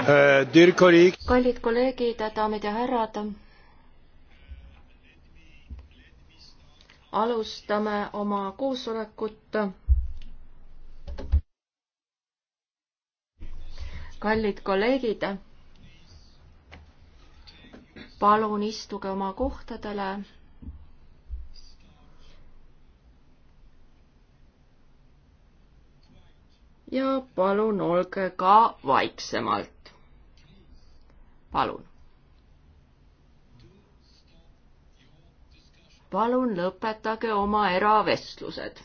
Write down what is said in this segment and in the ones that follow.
Äh, kallid kolleegid, daamid ja härrad. alustame oma koosolekut. kallid kolleegid, palun istuge oma kohtadele ja palun olge ka vaiksemalt palun. palun lõpetage oma eravestlused.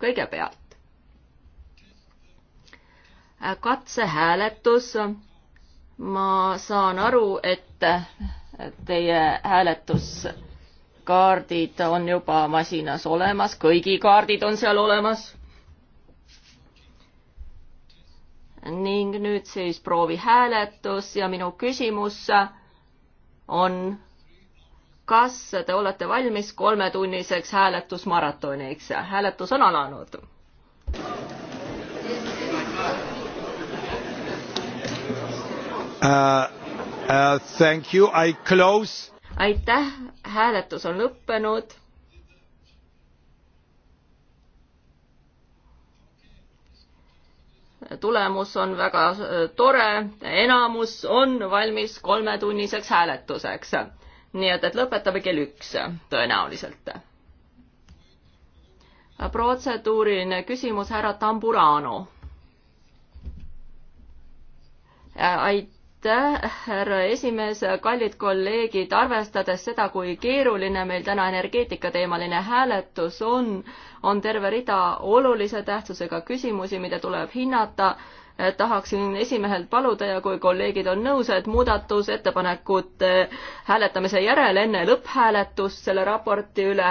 kõigepealt katsehääletus. ma saan aru, et teie hääletuskaardid on juba masinas olemas, kõigi kaardid on seal olemas ning nüüd siis proovihääletus ja minu küsimus on, kas te olete valmis kolmetunniseks hääletusmaratoniks? hääletus on alanud. Uh, uh, thank you, I close. aitäh, hääletus on lõppenud tulemus on väga äh, tore, enamus on valmis kolmetunniseks hääletuseks. nii et, et lõpetame kell üks tõenäoliselt. protseduuriline küsimus härra Tamburano. aitäh aitäh, härra esimees, kallid kolleegid, arvestades seda, kui keeruline meil täna energeetikateemaline hääletus on, on terve rida olulise tähtsusega küsimusi, mida tuleb hinnata. tahaksin esimehelt paluda ja kui kolleegid on nõus, et muudatusettepanekute hääletamise järel enne lõpphääletust selle raporti üle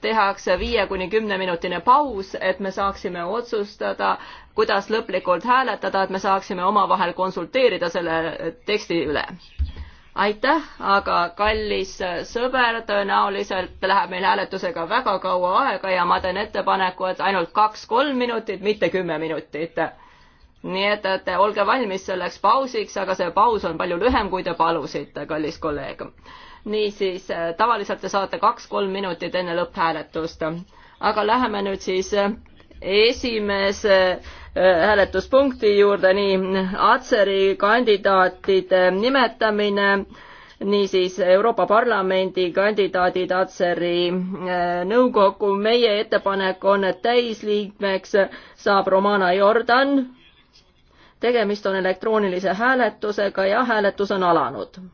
tehakse viie kuni kümneminutine paus, et me saaksime otsustada, kuidas lõplikult hääletada, et me saaksime omavahel konsulteerida selle teksti üle. aitäh, aga kallis sõber, tõenäoliselt läheb meil hääletusega väga kaua aega ja ma teen ettepaneku, et ainult kaks-kolm minutit, mitte kümme minutit. nii et, et olge valmis selleks pausiks, aga see paus on palju lühem, kui te palusite, kallis kolleeg niisiis, äh, tavaliselt te saate kaks-kolm minutit enne lõpphääletust. aga läheme nüüd siis äh, esimese äh, hääletuspunkti juurde, nii Atseri kandidaatide nimetamine, niisiis Euroopa Parlamendi kandidaadid Atseri nõukokku. meie ettepanek on, et täisliikmeks saab Romana Jordan. tegemist on elektroonilise hääletusega ja hääletus on alanud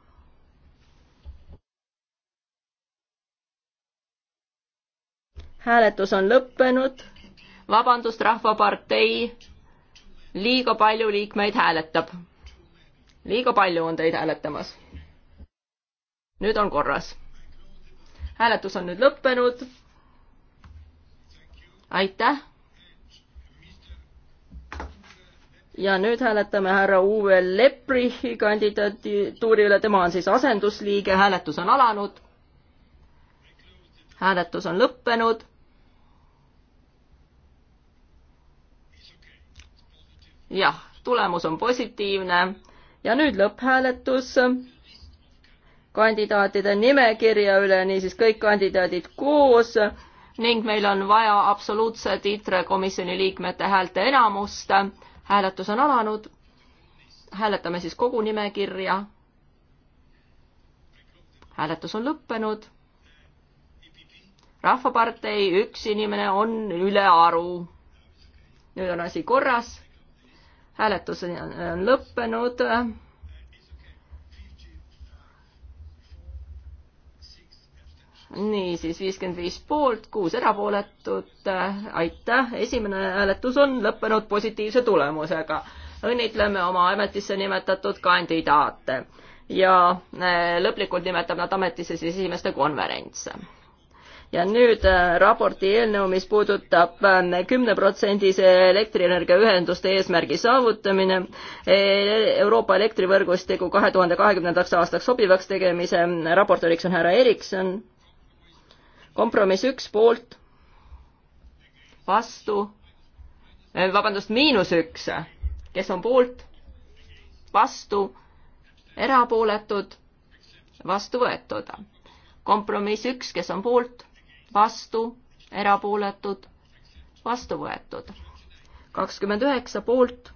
hääletus on lõppenud. vabandust, Rahvapartei liiga palju liikmeid hääletab. liiga palju on teid hääletamas. nüüd on korras. hääletus on nüüd lõppenud. aitäh ja nüüd hääletame härra Uwe Leprichi kandidaatuuri üle, tema on siis asendusliige, hääletus on alanud. hääletus on lõppenud. jah, tulemus on positiivne ja nüüd lõpphääletus kandidaatide nimekirja üle, niisiis kõik kandidaadid koos ning meil on vaja absoluutset ITRE komisjoni liikmete häälte enamust. hääletus on alanud. hääletame siis kogu nimekirja. hääletus on lõppenud. rahvapartei üks inimene on ülearu. nüüd on asi korras hääletus on lõppenud. niisiis, viiskümmend viis poolt, kuus erapooletut, aitäh, esimene hääletus on lõppenud positiivse tulemusega. õnnitleme oma ametisse nimetatud kandidaate ja eh, lõplikult nimetab nad ametisse siis esimeste konverents ja nüüd äh, raporti eelnõu, mis puudutab äh, kümneprotsendise elektrienergia ühenduste eesmärgi saavutamine, e, Euroopa elektrivõrgustiku kahe tuhande kahekümnendaks aastaks sobivaks tegemise, äh, raportööriks on härra Erikson, kompromiss üks poolt, vastu, vabandust, miinus üks, kes on poolt, vastu, erapooletud, vastu võetud kompromiss üks, kes on poolt, vastu, erapooletud, vastu võetud. kakskümmend üheksa poolt,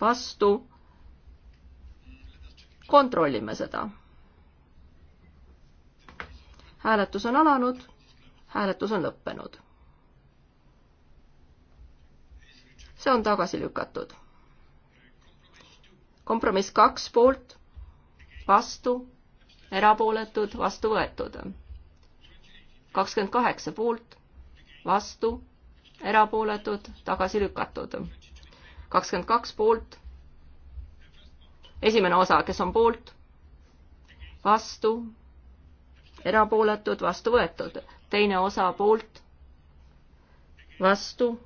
vastu. kontrollime seda. hääletus on alanud, hääletus on lõppenud. see on tagasi lükatud. kompromiss kaks poolt, vastu, erapooletud, vastu võetud kakskümmend kaheksa poolt, vastu, erapooletud, tagasi lükatud. kakskümmend kaks poolt. esimene osa, kes on poolt, vastu, erapooletud, vastu võetud. teine osa poolt, vastu.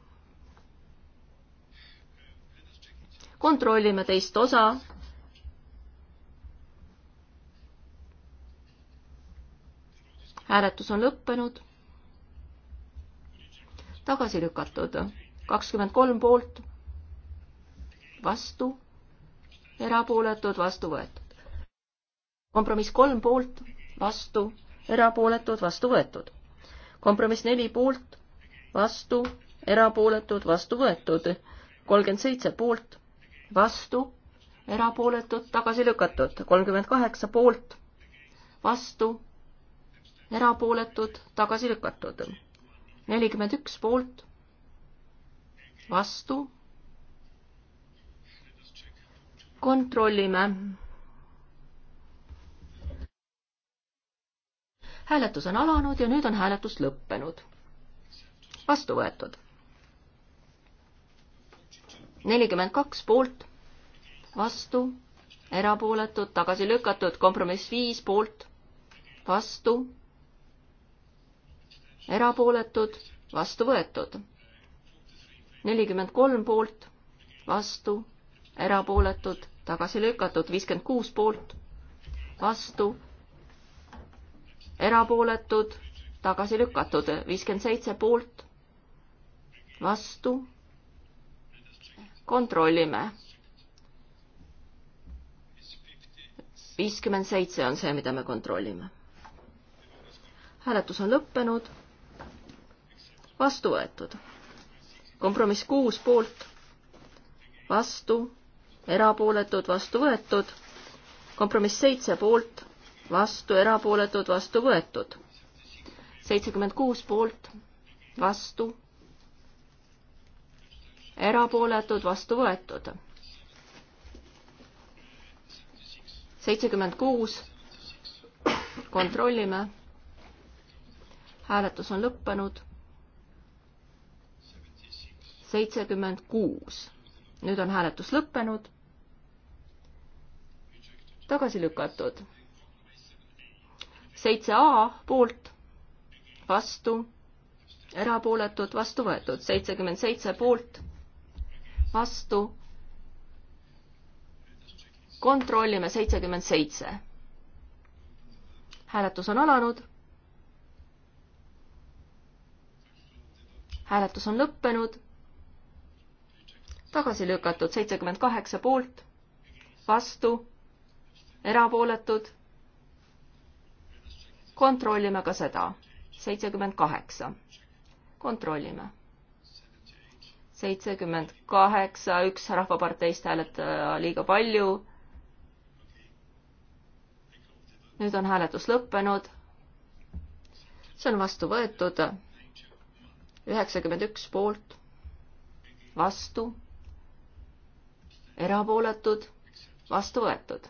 kontrollime teist osa hääletus on lõppenud. tagasi lükatud kakskümmend kolm poolt, vastu, erapooletud, vastu võetud. kompromiss kolm poolt, vastu, erapooletud, vastu võetud. kompromiss neli poolt, vastu, erapooletud, vastu võetud. kolmkümmend seitse poolt, vastu, erapooletud, tagasi lükatud. kolmkümmend kaheksa poolt, vastu, erapooletud, tagasi lükatud. nelikümmend üks poolt, vastu. kontrollime. hääletus on alanud ja nüüd on hääletus lõppenud. vastu võetud. nelikümmend kaks poolt, vastu erapooletud, tagasi lükatud, kompromiss viis poolt, vastu, erapooletud, vastu võetud. nelikümmend kolm poolt, vastu, erapooletud, tagasi lükatud, viiskümmend kuus poolt, vastu, erapooletud, tagasi lükatud, viiskümmend seitse poolt, vastu, kontrollime. viiskümmend seitse on see, mida me kontrollime. hääletus on lõppenud vastu võetud. kompromiss kuus poolt, vastu, erapooletud, vastu võetud. kompromiss seitse poolt, vastu, erapooletud, vastu võetud. seitsekümmend kuus poolt, vastu, erapooletud, vastu võetud. seitsekümmend kuus, kontrollime hääletus on lõppenud seitsekümmend kuus. nüüd on hääletus lõppenud. tagasi lükatud. seitse A poolt, vastu, erapooletud, vastu võetud, seitsekümmend seitse poolt, vastu. kontrollime seitsekümmend seitse. hääletus on alanud hääletus on lõppenud tagasi lükatud seitsekümmend kaheksa poolt, vastu, erapooletud. kontrollime ka seda, seitsekümmend kaheksa, kontrollime. seitsekümmend kaheksa, üks Rahvaparteist hääletaja äh, liiga palju. nüüd on hääletus lõppenud. see on vastu võetud. üheksakümmend üks poolt, vastu erapooletud, vastu võetud.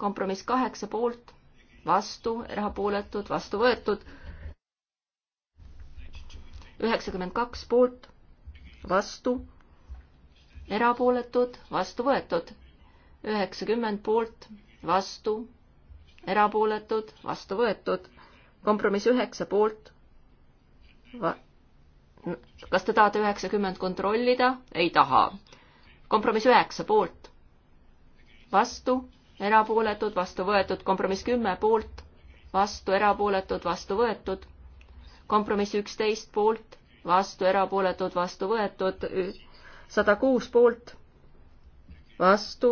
kompromiss kaheksa poolt, vastu, erapooletud, vastu võetud. üheksakümmend kaks poolt, vastu, erapooletud, vastu võetud. üheksakümmend poolt, vastu, erapooletud, vastu võetud. kompromiss üheksa poolt Va kas te tahate üheksakümmend kontrollida? ei taha kompromiss üheksa poolt, vastu, erapooletud, vastu võetud, kompromiss kümme poolt, vastu, erapooletud, vastu võetud, kompromiss üksteist poolt, vastu, erapooletud, vastu võetud, sada kuus poolt, vastu,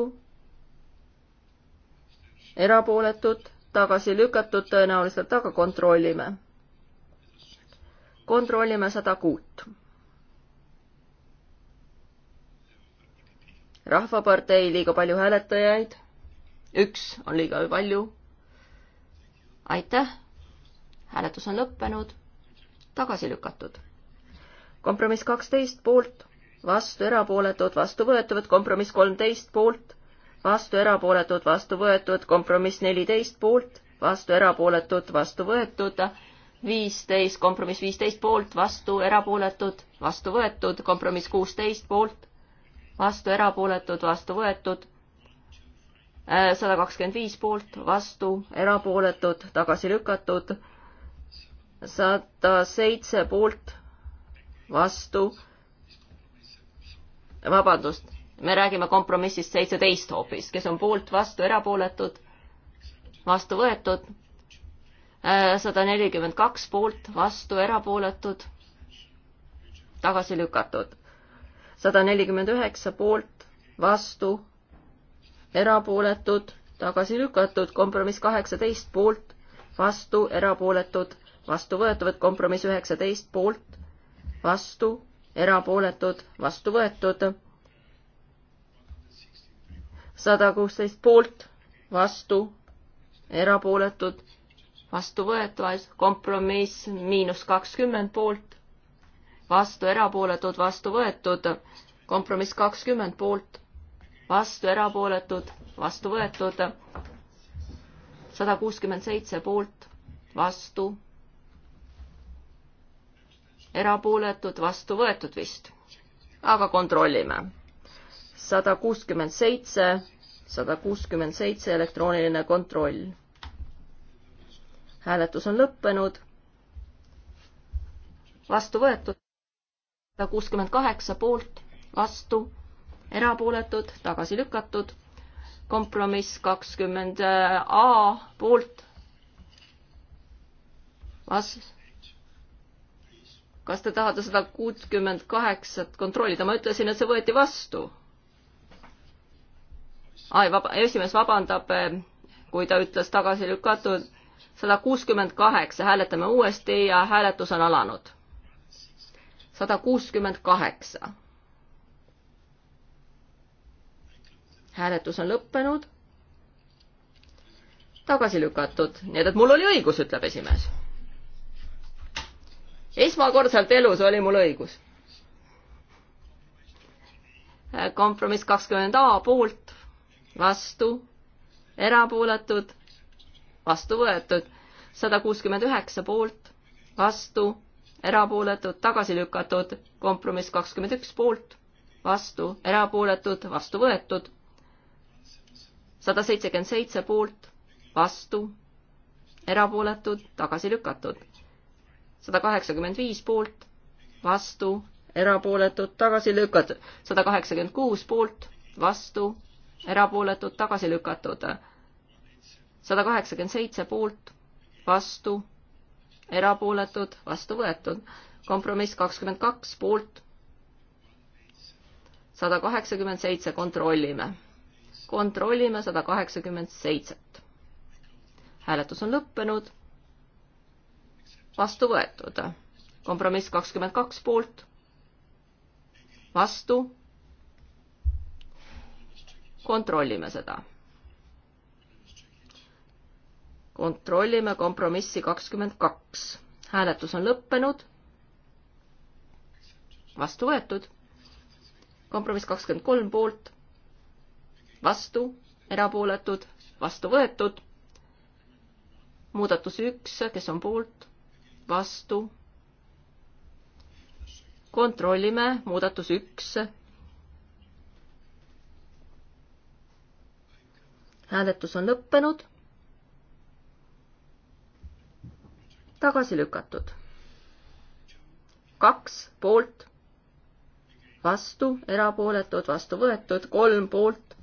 erapooletud, tagasi lükatud, tõenäoliselt, aga kontrollime. kontrollime sada kuut rahvapartei liiga palju hääletajaid. üks on liiga palju. aitäh. hääletus on lõppenud. tagasi lükatud. kompromiss kaksteist poolt, vastu erapooletud, vastu võetud, kompromiss kolmteist poolt, vastu erapooletud, vastu võetud, kompromiss neliteist poolt, vastu erapooletud, vastu võetud viisteist, kompromiss viisteist poolt, vastu erapooletud, vastu võetud, kompromiss kuusteist poolt, vastu erapooletud, vastu võetud, sada kakskümmend viis poolt, vastu erapooletud, tagasi lükatud, sada seitse poolt, vastu, vabandust, me räägime kompromissist seitseteist hoopis, kes on poolt, vastu, erapooletud, vastu võetud, sada nelikümmend kaks poolt, vastu, erapooletud, tagasi lükatud sada nelikümmend üheksa poolt, vastu, erapooletud, tagasi lükatud, kompromiss kaheksateist poolt, vastu, erapooletud, vastu võetavad, kompromiss üheksateist poolt, vastu, erapooletud, vastu võetud, sada kuusteist poolt, vastu, erapooletud, vastu võetud, kompromiss miinus kakskümmend poolt, vastu erapooletud, vastu võetud. kompromiss kakskümmend poolt, vastu erapooletud, vastu võetud. sada kuuskümmend seitse poolt, vastu, erapooletud, vastu võetud vist. aga kontrollime. sada kuuskümmend seitse, sada kuuskümmend seitse elektrooniline kontroll hääletus on lõppenud. vastu võetud sada kuuskümmend kaheksa poolt, vastu, erapooletud, tagasi lükatud. kompromiss kakskümmend äh, A poolt, vastu. kas te tahate seda kuutkümmend kaheksat kontrollida, ma ütlesin, et see võeti vastu. ai, vaba, esimees vabandab, äh, kui ta ütles tagasi lükatud sada kuuskümmend kaheksa, hääletame uuesti ja hääletus on alanud sada kuuskümmend kaheksa. hääletus on lõppenud. tagasi lükatud, nii et, et mul oli õigus, ütleb esimees. esmakordselt elus oli mul õigus. kompromiss kakskümmend A poolt, vastu, erapooletud, vastu võetud, sada kuuskümmend üheksa poolt, vastu erapooletud, tagasi lükatud, kompromiss kakskümmend üks poolt, vastu, erapooletud, vastu võetud, sada seitsekümmend seitse poolt, vastu, erapooletud, tagasi lükatud, sada kaheksakümmend viis poolt, vastu, erapooletud, tagasi lükatud, sada kaheksakümmend kuus poolt, vastu, erapooletud, tagasi lükatud, sada kaheksakümmend seitse poolt, vastu erapooletud, vastu võetud. kompromiss kakskümmend kaks poolt, sada kaheksakümmend seitse, kontrollime. kontrollime sada kaheksakümmend seitset. hääletus on lõppenud, vastu võetud. kompromiss kakskümmend kaks poolt, vastu, kontrollime seda kontrollime kompromissi kakskümmend kaks. hääletus on lõppenud. vastu võetud. kompromiss kakskümmend kolm poolt, vastu, erapooletud, vastu võetud. muudatus üks, kes on poolt, vastu. kontrollime, muudatus üks. hääletus on lõppenud tagasi lükatud. kaks poolt, vastu, erapooletud, vastu võetud, kolm poolt,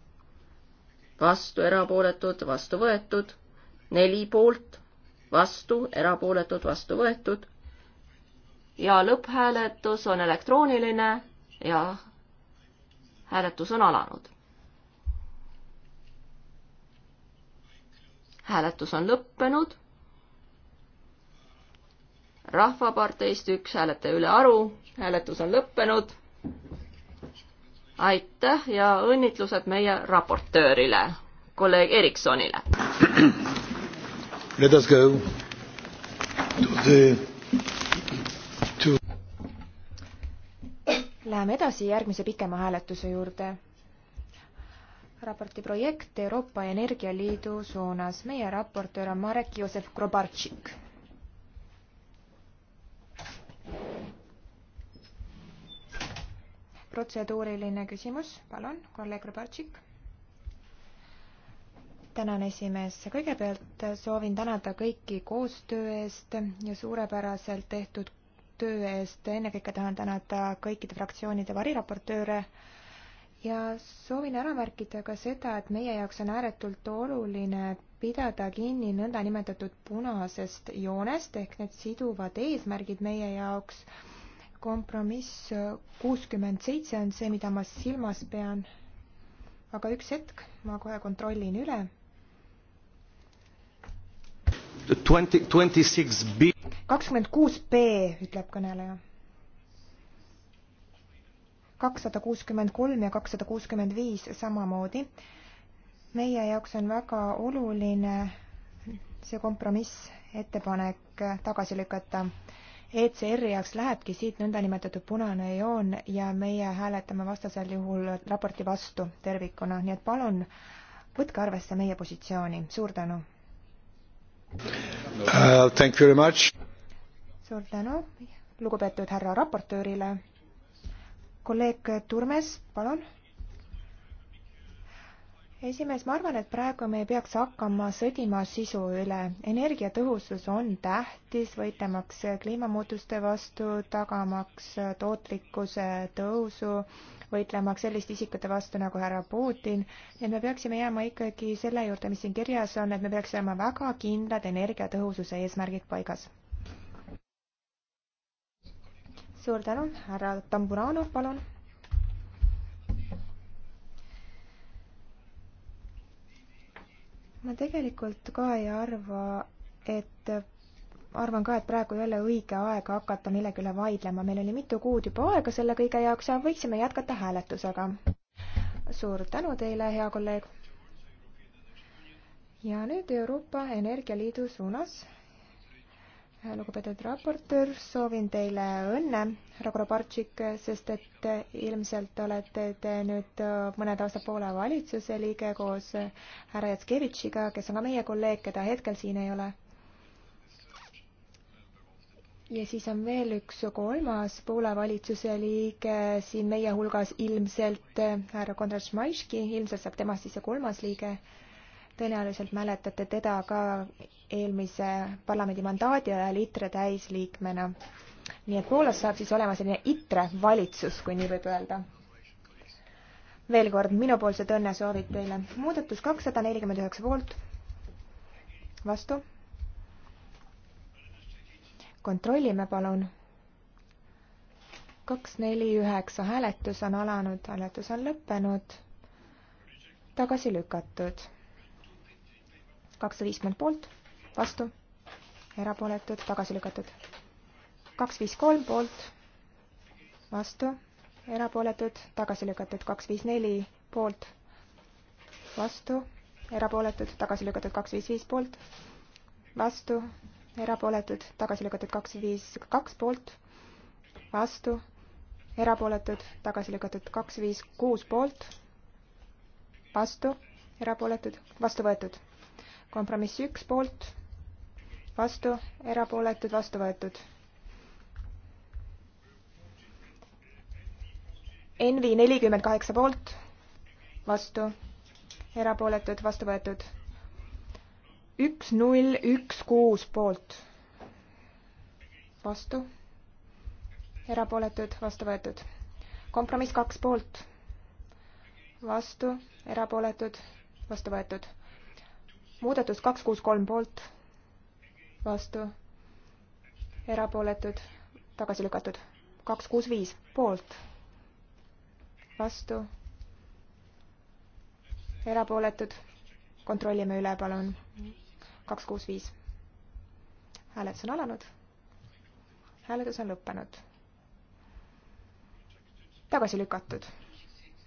vastu, erapooletud, vastu võetud, neli poolt, vastu, erapooletud, vastu võetud. ja lõpphääletus on elektrooniline ja hääletus on alanud. hääletus on lõppenud rahvaparteist üks hääletaja üle aru, hääletus on lõppenud. aitäh ja õnnitlused meie raportöörile, kolleeg Ericssonile. Let us go to the to Läheme edasi järgmise pikema hääletuse juurde. raporti projekt Euroopa Energialiidu suunas. meie raportöör on Marek Josef Grobartšik protseduuriline küsimus, palun, kolleeg Robertšik. tänan, esimees. kõigepealt soovin tänada kõiki koostöö eest ja suurepäraselt tehtud töö eest. ennekõike tahan tänada kõikide fraktsioonide variraportööre ja soovin ära märkida ka seda, et meie jaoks on ääretult oluline pidada kinni nõndanimetatud punasest joonest ehk need siduvad eesmärgid meie jaoks kompromiss äh, kuuskümmend seitse on see, mida ma silmas pean. aga üks hetk, ma kohe kontrollin üle. kakskümmend kuus B ütleb kõneleja. kakssada kuuskümmend kolm ja kakssada kuuskümmend viis samamoodi. meie jaoks on väga oluline see kompromissettepanek tagasi lükata ECR-i jaoks lähebki siit nõndanimetatud punane joon ja meie hääletame vastasel juhul raporti vastu tervikuna, nii et palun võtke arvesse meie positsiooni, suur tänu uh,. Thank you very much. suur tänu lugupeetud härra raportöörile. kolleeg Turmes, palun esimees, ma arvan, et praegu me ei peaks hakkama sõdima sisu üle. energiatõhusus on tähtis, võitlemaks kliimamuutuste vastu, tagamaks tootlikkuse tõusu, võitlemaks selliste isikute vastu nagu härra Putin. et me peaksime jääma ikkagi selle juurde, mis siin kirjas on, et me peaks olema väga kindlad energiatõhususe eesmärgid paigas. suur tänu, härra Tamburanov, palun ma tegelikult ka ei arva, et arvan ka, et praegu ei ole õige aeg hakata millegi üle vaidlema, meil oli mitu kuud juba aega selle kõige jaoks ja võiksime jätkata hääletusega. suur tänu teile, hea kolleeg. ja nüüd Euroopa Energialiidu suunas lugupeetud raportöör, soovin teile õnne, härra Korobartšik, sest et ilmselt olete te nüüd mõned aastad Poola valitsuse liige koos härra Jatskevitšiga, kes on ka meie kolleeg, keda hetkel siin ei ole. ja siis on veel üks kolmas Poola valitsuse liige siin meie hulgas ilmselt, härra Kondrat Šmaiški, ilmselt saab temast siis see kolmas liige tõenäoliselt mäletate teda ka eelmise parlamendi mandaadi ajal ITRE täisliikmena. nii et Poolas saab siis olema selline ITRE valitsus, kui nii võib öelda veel kord minupoolsed õnnesoovid teile. muudatus kakssada nelikümmend üheksa poolt. vastu. kontrollime palun. kaks, neli, üheksa hääletus on alanud, hääletus on lõppenud. tagasi lükatud kakssada viiskümmend poolt, vastu, erapooletud, tagasi lükatud. kaks viis kolm poolt, vastu, erapooletud, tagasi lükatud, kaks viis neli poolt, vastu, erapooletud, tagasi lükatud, kaks viis viis poolt, vastu, erapooletud, tagasi lükatud kaks viis kaks poolt, vastu, erapooletud, tagasi lükatud kaks viis kuus poolt, vastu, erapooletud, vastu võetud kompromiss üks poolt, vastu, erapooletud, vastu võetud. Envi nelikümmend kaheksa poolt, vastu, erapooletud, vastu võetud. üks null üks kuus poolt, vastu, erapooletud, vastu võetud. kompromiss kaks poolt, vastu, erapooletud, vastu võetud muudatus kaks kuus kolm poolt, vastu, erapooletud, tagasi lükatud. kaks kuus viis poolt, vastu, erapooletud, kontrollime üle, palun. kaks kuus viis. hääletus on alanud. hääletus on lõppenud. tagasi lükatud.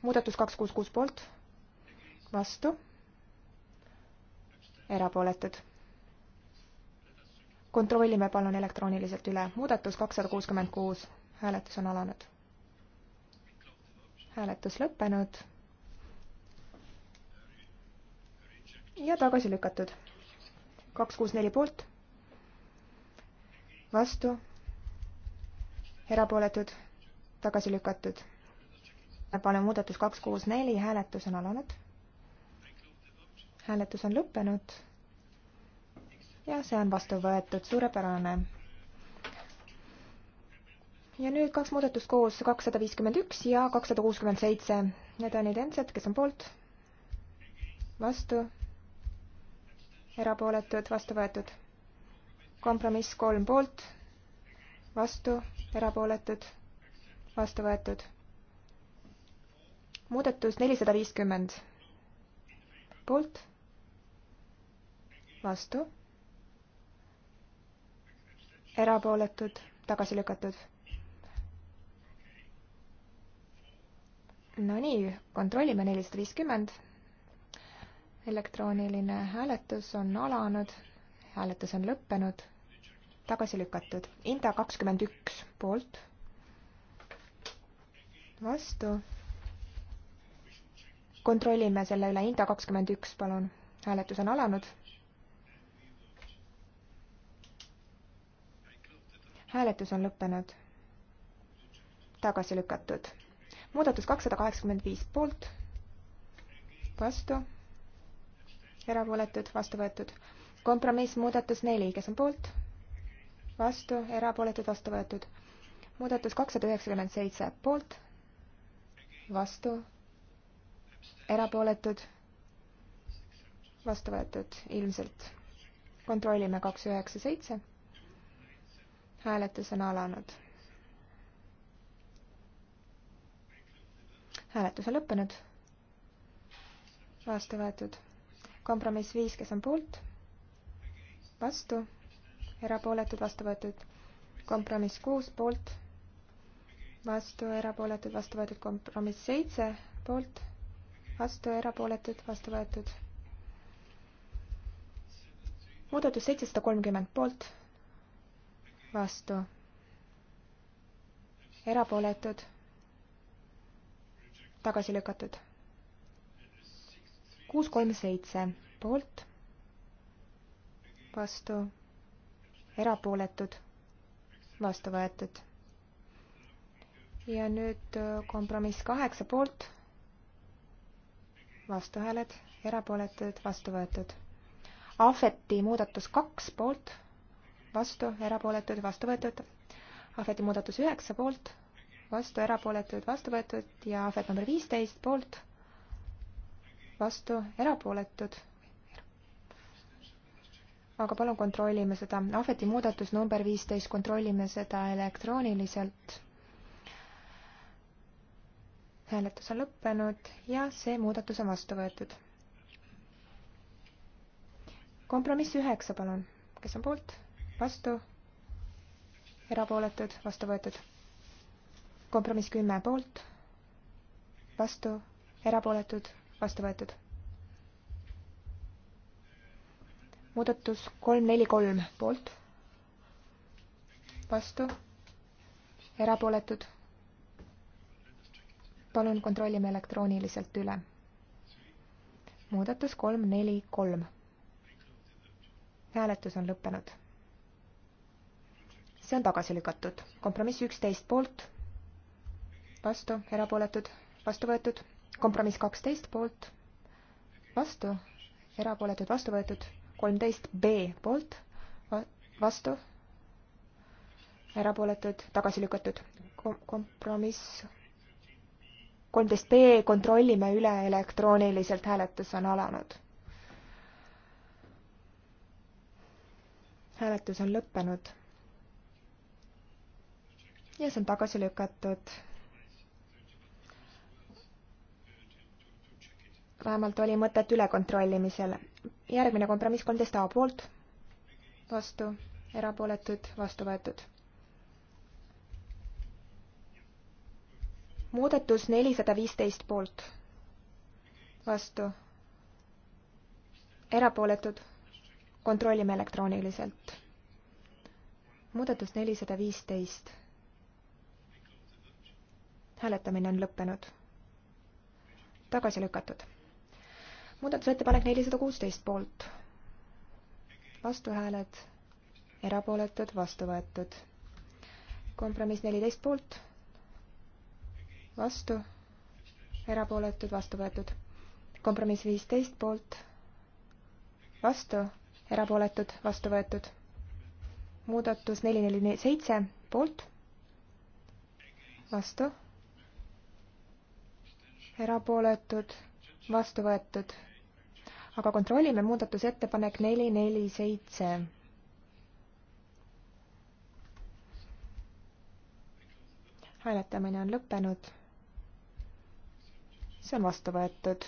muudatus kaks kuus kuus poolt, vastu erapooletud. kontrollime palun elektrooniliselt üle. muudatus kakssada kuuskümmend kuus. hääletus on alanud. hääletus lõppenud. ja tagasi lükatud. kaks kuus neli poolt. vastu. erapooletud. tagasi lükatud. panen muudatus kaks kuus neli, hääletus on alanud hääletus on lõppenud. ja see on vastu võetud, suurepärane. ja nüüd kaks muudatust koos, kakssada viiskümmend üks ja kakssada kuuskümmend seitse. Need on identsed, kes on poolt, vastu, erapooletud, vastu võetud. kompromiss kolm poolt, vastu, erapooletud, vastu võetud muudatus nelisada viiskümmend. poolt, vastu, erapooletud, tagasi lükatud. Nonii, kontrollime nelisada viiskümmend. elektrooniline hääletus on alanud, hääletus on lõppenud, tagasi lükatud. Inda kakskümmend üks poolt, vastu. kontrollime selle üle, Inda kakskümmend üks, palun. hääletus on alanud hääletus on lõppenud. tagasi lükatud. muudatus kakssada kaheksakümmend viis poolt, vastu, erapooletud, vastu võetud. kompromiss muudatus neli, kes on poolt, vastu, erapooletud, vastu võetud. muudatus kakssada üheksakümmend seitse poolt, vastu, erapooletud, vastu võetud ilmselt. kontrollime kaks üheksa seitse hääletus on alanud. hääletus on lõppenud. vastu võetud. kompromiss viis, kes on poolt? vastu. erapooletud, vastu võetud. kompromiss kuus, poolt. vastu, erapooletud, vastu võetud. kompromiss seitse, poolt. vastu, erapooletud, vastu võetud. muudatus seitsesada kolmkümmend poolt vastu, erapooletud, tagasi lükatud. kuus, kolm, seitse poolt, vastu, erapooletud, vastu võetud. ja nüüd äh, kompromiss kaheksa poolt, vastuhääled, erapooletud, vastu võetud. Ahveti muudatus kaks poolt vastu, erapooletud, vastu võetud. ahveti muudatus üheksa poolt, vastu, erapooletud, vastu võetud ja ahvet number viisteist poolt, vastu, erapooletud. aga palun kontrollime seda, ahveti muudatus number viisteist, kontrollime seda elektrooniliselt. hääletus on lõppenud ja see muudatus on vastu võetud. kompromiss üheksa, palun, kes on poolt? vastu, erapooletud, vastu võetud. kompromiss kümme poolt, vastu, erapooletud, vastu võetud. muudatus kolm, neli, kolm poolt, vastu, erapooletud. palun kontrollime elektrooniliselt üle. muudatus kolm, neli, kolm hääletus on lõppenud see on tagasi lükatud. kompromiss üksteist poolt, vastu, erapooletud, vastu võetud. kompromiss kaksteist poolt, vastu, erapooletud, vastu võetud. kolmteist B poolt, vastu, erapooletud, tagasi lükatud. kompromiss kolmteist B kontrollime üle elektrooniliselt, hääletus on alanud. hääletus on lõppenud ja see on tagasi lükatud. vähemalt oli mõtet üle kontrollimisel. järgmine kompromiss kolmteist A poolt, vastu, erapooletud, vastu võetud. muudatus nelisada viisteist poolt, vastu, erapooletud, kontrollime elektrooniliselt. muudatus nelisada viisteist hääletamine on lõppenud. tagasi lükatud. muudatusettepanek nelisada kuusteist poolt. vastuhääled, erapooletud, vastu võetud. kompromiss neliteist poolt, vastu, erapooletud, vastu võetud. kompromiss viisteist poolt, vastu, erapooletud, vastu võetud. muudatus neli, neli, seitse poolt vastu, erapooletud, vastu võetud. aga kontrollime muudatusettepanek neli, neli, seitse. hääletamine on lõppenud. see on vastu võetud.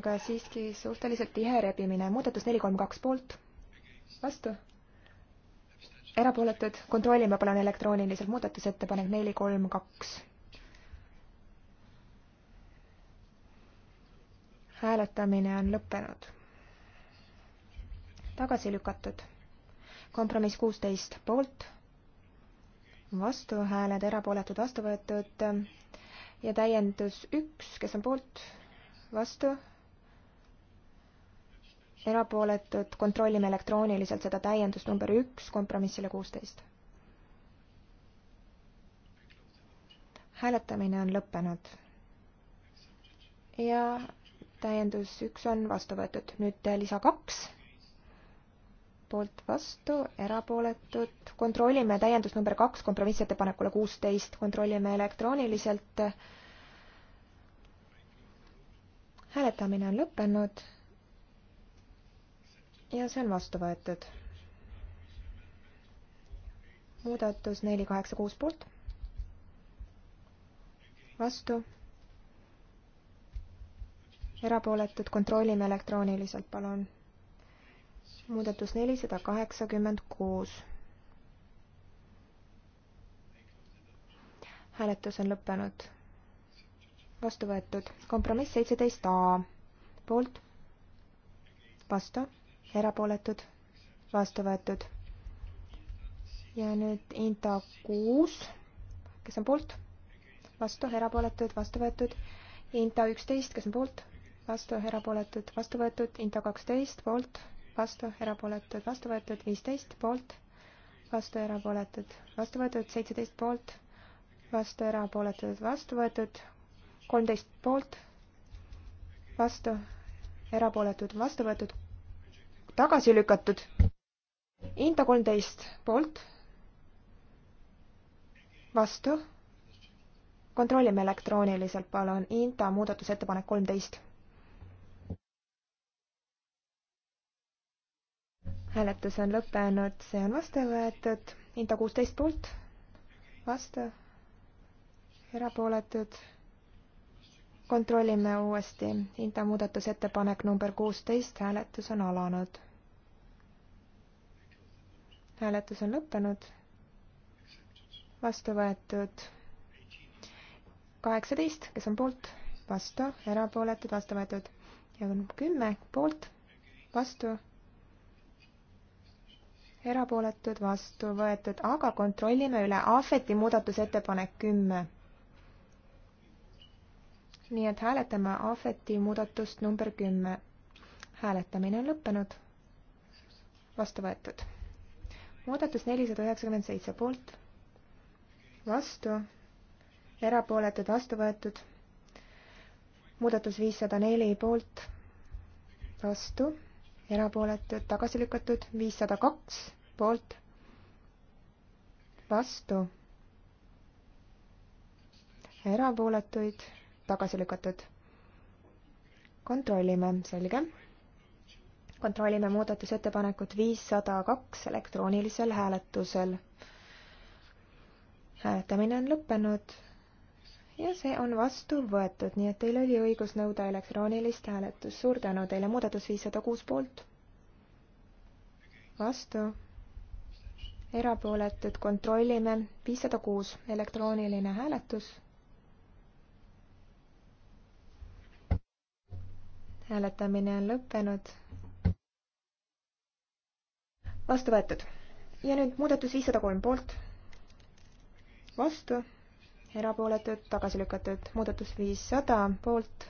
aga siiski suhteliselt tihe rebimine. muudatus neli, kolm, kaks poolt. vastu. erapooletud, kontrollime palun elektrooniliselt muudatusettepanek neli, kolm, kaks hääletamine on lõppenud. tagasi lükatud. kompromiss kuusteist poolt, vastuhääled erapooletud vastu võetud ja täiendus üks, kes on poolt, vastu, erapooletud, kontrollime elektrooniliselt seda täiendust number üks kompromissile kuusteist. hääletamine on lõppenud ja täiendus üks on vastu võetud, nüüd lisa kaks, poolt vastu, erapooletud, kontrollime täiendus number kaks kompromissettepanekule kuusteist, kontrollime elektrooniliselt. hääletamine on lõppenud ja see on vastu võetud. muudatus neli kaheksa kuus poolt. vastu erapooletud, kontrollime elektrooniliselt, palun. muudatus nelisada kaheksakümmend kuus. hääletus on lõppenud. vastu võetud. kompromiss seitseteist A. poolt, vastu, erapooletud, vastu võetud. ja nüüd Inta kuus, kes on poolt, vastu, erapooletud, vastu võetud. Inta üksteist, kes on poolt vastu, erapooletud, vastu võetud, Inta kaksteist poolt, vastu, erapooletud, vastu võetud, viisteist poolt, vastu, erapooletud, vastu võetud, seitseteist poolt, vastu, erapooletud, vastu võetud, kolmteist poolt, vastu, erapooletud, vastu võetud, tagasi lükatud. Inta kolmteist poolt, vastu kontrollime elektrooniliselt, palun, INTA muudatusettepanek kolmteist. hääletus on lõppenud, see on vastu võetud, Inta kuusteist poolt, vastu, erapooletud. kontrollime uuesti, Inta muudatusettepanek number kuusteist, hääletus on alanud. hääletus on lõppenud, vastu võetud kaheksateist, kes on poolt, vastu, erapooletud, vastu võetud ja kümme poolt, vastu erapooletud, vastu võetud, aga kontrollime üle. Ahveti muudatusettepanek kümme. nii et hääletame Ahveti muudatust number kümme. hääletamine on lõppenud. vastu võetud. muudatus nelisada üheksakümmend seitse poolt, vastu, erapooletud, vastu võetud. muudatus viissada neli poolt, vastu erapooletud, tagasi lükatud, viissada kaks poolt, vastu, erapooletuid, tagasi lükatud. kontrollime, selge. kontrollime muudatusettepanekut viissada kaks elektroonilisel hääletusel. hääletamine on lõppenud ja see on vastu võetud, nii et teil oli õigus nõuda elektroonilist hääletust. suur tänu teile, muudatus viissada kuus poolt. vastu. erapooletud, kontrollime, viissada kuus, elektrooniline hääletus. hääletamine on lõppenud. vastu võetud ja nüüd muudatus viissada kolm poolt. vastu erapooletud, tagasi lükatud. muudatus viissada poolt,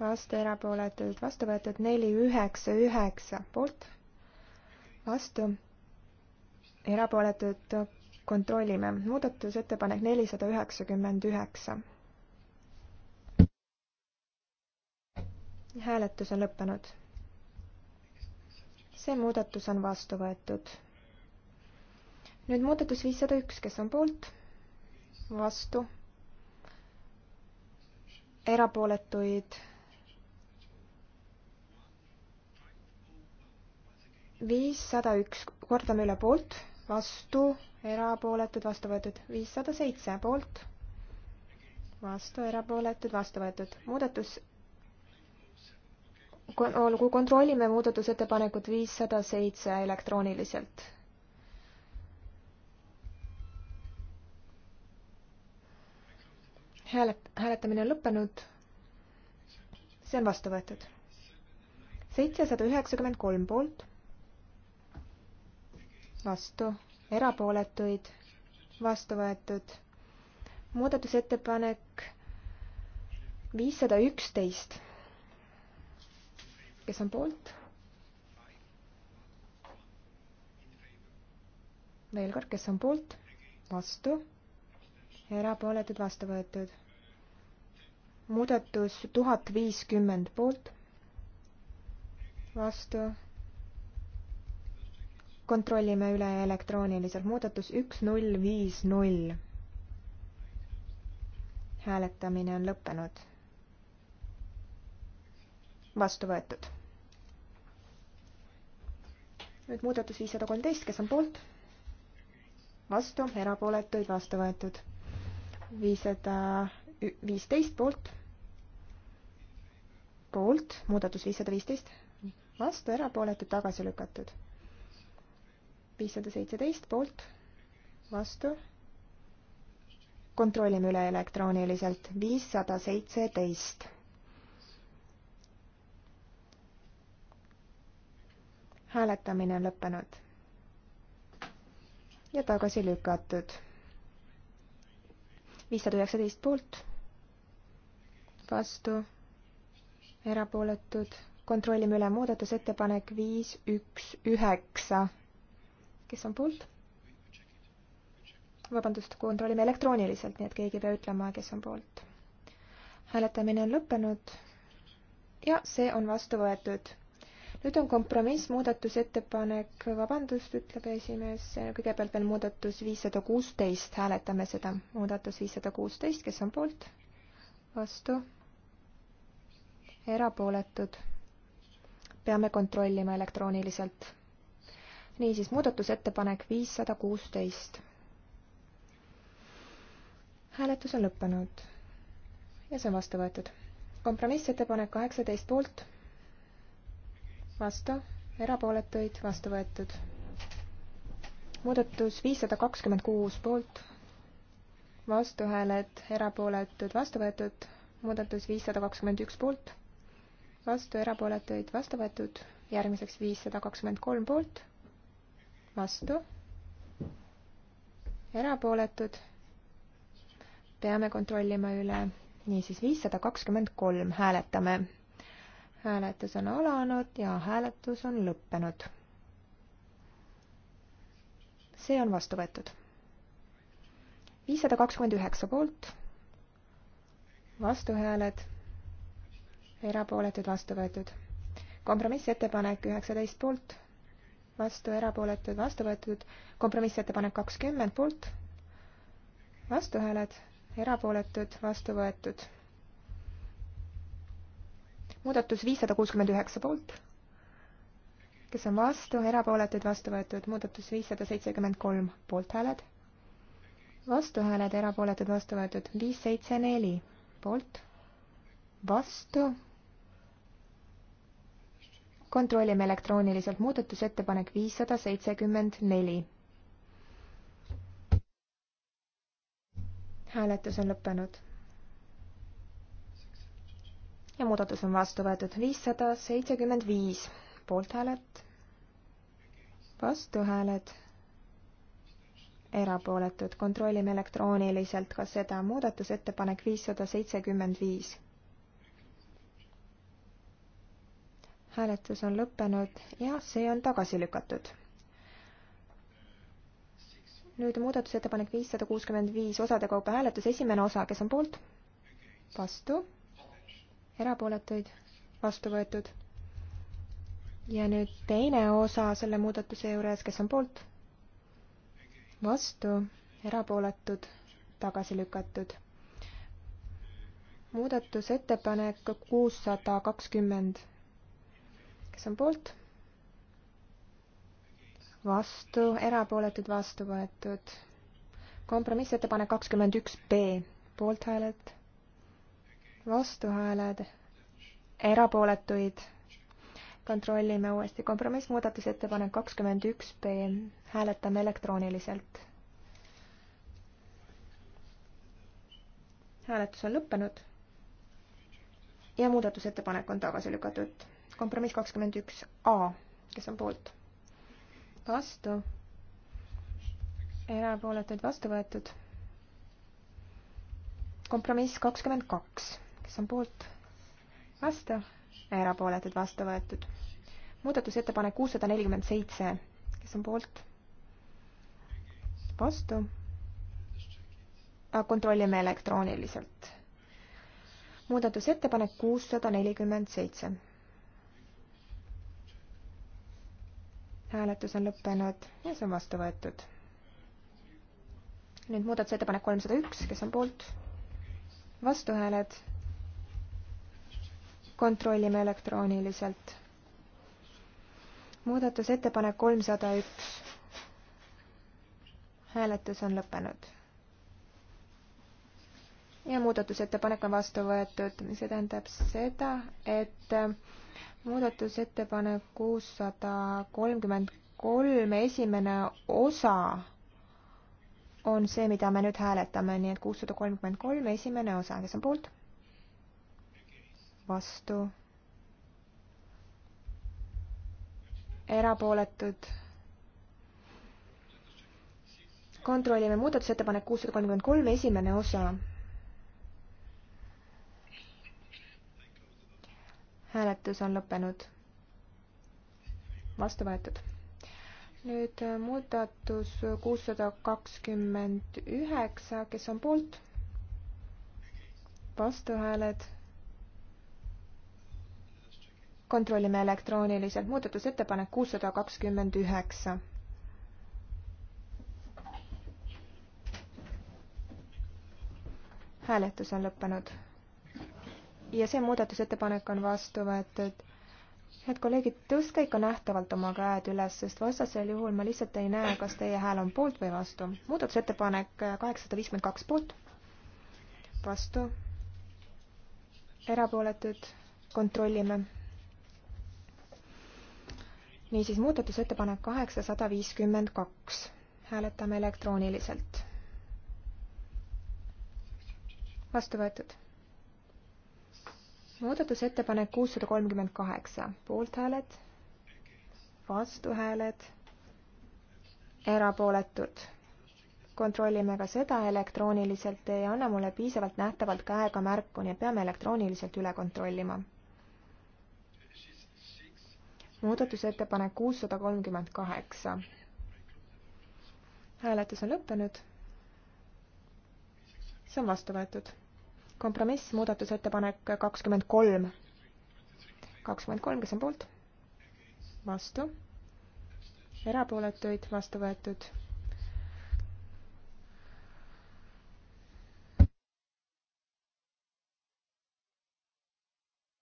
vastu, erapooletud, vastu võetud. neli, üheksa, üheksa poolt, vastu, erapooletud. kontrollime. muudatusettepanek nelisada üheksakümmend üheksa. hääletus on lõppenud. see muudatus on vastu võetud. nüüd muudatus viissada üks, kes on poolt vastu, erapooletuid viissada üks, kordame üle poolt, vastu, erapooletud, vastu võetud, viissada seitse poolt, vastu, erapooletud, vastu võetud, muudatus, olgu, kontrollime muudatusettepanekut viissada seitse elektrooniliselt hääle, hääletamine on lõppenud. see on vastu võetud. seitsesada üheksakümmend kolm poolt, vastu, erapooletuid, vastu võetud. muudatusettepanek viissada üksteist. kes on poolt? veel kord, kes on poolt? vastu ja erapooletud vastu võetud. muudatus tuhat viiskümmend poolt, vastu. kontrollime üle elektrooniliselt, muudatus üks null viis null. hääletamine on lõppenud. vastu võetud nüüd muudatus viissada kolmteist, kes on poolt? vastu, erapooletuid, vastu võetud viissada viisteist poolt, poolt, muudatus viissada viisteist, vastu, erapooletud, tagasi lükatud. viissada seitseteist poolt, vastu, kontrollime üle elektrooniliselt, viissada seitseteist. hääletamine on lõppenud ja tagasi lükatud viissada üheksateist poolt, vastu, erapooletud, kontrollime üle muudatusettepanek viis, üks, üheksa. kes on poolt? vabandust, kontrollime elektrooniliselt, nii et keegi ei pea ütlema, kes on poolt. hääletamine on lõppenud ja see on vastu võetud nüüd on kompromiss, muudatusettepanek, vabandust, ütleb esimees, kõigepealt veel muudatus viissada kuusteist, hääletame seda. muudatus viissada kuusteist, kes on poolt? vastu? erapooletud? peame kontrollima elektrooniliselt. niisiis, muudatusettepanek viissada kuusteist. hääletus on lõppenud ja see on vastu võetud. kompromissettepanek kaheksateist poolt vastu, erapooletuid, vastu võetud. muudatus viissada kakskümmend kuus poolt, vastuhääled, erapooletud, vastu võetud. muudatus viissada kakskümmend üks poolt, vastu, erapooletuid, vastu võetud. järgmiseks viissada kakskümmend kolm poolt, vastu, erapooletud. peame kontrollima üle, niisiis viissada kakskümmend kolm hääletame hääletus on alanud ja hääletus on lõppenud. see on vastu võetud. viissada kakskümmend üheksa poolt, vastuhääled, erapooletud, vastu võetud. kompromissettepanek üheksateist poolt, vastu, erapooletud, vastu võetud. kompromissettepanek kakskümmend poolt, vastuhääled, erapooletud, vastu võetud muudatus viissada kuuskümmend üheksa poolt, kes on vastu, erapooletuid vastu võetud, muudatus viissada seitsekümmend kolm poolthääled, vastuhääled, erapooletud, vastu võetud, viis, seitse, neli poolt, vastu. kontrollime elektrooniliselt muudatusettepanek viissada seitsekümmend neli. hääletus on lõppenud ja muudatus on vastu võetud viissada seitsekümmend viis poolthääled, vastuhääled, erapooletud. kontrollime elektrooniliselt ka seda muudatusettepanek viissada seitsekümmend viis. hääletus on lõppenud ja see on tagasi lükatud nüüd muudatusettepanek viissada kuuskümmend viis osade kaupa hääletus, esimene osa, kes on poolt? vastu, erapooletuid, vastu võetud. ja nüüd teine osa selle muudatuse juures, kes on poolt, vastu, erapooletud, tagasi lükatud. muudatusettepanek kuussada kakskümmend, kes on poolt, vastu, erapooletud, vastu võetud. kompromissettepanek kakskümmend üks B, poolthääled vastuhääled, erapooletuid. kontrollime uuesti kompromissmuudatusettepanek kakskümmend üks B, hääletame elektrooniliselt. hääletus on lõppenud ja muudatusettepanek on tagasi lükatud. kompromiss kakskümmend üks A, kes on poolt? vastu? erapooletuid vastu võetud? kompromiss kakskümmend kaks kes on poolt, vastu, erapooletud, vastu võetud. muudatusettepanek kuussada nelikümmend seitse, kes on poolt, vastu. Ah, kontrollime elektrooniliselt. muudatusettepanek kuussada nelikümmend seitse. hääletus on lõppenud ja see on vastu võetud. nüüd muudatusettepanek kolmsada üks, kes on poolt, vastuhääled kontrollime elektrooniliselt. muudatusettepanek kolmsada üks. hääletus on lõppenud. ja muudatusettepanek on vastu võetud, see tähendab seda, et muudatusettepanek kuussada kolmkümmend kolm, esimene osa on see, mida me nüüd hääletame, nii et kuussada kolmkümmend kolm, esimene osa, kes on poolt? vastu, erapooletud. kontrollime muudatusettepanek kuussada kolmkümmend kolm, esimene osa. hääletus on lõppenud. vastu võetud nüüd muudatus kuussada kakskümmend üheksa, kes on poolt? vastuhääled kontrollime elektrooniliselt muudatusettepanek kuussada kakskümmend üheksa. hääletus on lõppenud ja see muudatusettepanek on vastu võetud. head kolleegid, tõstke ikka nähtavalt oma käed üles, sest vastasel juhul ma lihtsalt ei näe, kas teie hääl on poolt või vastu. muudatusettepanek kaheksasada viiskümmend kaks poolt, vastu, erapooletud, kontrollime niisiis muudatusettepanek kaheksasada viiskümmend kaks. hääletame elektrooniliselt. vastu võetud. muudatusettepanek kuussada kolmkümmend kaheksa, poolthääled, vastuhääled, erapooletud kontrollime ka seda elektrooniliselt, ei anna mulle piisavalt nähtavalt käega märku, nii et peame elektrooniliselt üle kontrollima muudatusettepanek kuussada kolmkümmend kaheksa. hääletus on lõppenud. see on vastu võetud. kompromiss, muudatusettepanek kakskümmend kolm. kakskümmend kolm, kes on poolt? vastu. erapooletuid, vastu võetud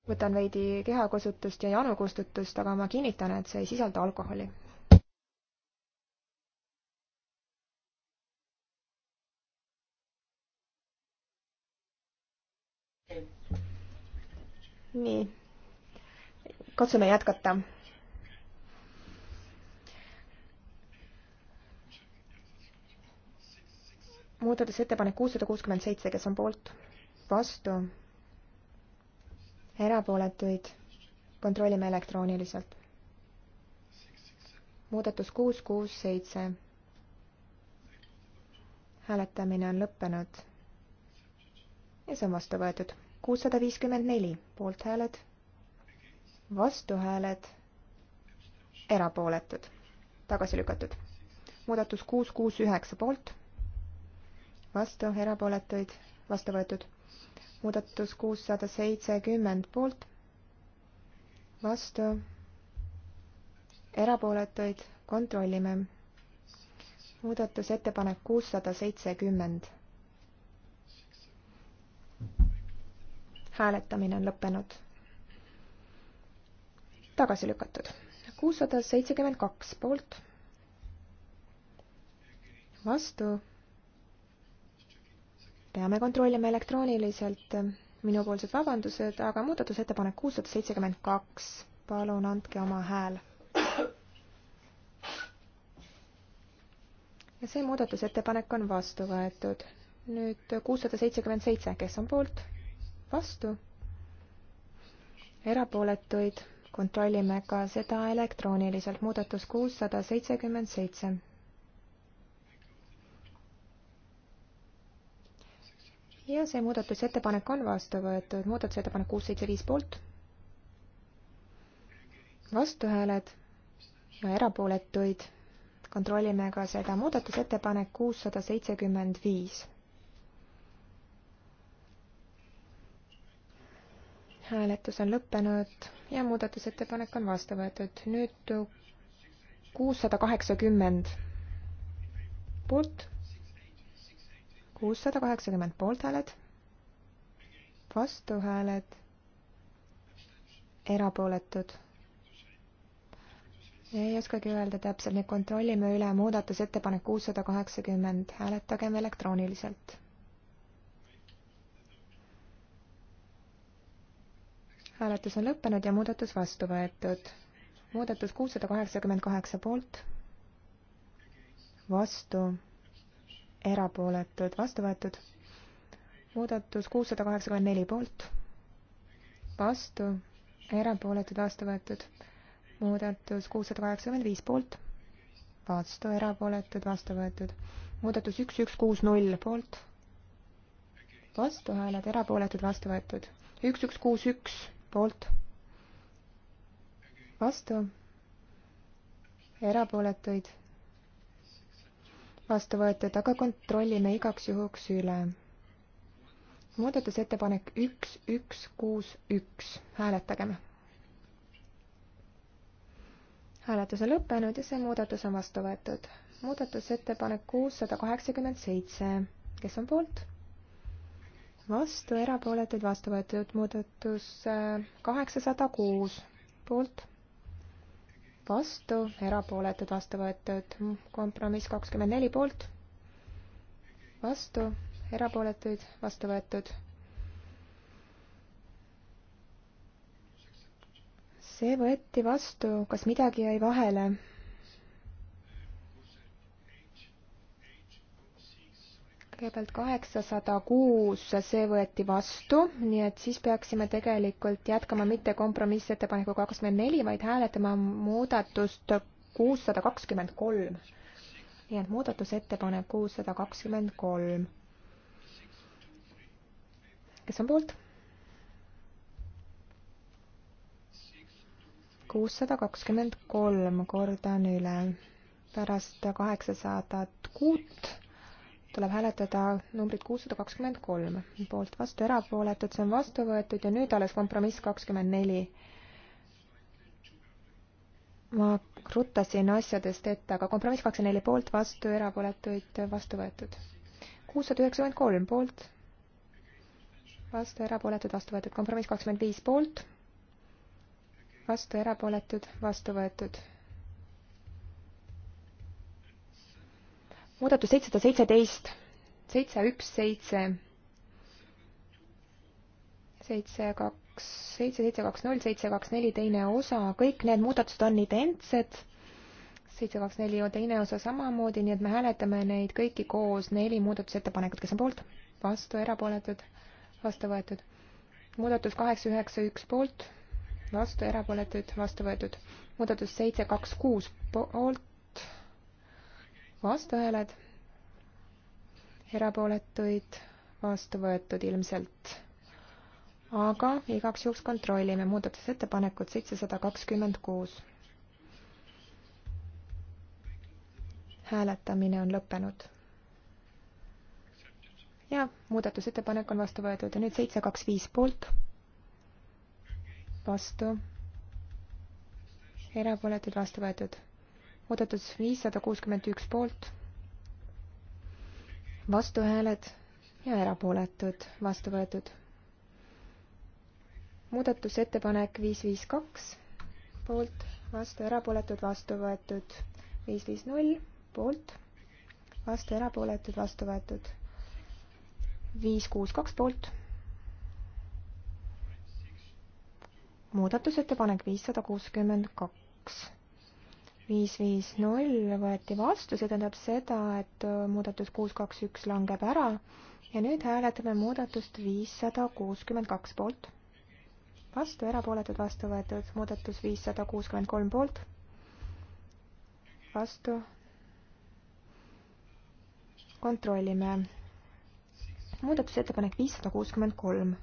võtan veidi kehakosutust ja janukustutust, aga ma kinnitan, et see ei sisalda alkoholi. nii, katsume jätkata. muudatusettepanek kuussada kuuskümmend seitse, kes on poolt, vastu erapooletuid kontrollime elektrooniliselt. muudatus kuus, kuus, seitse. hääletamine on lõppenud ja see on vastu võetud. kuussada viiskümmend neli poolthääled, vastuhääled, erapooletud, tagasi lükatud. muudatus kuus, kuus, üheksa poolt, vastu, erapooletuid, vastu võetud muudatus kuussada seitsekümmend poolt, vastu, erapooletuid kontrollime. muudatusettepanek kuussada seitsekümmend. hääletamine on lõppenud. tagasi lükatud. kuussada seitsekümmend kaks poolt, vastu teha. me kontrollime elektrooniliselt minupoolsed vabandused, aga muudatusettepanek kuussada seitsekümmend kaks, palun andke oma hääl. ja see muudatusettepanek on vastu võetud. nüüd kuussada seitsekümmend seitse, kes on poolt? vastu? erapooletuid kontrollime ka seda elektrooniliselt, muudatus kuussada seitsekümmend seitse ja see muudatusettepanek on vastu võetud, muudatusettepanek kuus, seitse, viis poolt. vastuhääled ja erapooletuid kontrollime ka seda muudatusettepanek kuussada seitsekümmend viis. hääletus on lõppenud ja muudatusettepanek on vastu võetud. nüüd kuussada kaheksakümmend poolt kuussada kaheksakümmend poolthääled, vastuhääled, erapooletud. ei oskagi öelda täpselt, nüüd kontrollime üle muudatusettepanek kuussada kaheksakümmend, hääletagem elektrooniliselt. hääletus on lõppenud ja muudatus vastu võetud. muudatus kuussada kaheksakümmend kaheksa poolt, vastu erapooletud, vastu võetud. muudatus kuussada kaheksakümmend neli poolt, vastu, erapooletud, vastu võetud. muudatus kuussada kaheksakümmend viis poolt, vastu, erapooletud, vastu võetud. muudatus üks, üks, kuus, null poolt, vastuhääled, erapooletud, vastu võetud. üks, üks, kuus, üks poolt, vastu, erapooletuid vastu võetud, aga kontrollime igaks juhuks üle. muudatusettepanek üks, üks, kuus, üks, hääletagem. hääletus on lõppenud ja see muudatus on vastu võetud. muudatusettepanek kuussada kaheksakümmend seitse, kes on poolt? vastu, erapooletuid vastu võetud, muudatus äh, kaheksasada kuus, poolt vastu, erapooletud, vastu võetud. kompromiss kakskümmend neli poolt, vastu, erapooletuid, vastu võetud. see võeti vastu, kas midagi jäi vahele? kõigepealt kaheksasada kuus, see võeti vastu, nii et siis peaksime tegelikult jätkama mitte kompromissettepanekuga kakskümmend neli, vaid hääletama muudatust kuussada kakskümmend kolm. nii et muudatusettepanek kuussada kakskümmend kolm. kes on poolt? kuussada kakskümmend kolm, kordan üle. pärast kaheksasadat kuut tuleb hääletada numbrit kuussada kakskümmend kolm, poolt vastu erapooletud, see on vastu võetud ja nüüd alles kompromiss kakskümmend neli. ma rutasin asjadest ette, aga kompromiss kakskümmend neli poolt vastu, erapooletuid vastu võetud. kuussada üheksakümmend kolm poolt, vastu erapooletud, vastu võetud, kompromiss kakskümmend viis poolt, vastu erapooletud, vastu võetud muudatus seitsesada seitseteist, seitse üks seitse, seitse kaks, seitse seitse kaks null, seitse kaks neli teine osa, kõik need muudatused on identsed, seitse kaks neli on teine osa samamoodi, nii et me hääletame neid kõiki koos, neli muudatusettepanekut, kes on poolt, vastu, erapooletud, vastu võetud. muudatus kaheksa üheksa üks poolt, vastu, erapooletud, vastu võetud. muudatus seitse kaks kuus poolt, vastuhääled, erapooletuid vastu võetud ilmselt. aga igaks juhuks kontrollime muudatusettepanekut seitsesada kakskümmend kuus. hääletamine on lõppenud. ja muudatusettepanek on vastu võetud ja nüüd seitse kaks viis poolt, vastu, erapooletud vastu võetud muudatus viissada kuuskümmend üks poolt, vastuhääled ja erapooletud, vastu võetud. muudatusettepanek viis viis kaks poolt, vastu erapooletud, vastu võetud viis viis null poolt, vastu erapooletud, vastu võetud viis kuus kaks poolt. muudatusettepanek viissada kuuskümmend kaks viis, viis, null võeti vastu, see tähendab seda, et äh, muudatus kuus, kaks, üks langeb ära ja nüüd hääletame muudatust viissada kuuskümmend kaks poolt. vastu, erapooletud, vastu võetud, muudatus viissada kuuskümmend kolm poolt. vastu. kontrollime. muudatusettepanek viissada kuuskümmend kolm.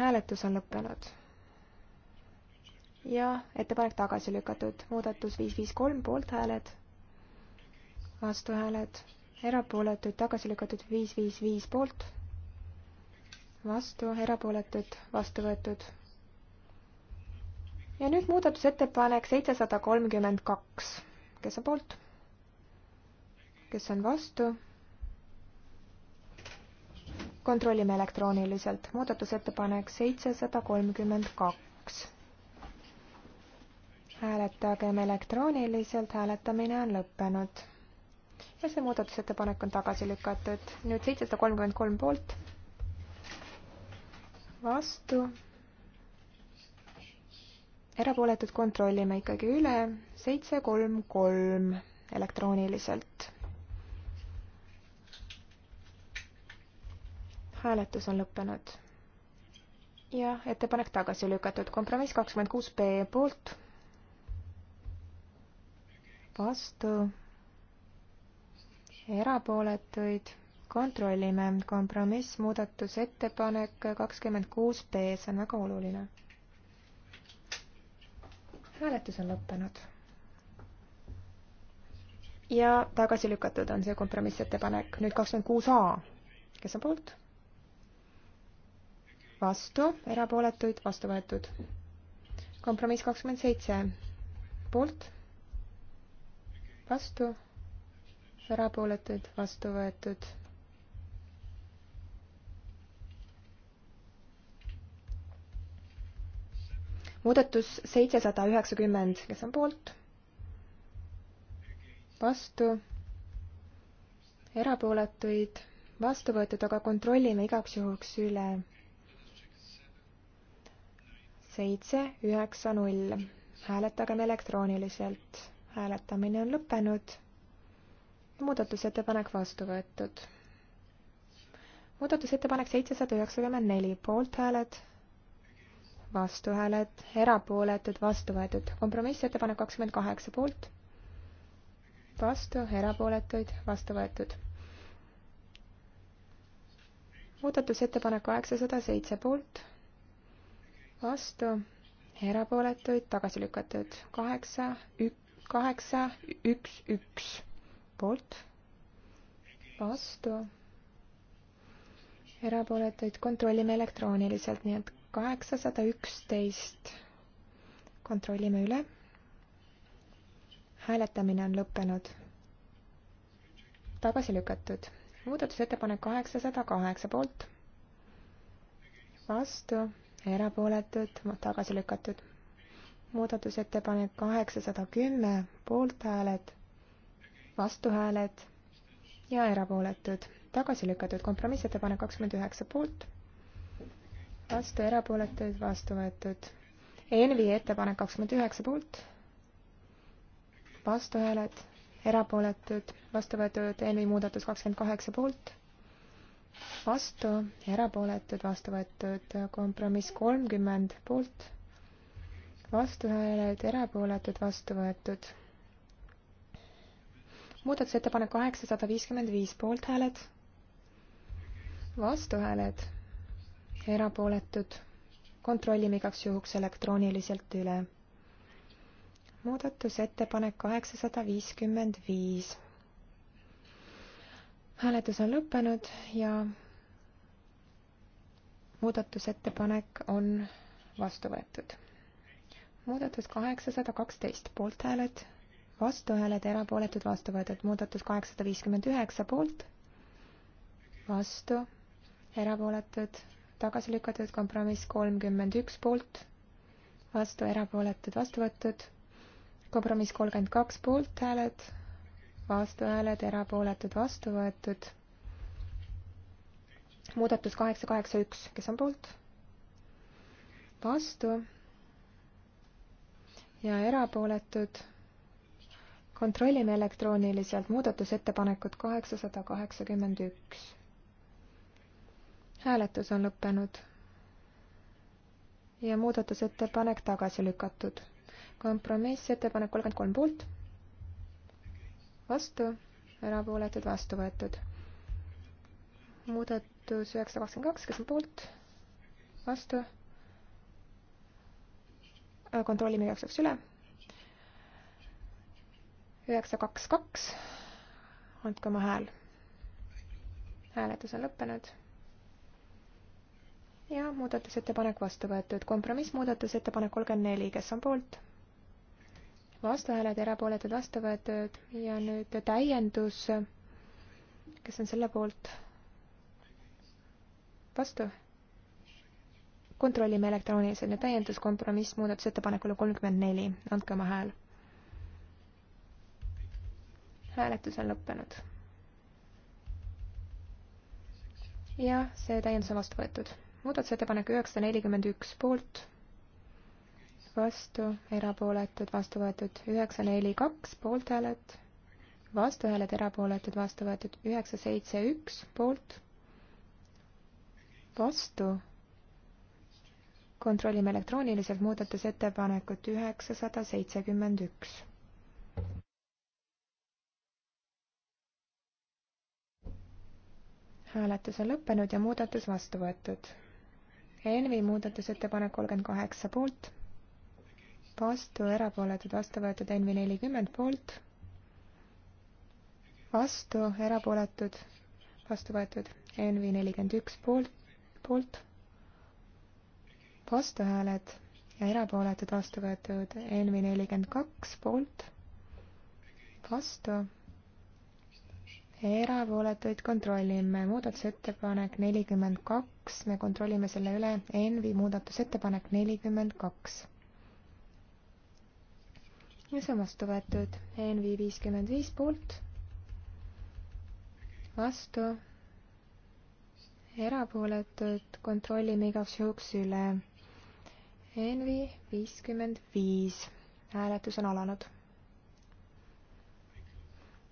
hääletus on lõppenud ja ettepanek tagasi lükatud. muudatus viis viis kolm poolthääled, vastuhääled, erapooletud, tagasi lükatud viis viis viis poolt, vastu, erapooletud, vastu võetud. ja nüüd muudatusettepanek seitsesada kolmkümmend kaks. kes on poolt? kes on vastu? kontrollime elektrooniliselt. muudatusettepanek seitsesada kolmkümmend kaks hääletagem elektrooniliselt, hääletamine on lõppenud. ja see muudatusettepanek on tagasi lükatud. nüüd seitsesada kolmkümmend kolm poolt, vastu, erapooletud kontrollime ikkagi üle, seitse, kolm, kolm elektrooniliselt. hääletus on lõppenud ja ettepanek tagasi lükatud. kompromiss kakskümmend kuus B poolt vastu, erapooletuid kontrollime. kompromissmuudatusettepanek kakskümmend kuus B, see on väga oluline. hääletus on lõppenud. ja tagasi lükatud on see kompromissettepanek. nüüd kakskümmend kuus A, kes on poolt? vastu, erapooletuid, vastu võetud. kompromiss kakskümmend seitse, poolt vastu, erapooletuid vastu võetud. muudatus seitsesada üheksakümmend, kes on poolt? vastu, erapooletuid vastu võetud, aga kontrollime igaks juhuks üle. seitse, üheksa, null hääletagem elektrooniliselt hääletamine on lõppenud. muudatusettepanek vastu võetud. muudatusettepanek seitsesada üheksakümmend neli, poolthääled, vastuhääled, erapooletud, vastu võetud. kompromissettepanek kakskümmend kaheksa poolt, vastu, erapooletuid, vastu võetud. muudatusettepanek kaheksasada seitse poolt, vastu, erapooletuid, tagasi lükatud. kaheksa, üks kaheksa, üks, üks poolt, vastu, erapooletuid kontrollime elektrooniliselt, nii et kaheksasada üksteist kontrollime üle. hääletamine on lõppenud. tagasi lükatud. muudatusettepanek kaheksasada kaheksa poolt, vastu, erapooletud, tagasi lükatud muudatusettepanek kaheksasada kümme, poolthääled, vastuhääled ja erapooletud. tagasi lükatud kompromissettepanek kakskümmend üheksa poolt, vastu erapooletuid, vastu võetud. ENV-i ettepanek kakskümmend üheksa poolt, vastuhääled, erapooletud, vastu võetud ENV-i muudatus kakskümmend kaheksa poolt, vastu, erapooletud, vastu võetud kompromiss kolmkümmend poolt vastuhääled, erapooletud, vastu võetud. muudatusettepanek kaheksasada viiskümmend viis poolthääled, vastuhääled, erapooletud. kontrollime igaks juhuks elektrooniliselt üle. muudatusettepanek kaheksasada viiskümmend viis. hääletus on lõppenud ja muudatusettepanek on vastu võetud muudatus kaheksasada kaksteist poolthääled, vastuhääled, erapooletud, vastu võetud. muudatus kaheksasada viiskümmend üheksa poolt, vastu, erapooletud, tagasi lükatud, kompromiss kolmkümmend üks poolt, vastu, erapooletud, vastu võetud. kompromiss kolmkümmend kaks poolthääled, vastuhääled, erapooletud, vastu võetud muudatus kaheksa, kaheksa, üks, kes on poolt? vastu, ja erapooletud. kontrollime elektrooniliselt muudatusettepanekut kaheksasada kaheksakümmend üks. hääletus on lõppenud ja muudatusettepanek tagasi lükatud. kompromissettepanek kolmkümmend kolm poolt, vastu, erapooletud, vastu võetud. muudatus üheksasada kakskümmend kaks, kes on poolt, vastu kontrollime igaks juhuks üle. üheksa, kaks, kaks. andke oma hääl. hääletus on lõppenud. ja muudatusettepanek vastu võetud. kompromiss muudatusettepanek kolmkümmend neli, kes on poolt? vastuhääled, erapooletud vastu võetud ja nüüd täiendus. kes on selle poolt? vastu kontrollime elektroonilisena täienduskompromiss muudatusettepanekule kolmkümmend neli, andke oma hääl. hääletus on lõppenud. ja see täiendus on vastu võetud. muudatusettepanek üheksasada nelikümmend üks poolt, vastu, erapooletud, vastu võetud, üheksa, neli, kaks poolthääled, vastuhääled, erapooletud, vastu võetud, üheksa, seitse, üks poolt, vastu kontrollime elektrooniliselt muudatusettepanekut üheksasada seitsekümmend üks. hääletus on lõppenud ja muudatus vastu võetud. ENVi muudatusettepanek kolmkümmend kaheksa poolt, vastu erapooletud, vastu võetud ENVi nelikümmend poolt, vastu erapooletud, vastu võetud ENVi nelikümmend üks poolt, poolt vastuhääled ja erapooletud vastu võetud Envi nelikümmend kaks poolt, vastu, erapooletuid kontrollime, muudatusettepanek nelikümmend kaks, me kontrollime selle üle, Envi muudatusettepanek nelikümmend kaks. ja see on vastu võetud, Envi viiskümmend viis poolt, vastu, erapooletud, kontrollime igaks juhuks üle Envi viiskümmend viis. hääletus on alanud.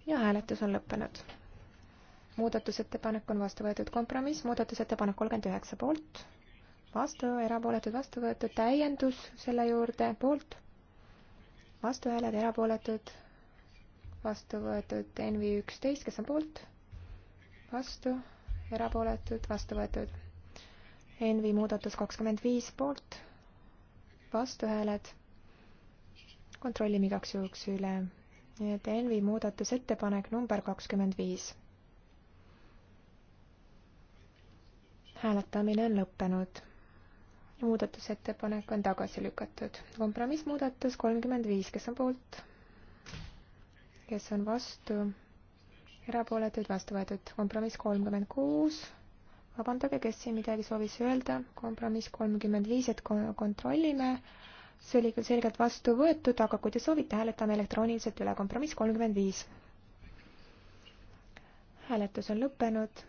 ja hääletus on lõppenud. muudatusettepanek on vastu võetud kompromiss, muudatusettepanek kolmkümmend üheksa poolt, vastu, erapooletud, vastu võetud, täiendus selle juurde, poolt, vastuhääled, erapooletud, vastu võetud, Envi üksteist, kes on poolt, vastu, erapooletud, vastu võetud. Envi muudatus kakskümmend viis poolt vastuhääled. kontrollime igaks juhuks üle. nii et Envi muudatusettepanek number kakskümmend viis. hääletamine on lõppenud. muudatusettepanek on tagasi lükatud. kompromissmuudatus kolmkümmend viis, kes on poolt? kes on vastu? erapooletuid vastu võetud. kompromiss kolmkümmend kuus vabandage, kes siin midagi soovis öelda, kompromiss kolmkümmend viis, et kontrollime. see oli küll selgelt vastu võetud, aga kui te soovite, hääletame elektrooniliselt üle, kompromiss kolmkümmend viis. hääletus on lõppenud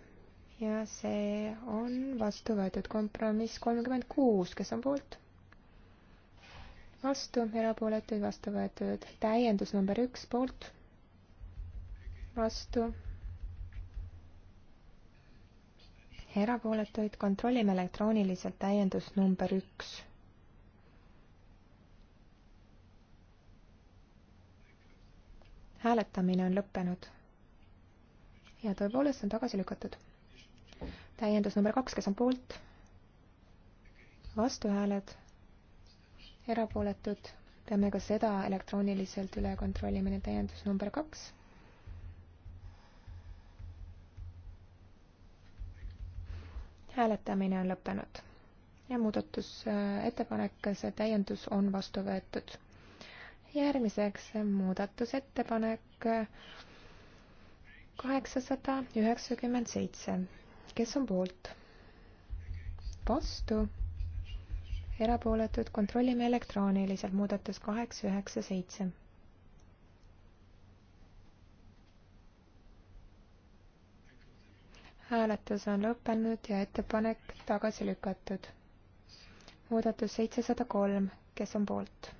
ja see on vastu võetud, kompromiss kolmkümmend kuus, kes on poolt? vastu, erapooletuid vastu võetud, täiendus number üks poolt, vastu erapooletuid kontrollime elektrooniliselt täiendus number üks. hääletamine on lõppenud. ja tõepoolest on tagasi lükatud. täiendus number kaks, kes on poolt? vastuhääled, erapooletud, peame ka seda elektrooniliselt üle kontrollima, nii et täiendus number kaks hääletamine on lõppenud ja muudatusettepanek, see täiendus on vastu võetud. järgmiseks muudatusettepanek kaheksasada üheksakümmend seitse. kes on poolt? vastu? erapooletud, kontrollime elektrooniliselt, muudatus kaheksa, üheksa, seitse hääletus on lõppenud ja ettepanek tagasi lükatud. muudatus seitsesada kolm, kes on poolt?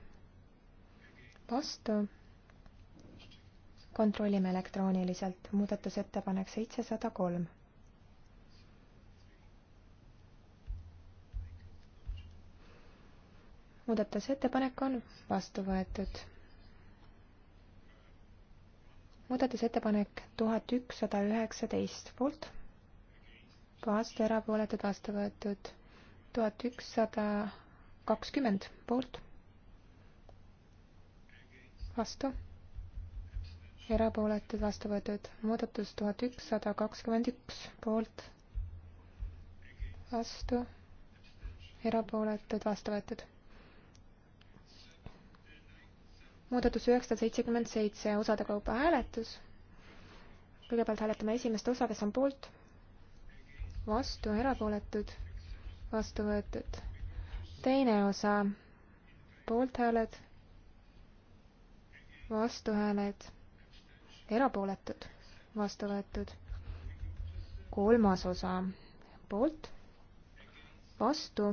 vastu. kontrollime elektrooniliselt, muudatusettepanek seitsesada kolm. muudatusettepanek on vastu võetud muudatusettepanek tuhat ükssada üheksateist poolt vastu, erapooletud, vastu võetud tuhat ükssada kakskümmend poolt, vastu, erapooletud, vastu võetud, muudatus tuhat ükssada kakskümmend üks poolt, vastu, erapooletud, vastu võetud. muudatus üheksasada seitsekümmend seitse, osade kaupa hääletus. kõigepealt hääletame esimest osa, kes on poolt vastu, erapooletud, vastu võetud. teine osa, poolthääled, vastuhääled, erapooletud, vastu võetud. kolmas osa, poolt, vastu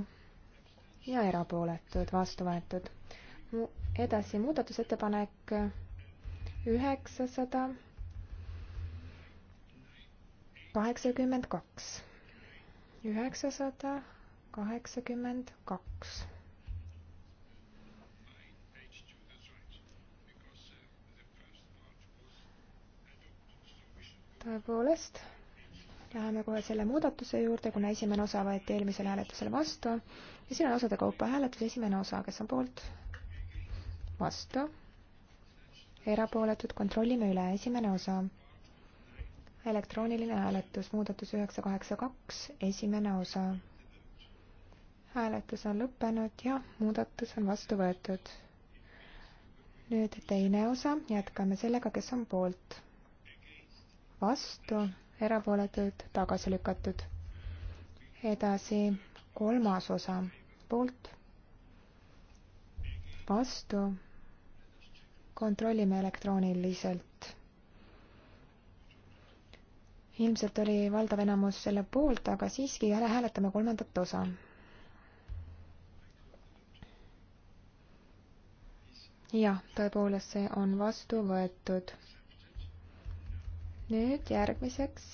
ja erapooletud, vastu võetud. edasi muudatusettepanek üheksasada kaheksakümmend kaks üheksasada kaheksakümmend kaks. tõepoolest, läheme kohe selle muudatuse juurde, kuna esimene osa võeti eelmisel hääletusel vastu ja siin on osade kaupa hääletus, esimene osa, kes on poolt, vastu, erapooletud, kontrollime üle, esimene osa elektrooniline hääletus, muudatus üheksa kaheksa kaks, esimene osa. hääletus on lõppenud ja muudatus on vastu võetud. nüüd teine osa, jätkame sellega, kes on poolt. vastu, erapooletud, tagasi lükatud. edasi kolmas osa, poolt, vastu kontrollime elektrooniliselt. ilmselt oli valdav enamus selle poolt, aga siiski hääletame kolmandat osa. jah, tõepoolest, see on vastu võetud. nüüd järgmiseks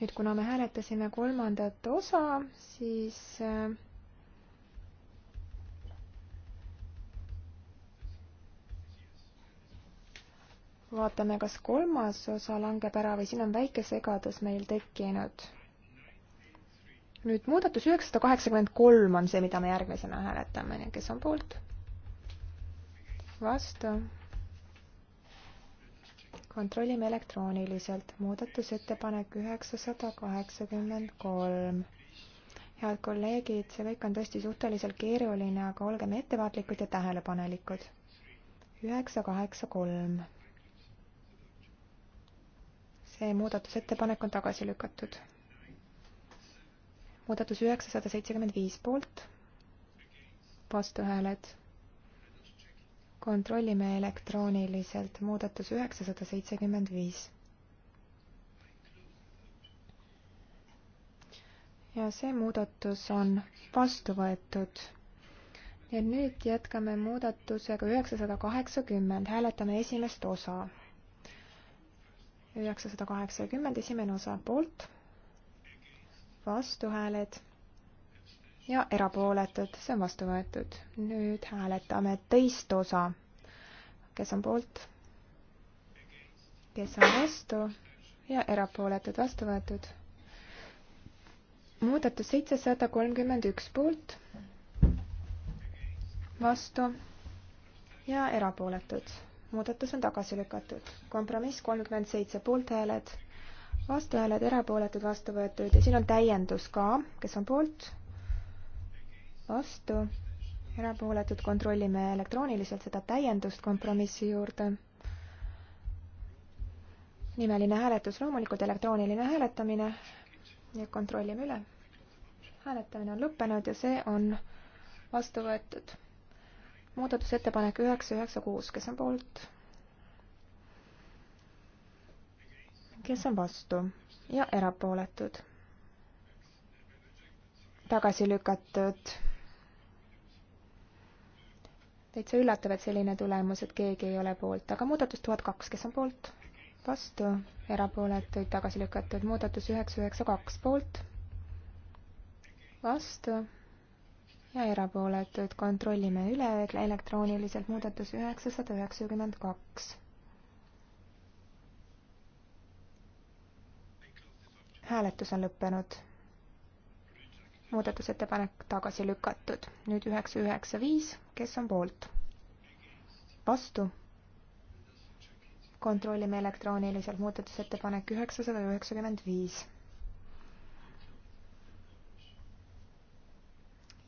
nüüd, kuna me hääletasime kolmandat osa, siis äh, vaatame, kas kolmas osa langeb ära või siin on väike segadus meil tekkinud. nüüd muudatus üheksasada kaheksakümmend kolm on see, mida me järgmisena hääletame, kes on poolt? vastu kontrollime elektrooniliselt muudatusettepanek üheksasada kaheksakümmend kolm. head kolleegid, see kõik on tõesti suhteliselt keeruline, aga olgem ettevaatlikud ja tähelepanelikud. üheksa, kaheksa, kolm. see muudatusettepanek on tagasi lükatud. muudatus üheksasada seitsekümmend viis poolt, vastuhääled kontrollime elektrooniliselt muudatus üheksasada seitsekümmend viis. ja see muudatus on vastu võetud. ja nüüd jätkame muudatusega üheksasada kaheksakümmend, hääletame esimest osa. üheksasada kaheksakümmend, esimene osa poolt, vastuhääled ja erapooletud, see on vastu võetud. nüüd hääletame teist osa. kes on poolt? kes on vastu ja erapooletud, vastu võetud. muudatus seitsesada kolmkümmend üks poolt, vastu ja erapooletud. muudatus on tagasi lükatud. kompromiss kolmkümmend seitse poolthääled, vastuhääled, erapooletud, vastu võetud ja siin on täiendus ka, kes on poolt vastu, erapooletud, kontrollime elektrooniliselt seda täiendust kompromissi juurde. nimeline hääletus, loomulikult elektrooniline hääletamine ja kontrollime üle. hääletamine on lõppenud ja see on vastu võetud. muudatusettepanek üheksa, üheksa, kuus, kes on poolt? kes on vastu ja erapooletud? tagasi lükatud täitsa üllatav, et selline tulemus, et keegi ei ole poolt, aga muudatus tuhat kaks, kes on poolt? vastu, erapooletuid tagasi lükatud, muudatus üheksa, üheksa, kaks poolt, vastu ja erapooletuid kontrollime üle elektrooniliselt, muudatus üheksasada üheksakümmend kaks. hääletus on lõppenud muudatusettepanek tagasi lükatud. nüüd üheksa, üheksa, viis, kes on poolt? vastu? kontrollime elektrooniliselt muudatusettepanek üheksasada üheksakümmend viis.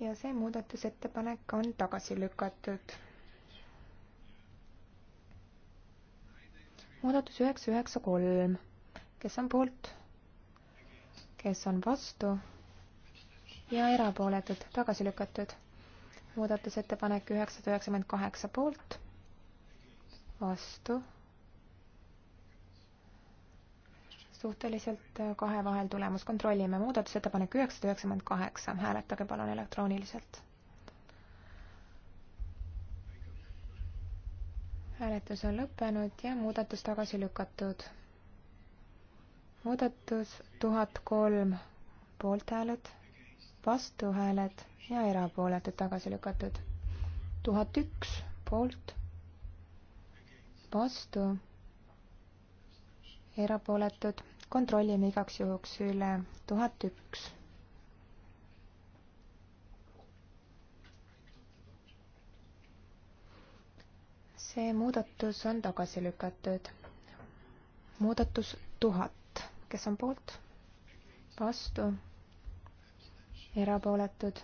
ja see muudatusettepanek on tagasi lükatud. muudatus üheksa, üheksa, kolm, kes on poolt? kes on vastu? ja erapooletud, tagasi lükatud. muudatusettepanek üheksasada üheksakümmend kaheksa poolt, vastu. suhteliselt äh, kahe vahel tulemus, kontrollime muudatusettepanek üheksasada üheksakümmend kaheksa, hääletage palun elektrooniliselt. hääletus on lõppenud ja muudatus tagasi lükatud. muudatus tuhat kolm poolthääled vastuhääled ja erapooletud tagasi lükatud. tuhat üks poolt, vastu, erapooletud, kontrollime igaks juhuks üle tuhat üks. see muudatus on tagasi lükatud. muudatus tuhat, kes on poolt, vastu erapooletud.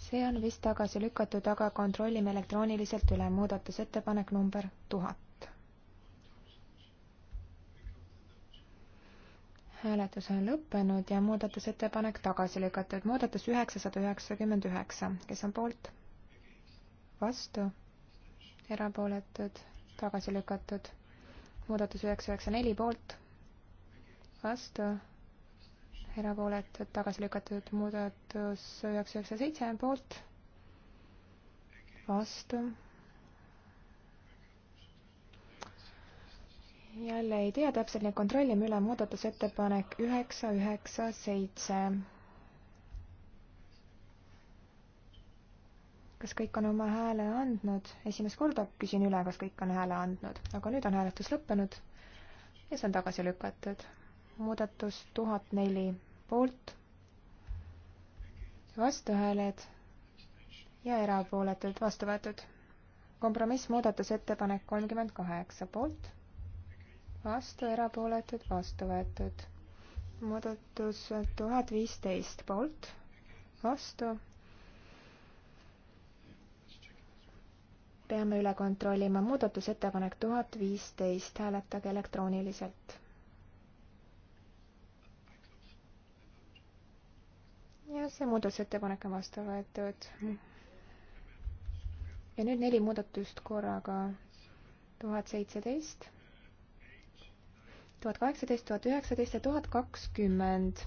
see on vist tagasi lükatud, aga kontrollime elektrooniliselt üle muudatusettepanek number tuhat. hääletus on lõppenud ja muudatusettepanek tagasi lükatud. muudatus üheksasada üheksakümmend üheksa, kes on poolt? vastu? erapooletud? tagasi lükatud? muudatus üheksa üheksa neli poolt? vastu? erapooletud, tagasi lükatud muudatus üheksa, üheksa, seitse poolt, vastu. jälle ei tea täpselt, nii et kontrollime üle muudatusettepanek üheksa, üheksa, seitse. kas kõik on oma hääle andnud? esimest korda küsin üle, kas kõik on hääle andnud, aga nüüd on hääletus lõppenud ja see on tagasi lükatud muudatus tuhat neli poolt, vastuhääled ja erapooletud vastu võetud. kompromissmuudatusettepanek kolmkümmend kaheksa poolt, vastu, erapooletud, vastu võetud. muudatus tuhat viisteist poolt, vastu. peame üle kontrollima muudatusettepanek tuhat viisteist, hääletage elektrooniliselt ja see muudatusettepanek on vastu võetud. ja nüüd neli muudatust korraga. tuhat seitseteist, tuhat kaheksateist, tuhat üheksateist ja tuhat kakskümmend.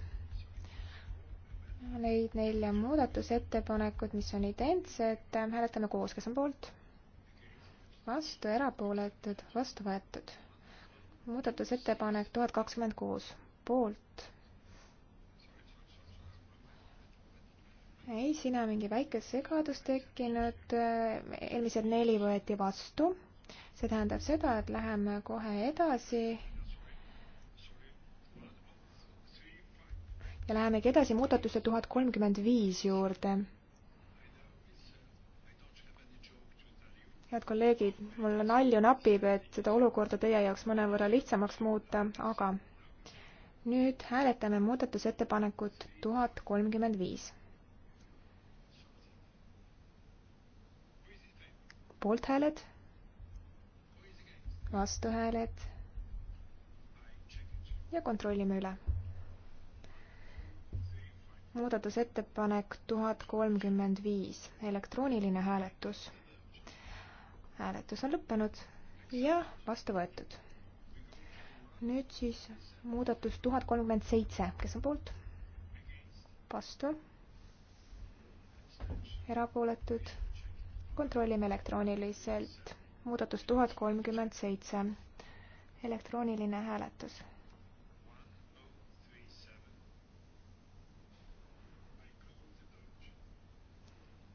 Neid nelja muudatusettepanekut, mis on identsed, hääletame koos, kes on poolt? vastu, erapooletud, vastu võetud. muudatusettepanek tuhat kakskümmend kuus, poolt ei, siin on mingi väike segadus tekkinud, eelmised neli võeti vastu, see tähendab seda, et läheme kohe edasi. ja lähemegi edasi muudatuse tuhat kolmkümmend viis juurde. head kolleegid, mul nalju napib, et seda olukorda teie jaoks mõnevõrra lihtsamaks muuta, aga nüüd hääletame muudatusettepanekut tuhat kolmkümmend viis poolt hääled, vastu hääled ja kontrollime üle. muudatusettepanek tuhat kolmkümmend viis, elektrooniline hääletus. hääletus on lõppenud ja vastu võetud. nüüd siis muudatus tuhat kolmkümmend seitse, kes on poolt? vastu. erapooletud kontrollime elektrooniliselt. muudatus tuhat kolmkümmend seitse. elektrooniline hääletus.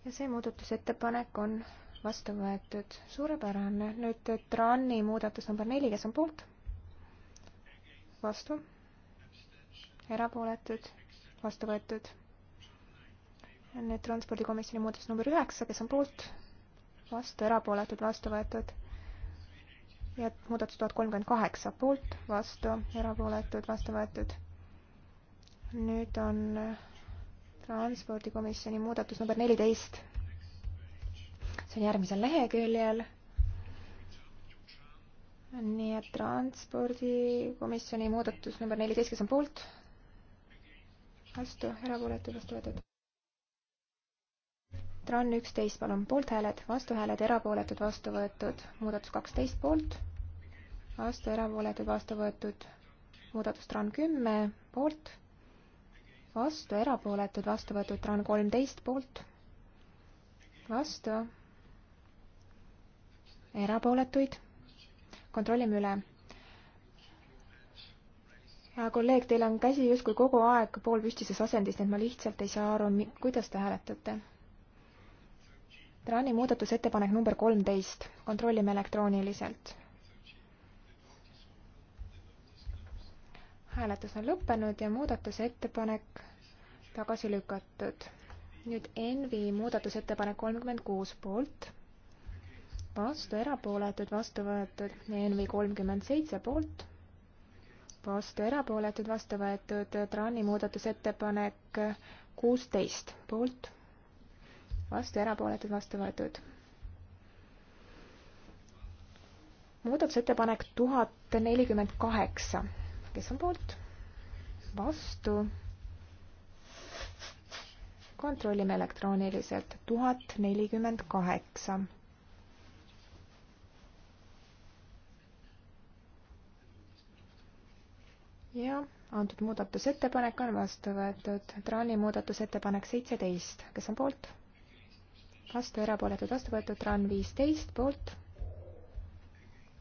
ja see muudatusettepanek on vastu võetud. suurepärane. nüüd TRAN-i muudatus number neli, kes on poolt? vastu? erapooletud? vastu võetud? nüüd transpordikomisjoni muudatus number üheksa, kes on poolt? vastu, erapooletud, vastu võetud. ja muudatus tuhat kolmkümmend kaheksa poolt, vastu, erapooletud, vastu võetud. nüüd on äh, transpordikomisjoni muudatus number neliteist. see on järgmisel leheküljel. nii et transpordikomisjoni muudatus number neliteist, kes on poolt? vastu, erapooletud, vastu võetud Tran üksteist, palun, poolthääled, vastuhääled, erapooletud, vastu võetud, muudatus kaksteist poolt, vastu, erapooletud, vastu võetud, muudatus Tran kümme poolt, vastu, erapooletud, vastu võetud, Tran kolmteist poolt, vastu, erapooletuid, kontrollime üle. hea kolleeg, teil on käsi justkui kogu aeg poolpüstises asendis, nii et ma lihtsalt ei saa aru, kuidas te hääletate Trani muudatusettepanek number kolmteist, kontrollime elektrooniliselt. hääletus on lõppenud ja muudatusettepanek tagasi lükatud. nüüd Envi muudatusettepanek kolmkümmend kuus poolt, vastu erapooletud, vastu võetud, Envi kolmkümmend seitse poolt, vastu erapooletud, vastu võetud, Trani muudatusettepanek kuusteist poolt vastu, erapooletud, vastu võetud. muudatusettepanek tuhat nelikümmend kaheksa, kes on poolt? vastu. kontrollime elektrooniliselt, tuhat nelikümmend kaheksa. ja antud muudatusettepanek on vastu võetud. Traani muudatusettepanek seitseteist, kes on poolt? vastu, erapooletud, vastu võetud, tran viisteist poolt,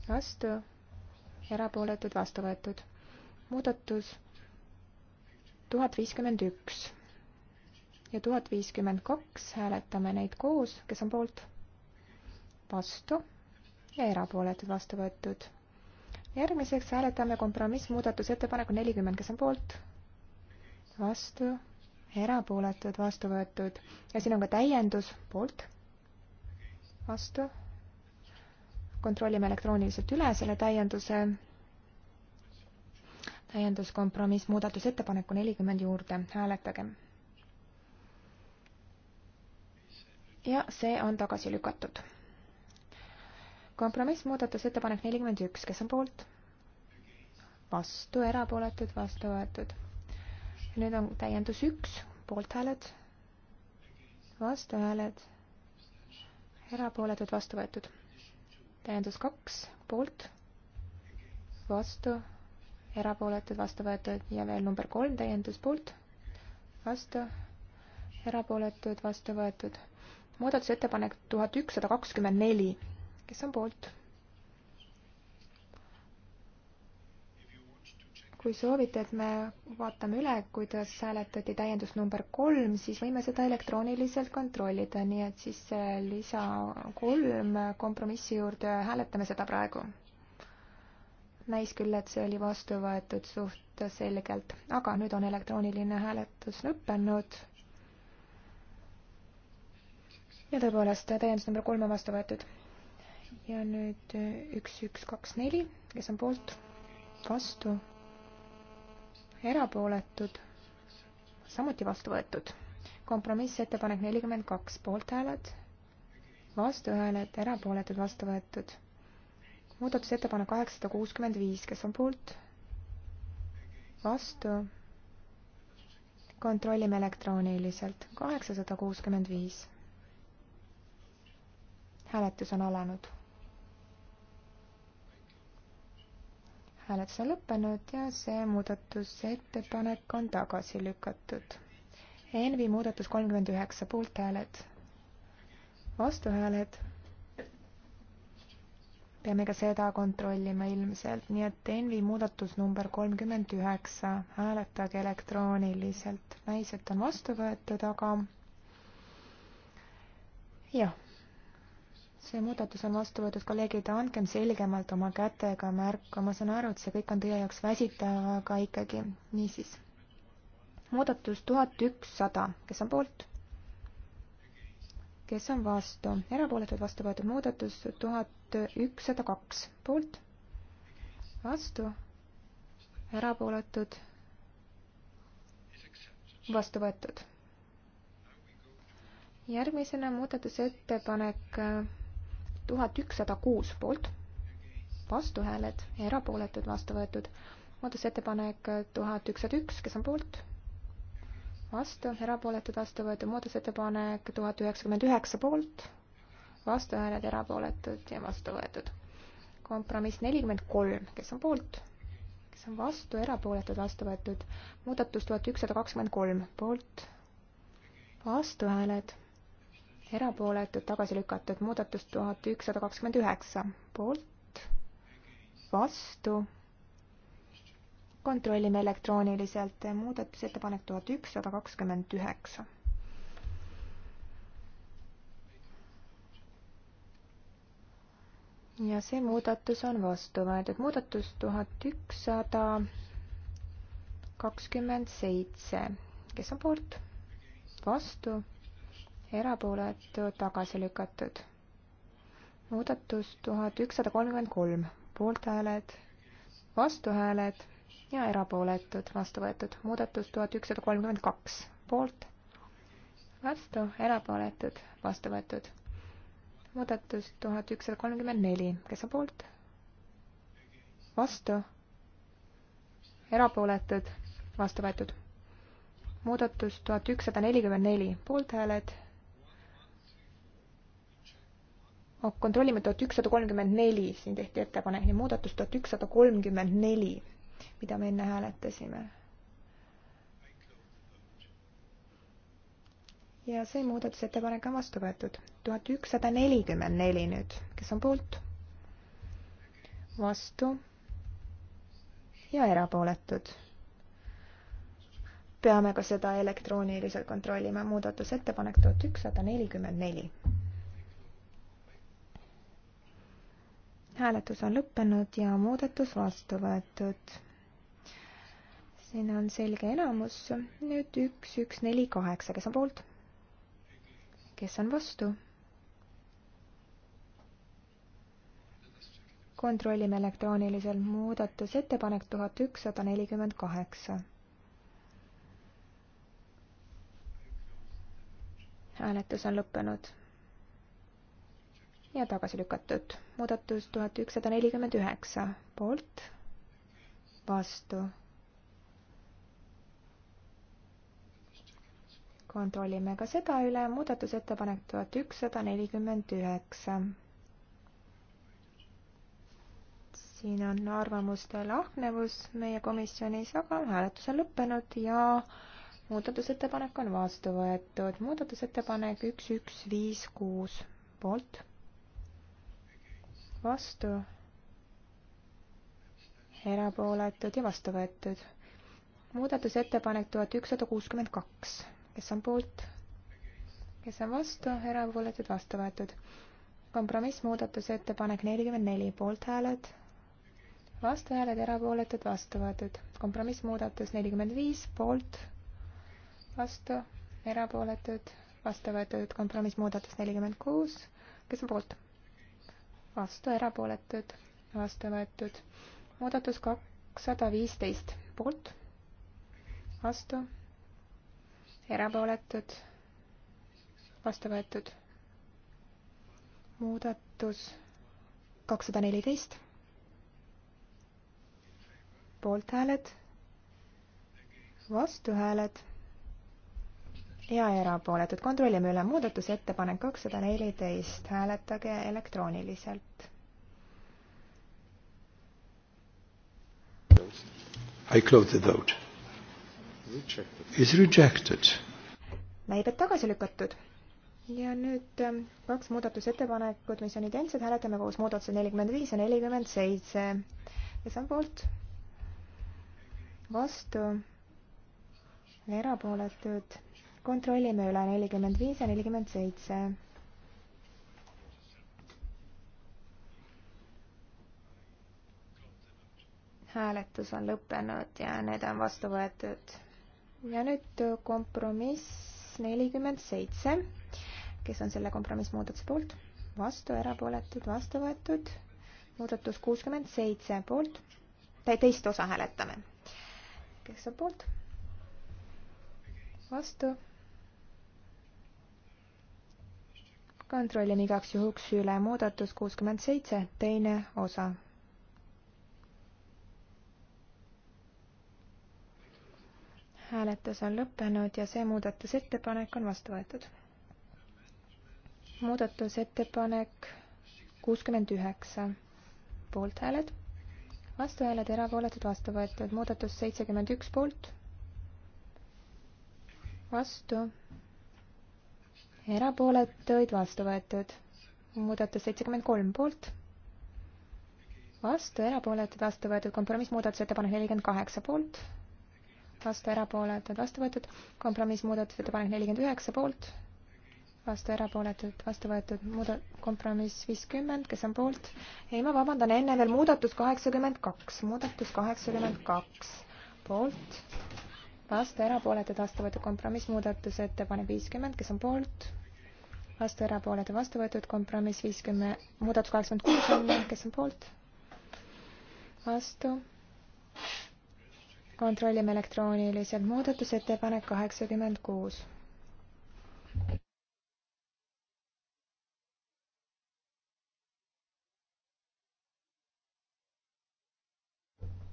vastu, erapooletud, vastu võetud. muudatus tuhat viiskümmend üks ja tuhat viiskümmend kaks, hääletame neid koos, kes on poolt, vastu ja erapooletud, vastu võetud. järgmiseks hääletame kompromissmuudatusettepaneku nelikümmend, kes on poolt, vastu erapooletud, vastu võetud ja siin on ka täiendus poolt, vastu. kontrollime elektrooniliselt üle selle täienduse. täienduskompromiss muudatusettepaneku nelikümmend juurde, hääletage. ja see on tagasi lükatud. kompromiss muudatusettepanek nelikümmend üks, kes on poolt? vastu, erapooletud, vastu võetud ja nüüd on täiendus üks, poolthääled, vastuhääled, erapooletud, vastu võetud. täiendus kaks, poolt, vastu, erapooletud, vastu võetud ja veel number kolm, täiendus poolt, vastu, erapooletud, vastu võetud. muudatusettepanek tuhat ükssada kakskümmend neli, kes on poolt? kui soovite, et me vaatame üle, kuidas hääletati täiendus number kolm, siis võime seda elektrooniliselt kontrollida, nii et siis lisa kolm kompromissi juurde hääletame seda praegu. näis küll, et see oli vastu võetud suht selgelt, aga nüüd on elektrooniline hääletus lõppenud. ja tõepoolest, täiendus number kolm on vastu võetud. ja nüüd üks, üks, kaks, neli, kes on poolt? vastu erapooletud, samuti vastu võetud. kompromissettepanek nelikümmend kaks, poolthääled, vastuhääled, erapooletud, vastu võetud. muudatusettepanek kaheksasada kuuskümmend viis, kes on poolt? vastu. kontrollime elektrooniliselt, kaheksasada kuuskümmend viis. hääletus on alanud hääletus on lõppenud ja see muudatusettepanek on tagasi lükatud. Envi muudatus kolmkümmend üheksa, poolthääled, vastuhääled. peame ka seda kontrollima ilmselt, nii et Envi muudatus number kolmkümmend üheksa, hääletage elektrooniliselt, naised on vastu võetud, aga jah see muudatus on vastu võetud, kolleegid, andkem selgemalt oma kätega märku, ma saan aru, et see kõik on teie jaoks väsitav, aga ikkagi, niisiis. muudatus tuhat ükssada, kes on poolt? kes on vastu? erapooletud vastu võetud muudatus tuhat ükssada kaks, poolt? vastu? erapooletud? vastu võetud järgmisena muudatusettepanek tuhat ükssada kuus poolt, vastuhääled, erapooletud, vastu võetud. muudatusettepanek tuhat ükssada üks, kes on poolt? vastu, erapooletud, vastu võetud. muudatusettepanek tuhat üheksakümmend üheksa poolt, vastuhääled, erapooletud ja vastu võetud. kompromiss nelikümmend kolm, kes on poolt? kes on vastu, erapooletud, vastu võetud. muudatus tuhat ükssada kakskümmend kolm poolt, vastuhääled erapooletud, tagasi lükatud, muudatus tuhat ükssada kakskümmend üheksa, poolt, vastu. kontrollime elektrooniliselt muudatusettepanek tuhat ükssada kakskümmend üheksa. ja see muudatus on vastu võetud, muudatus tuhat ükssada kakskümmend seitse, kes on poolt, vastu erapooletud, tagasi lükatud. muudatus tuhat ükssada kolmkümmend kolm, poolthääled, vastuhääled ja erapooletud, vastu võetud. muudatus tuhat ükssada kolmkümmend kaks, poolt, vastu, erapooletud, vastu võetud. muudatus tuhat ükssada kolmkümmend neli, kes on poolt? vastu, erapooletud, vastu võetud muudatus tuhat ükssada nelikümmend neli, poolthääled, kontrollime tuhat ükssada kolmkümmend neli, siin tehti ettepanek, nii muudatus tuhat ükssada kolmkümmend neli, mida me enne hääletasime. ja see muudatusettepanek on vastu võetud. tuhat ükssada nelikümmend neli nüüd, kes on poolt? vastu ja erapooletud. peame ka seda elektrooniliselt kontrollima, muudatusettepanek tuhat ükssada nelikümmend neli. hääletus on lõppenud ja muudatus vastu võetud. siin on selge enamus, nüüd üks, üks, neli, kaheksa, kes on poolt? kes on vastu? kontrollime elektroonilisel muudatusettepanek tuhat ükssada nelikümmend kaheksa. hääletus on lõppenud ja tagasi lükatud. muudatus tuhat ükssada nelikümmend üheksa poolt, vastu. kontrollime ka seda üle, muudatusettepanek tuhat ükssada nelikümmend üheksa. siin on arvamuste lahknevus meie komisjonis, aga hääletus on lõppenud ja muudatusettepanek on vastu võetud. muudatusettepanek üks, üks, viis, kuus poolt vastu, erapooletud ja vastu võetud. muudatusettepanek tuhat ükssada kuuskümmend kaks, kes on poolt, kes on vastu, erapooletud, vastu võetud. kompromissmuudatusettepanek nelikümmend neli, poolthääled, vastuhääled, erapooletud, vastu võetud. kompromissmuudatus nelikümmend viis, poolt, vastu, erapooletud, vastu võetud kompromissmuudatus nelikümmend kuus, kes on poolt? vastu, erapooletud, vastu võetud. muudatus kakssada viisteist poolt, vastu, erapooletud, vastu võetud. muudatus kakssada neliteist poolthääled, vastuhääled ja erapooletud. kontrollime üle muudatusettepanek kakssada neliteist, hääletage elektrooniliselt. I close the vote. Is rejected. näib, et tagasi lükatud. ja nüüd ähm, kaks muudatusettepanekut, mis on identsed, hääletame koos muudatused nelikümmend viis ja nelikümmend seitse. kes on poolt? vastu? erapooletud kontrollime üle nelikümmend viis ja nelikümmend seitse. hääletus on lõppenud ja need on vastu võetud. ja nüüd kompromiss nelikümmend seitse. kes on selle kompromissmuudatuse poolt? vastu, erapooletud, vastu võetud. muudatus kuuskümmend seitse poolt. teist osa hääletame. kes on poolt? vastu kontrollime igaks juhuks üle muudatus kuuskümmend seitse, teine osa. hääletus on lõppenud ja see muudatusettepanek on vastu võetud. muudatusettepanek kuuskümmend üheksa, poolthääled, vastuhääled, erapooletud, vastu võetud, muudatus seitsekümmend üks poolt, vastu erapooletuid vastu võetud. muudatus seitsekümmend kolm poolt, vastu, erapooletud, vastu võetud, kompromissmuudatusettepanek nelikümmend kaheksa poolt, vastu, erapooletud, vastu võetud, kompromissmuudatusettepanek nelikümmend üheksa poolt, vastu, erapooletud, vastu võetud, muuda-, kompromiss viiskümmend, kes on poolt? ei, ma vabandan, enne veel muudatus kaheksakümmend kaks, muudatus kaheksakümmend kaks, poolt, vastu, erapooletud, vastu võetud kompromissmuudatusettepanek viiskümmend, kes on poolt, vastu, erapooletud, vastu võetud kompromiss viiskümmend, muudatus kaheksakümmend kuus on, kes on poolt, vastu, kontrollime elektrooniliselt muudatusettepanek kaheksakümmend kuus.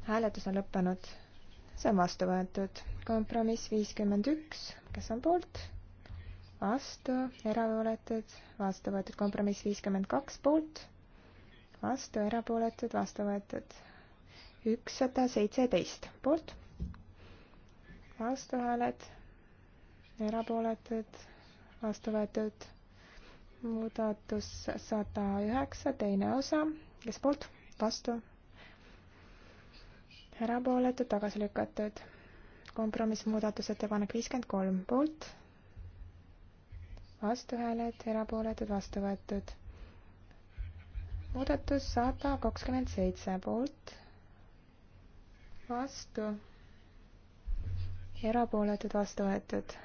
hääletus on lõppenud see on vastu võetud. kompromiss viiskümmend üks, kes on poolt? vastu, erapooletud, vastu võetud. kompromiss viiskümmend kaks poolt, vastu, erapooletud, vastu võetud. ükssada seitseteist poolt, vastuhääled, erapooletud, vastu võetud muudatus sada üheksa, teine osa, kes poolt, vastu, erapooletud, tagasi lükatud. kompromissmuudatusettepanek viiskümmend kolm poolt, vastuhääled, erapooletud, vastu võetud. muudatus sada kakskümmend seitse poolt, vastu, erapooletud, vastu võetud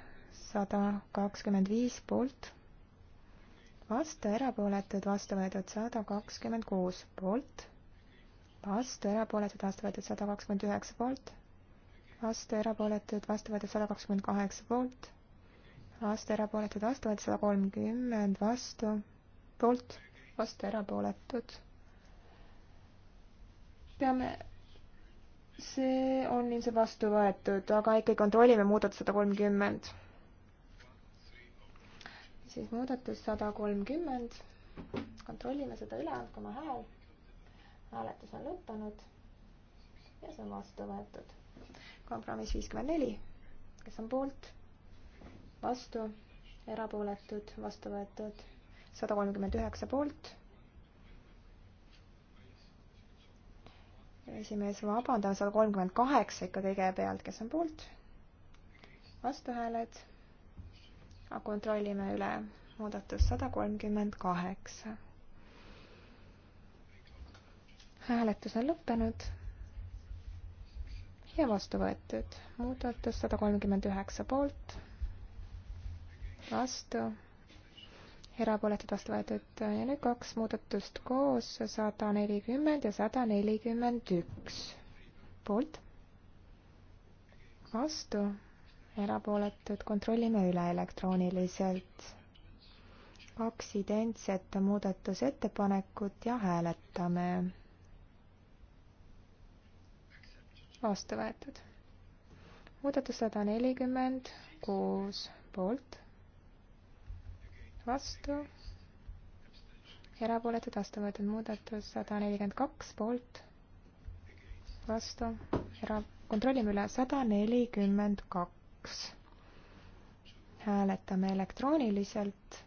sada kakskümmend viis poolt, vastu erapooletud, vastu võetud sada kakskümmend kuus poolt, vastu, erapooletud, vastu võetud sada kakskümmend üheksa poolt, vastu, erapooletud, vastu võetud sada kakskümmend kaheksa poolt, vastu, erapooletud, vastu võetud sada kolmkümmend, vastu, poolt, vastu, erapooletud. peame see on ilmselt vastu võetud, aga ikkagi kontrollime muudatus sada kolmkümmend. siis muudatus sada kolmkümmend, kontrollime seda üle, andke oma hääl hääletus on lõppenud ja see on vastu võetud. kompromiss viiskümmend neli, kes on poolt, vastu, erapooletud, vastu võetud, sada kolmkümmend üheksa poolt esimees, vabandan, sada kolmkümmend kaheksa ikka kõigepealt, kes on poolt? vastuhääled. kontrollime üle, muudatus sada kolmkümmend kaheksa hääletus on lõppenud ja vastu võetud. muudatus sada kolmkümmend üheksa poolt, vastu, erapooletud vastu võetud ja nüüd kaks muudatust koos, sada nelikümmend ja sada nelikümmend üks poolt, vastu, erapooletud, kontrollime üle elektrooniliselt. kaks identset muudatusettepanekut ja hääletame vastu võetud. muudatus sada nelikümmend kuus poolt, vastu, erapooletud, vastu võetud muudatus sada nelikümmend kaks poolt, vastu, era-, kontrollime üle, sada nelikümmend kaks. hääletame elektrooniliselt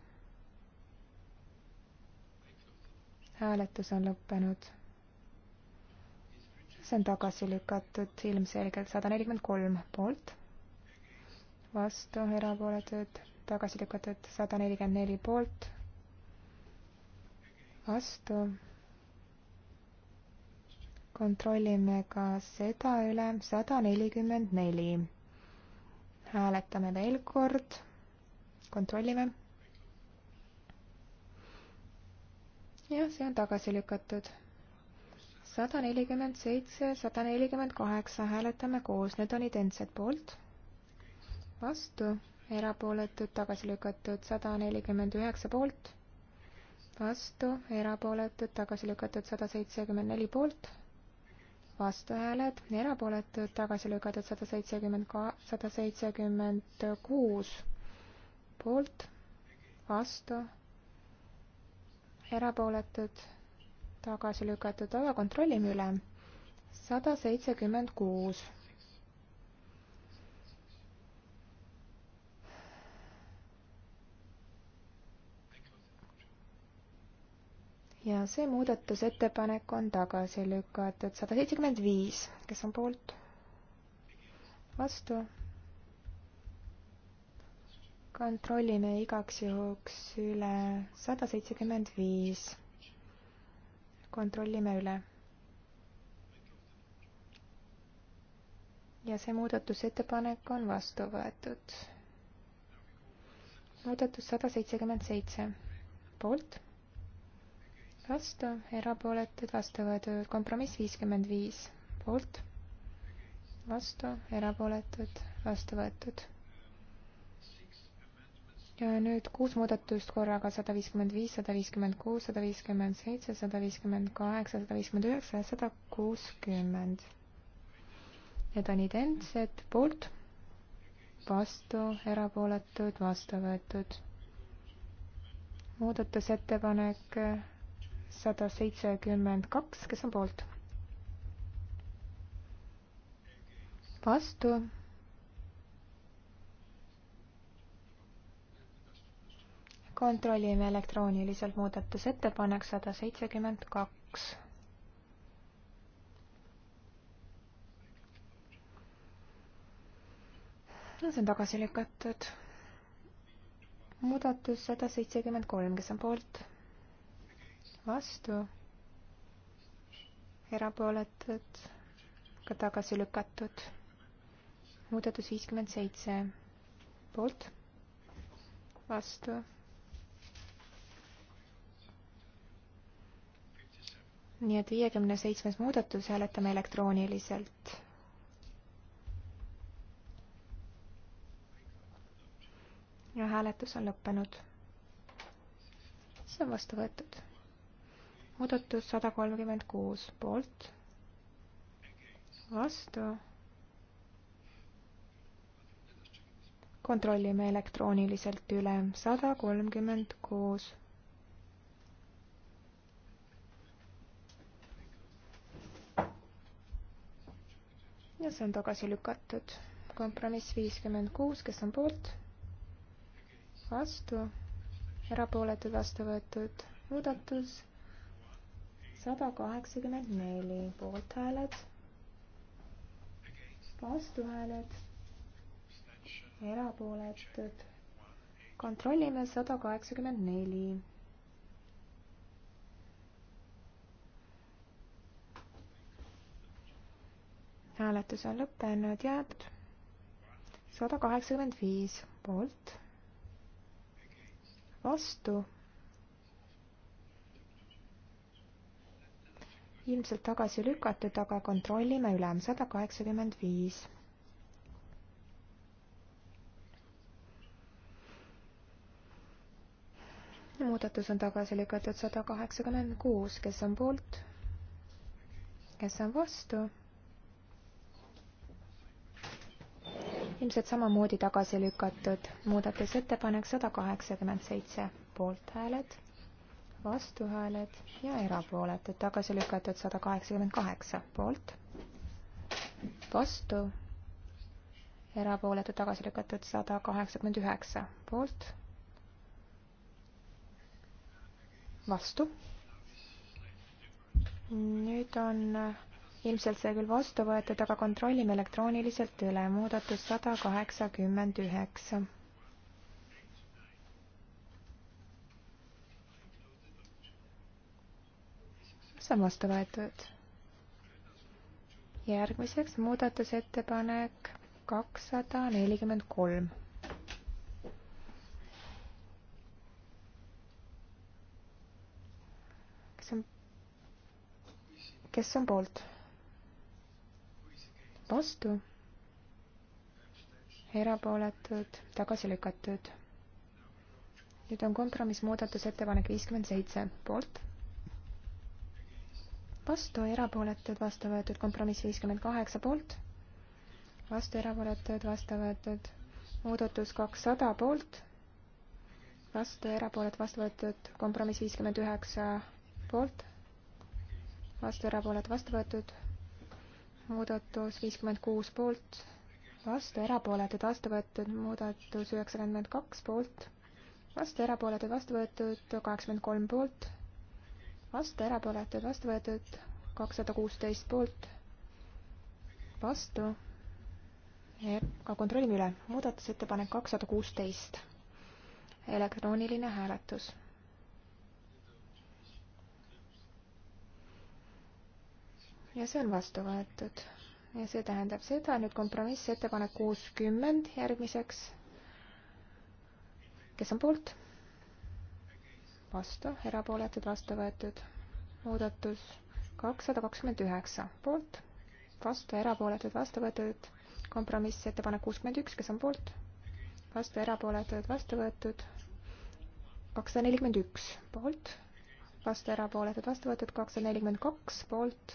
hääletus on lõppenud see on tagasi lükatud ilmselgelt sada nelikümmend kolm poolt, vastu erapooletud, tagasi lükatud sada nelikümmend neli poolt, vastu. kontrollime ka seda üle, sada nelikümmend neli. hääletame veel kord, kontrollime. jah, see on tagasi lükatud sada nelikümmend seitse, sada nelikümmend kaheksa, hääletame koos, need on identsed poolt, vastu, erapooletud, tagasi lükatud, sada nelikümmend üheksa poolt, vastu, erapooletud, tagasi lükatud, sada seitsekümmend neli poolt, vastuhääled, erapooletud, tagasi lükatud, sada seitsekümmend ka-, sada seitsekümmend kuus poolt, vastu, erapooletud tagasi lükatud, aga kontrollime üle. sada seitsekümmend kuus. ja see muudatusettepanek on tagasi lükatud, sada seitsekümmend viis, kes on poolt? vastu? kontrollime igaks juhuks üle sada seitsekümmend viis kontrollime üle. ja see muudatusettepanek on vastu võetud. muudatus sada seitsekümmend seitse, poolt, vastu, erapooletud, vastu võetud, kompromiss viiskümmend viis, poolt, vastu, erapooletud, vastu võetud ja nüüd kuus muudatust korraga, sada viiskümmend viis, sada viiskümmend kuus, sada viiskümmend seitse, sada viiskümmend kaheksa, sada viiskümmend üheksa ja sada kuuskümmend. Need on identsed, poolt, vastu, erapooletud, vastu võetud. muudatusettepanek sada seitsekümmend kaks, kes on poolt? vastu kontrollime elektrooniliselt muudatusettepanek sada seitsekümmend kaks. no see on tagasi lükatud. muudatus sada seitsekümmend kolm, kes on poolt? vastu? erapooletud? ka tagasi lükatud. muudatus viiskümmend seitse, poolt? vastu? nii et viiekümne seitsmes muudatus hääletame elektrooniliselt. ja hääletus on lõppenud. see on vastu võetud. muudatus sada kolmkümmend kuus poolt, vastu. kontrollime elektrooniliselt üle sada kolmkümmend kuus ja see on tagasi lükatud. kompromiss viiskümmend kuus, kes on poolt? vastu, erapooletud, vastu võetud muudatus sada kaheksakümmend neli poolthääled, vastuhääled, erapooletud. kontrollime sada kaheksakümmend neli hääletus on lõppenud ja sada kaheksakümmend viis poolt, vastu. ilmselt tagasi lükatud, aga kontrollime üle, sada kaheksakümmend viis muudatus on tagasi lükatud sada kaheksakümmend kuus, kes on poolt, kes on vastu ilmselt samamoodi tagasi lükatud. muudatusettepanek sada kaheksakümmend seitse poolthääled, vastuhääled ja erapooletud, tagasi lükatud sada kaheksakümmend kaheksa poolt, vastu, erapooletud, tagasi lükatud sada kaheksakümmend üheksa poolt vastu. nüüd on ilmselt sai küll vastu võetud, aga kontrollime elektrooniliselt üle. muudatus sada kaheksakümmend üheksa. see on vastu võetud. järgmiseks muudatusettepanek kakssada nelikümmend kolm. kes on, kes on poolt? vastu, erapooletud, tagasi lükatud. nüüd on kompromiss muudatusettepanek viiskümmend seitse poolt, vastu, erapooletud, vastu võetud, kompromiss viiskümmend kaheksa poolt, vastu, erapooletud, vastu võetud, muudatus kakssada poolt, vastu, erapooletud, vastu võetud, kompromiss viiskümmend üheksa poolt, vastu, erapooletud, vastu võetud muudatus viiskümmend kuus poolt, vastu, erapooletud, vastu võetud, muudatus üheksakümmend kaks poolt, vastu, erapooletud, vastu võetud, kaheksakümmend kolm poolt, vastu, erapooletud, vastu võetud, kakssada kuusteist poolt, vastu, ka kontrollime üle, muudatusettepanek kakssada kuusteist, elektrooniline hääletus ja see on vastu võetud. ja see tähendab seda, nüüd kompromissettepanek kuuskümmend järgmiseks. kes on poolt? vastu, erapooletud, vastu võetud. muudatus kakssada kakskümmend üheksa, poolt, vastu, erapooletud, vastu võetud. kompromissettepanek kuuskümmend üks, kes on poolt? vastu, erapooletud, vastu võetud. kakssada nelikümmend üks, poolt vastu, erapooletud, vastu võetud kakssada nelikümmend kaks, poolt,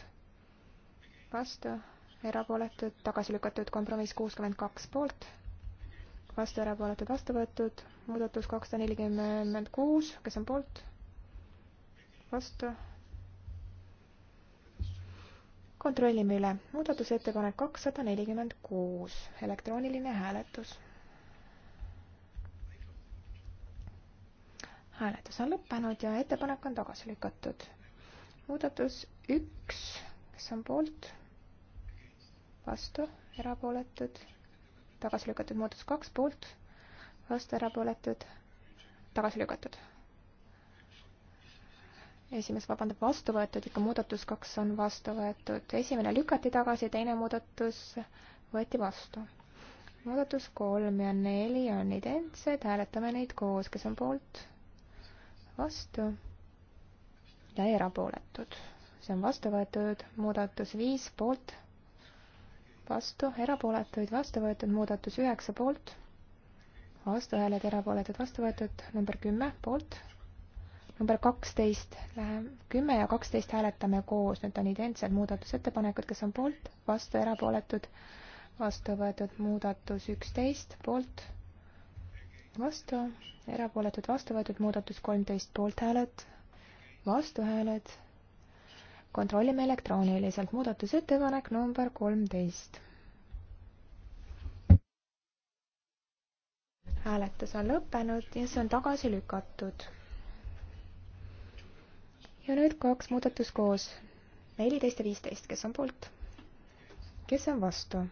vastu, erapooletud, tagasi lükatud, kompromiss kuuskümmend kaks poolt, vastu, erapooletud, vastu võetud, muudatus kakssada nelikümmend kuus, kes on poolt, vastu. kontrollime üle, muudatusettepanek kakssada nelikümmend kuus, elektrooniline hääletus. hääletus on lõppenud ja ettepanek on tagasi lükatud. muudatus üks, kes on poolt vastu, erapooletud, tagasi lükatud muudatus kaks poolt, vastu, erapooletud, tagasi lükatud. esimees vabandab, vastu võetud, ikka muudatus kaks on vastu võetud, esimene lükati tagasi, teine muudatus võeti vastu. muudatus kolm ja neli on identsed, hääletame neid koos, kes on poolt, vastu ja erapooletud. see on vastu võetud muudatus viis poolt vastu, erapooletuid vastu võetud, muudatus üheksa poolt, vastuhääled, erapooletud vastu võetud, number kümme poolt, number kaksteist, läheme, kümme ja kaksteist hääletame koos, need on identsed muudatusettepanekud, kes on poolt, vastu, erapooletud, vastu võetud muudatus üksteist, poolt, vastu, erapooletud, vastu võetud muudatus kolmteist, poolthääled, vastuhääled kontrollime elektrooniliselt muudatusettepanek number kolmteist. hääletus on lõppenud ja see on tagasi lükatud. ja nüüd kaks muudatust koos, neliteist ja viisteist, kes on poolt, kes on vastu?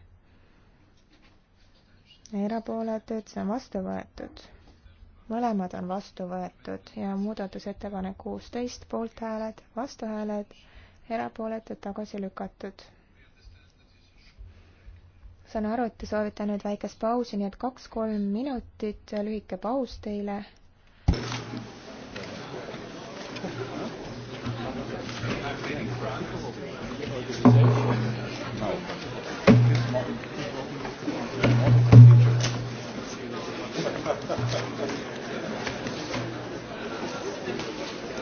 erapooletud, see on vastu võetud. mõlemad on vastu võetud ja muudatusettepanek kuusteist, poolthääled, vastuhääled erapooletud, tagasi lükatud. saan aru, et te soovite nüüd väikest pausi, nii et kaks-kolm minutit, lühike paus teile.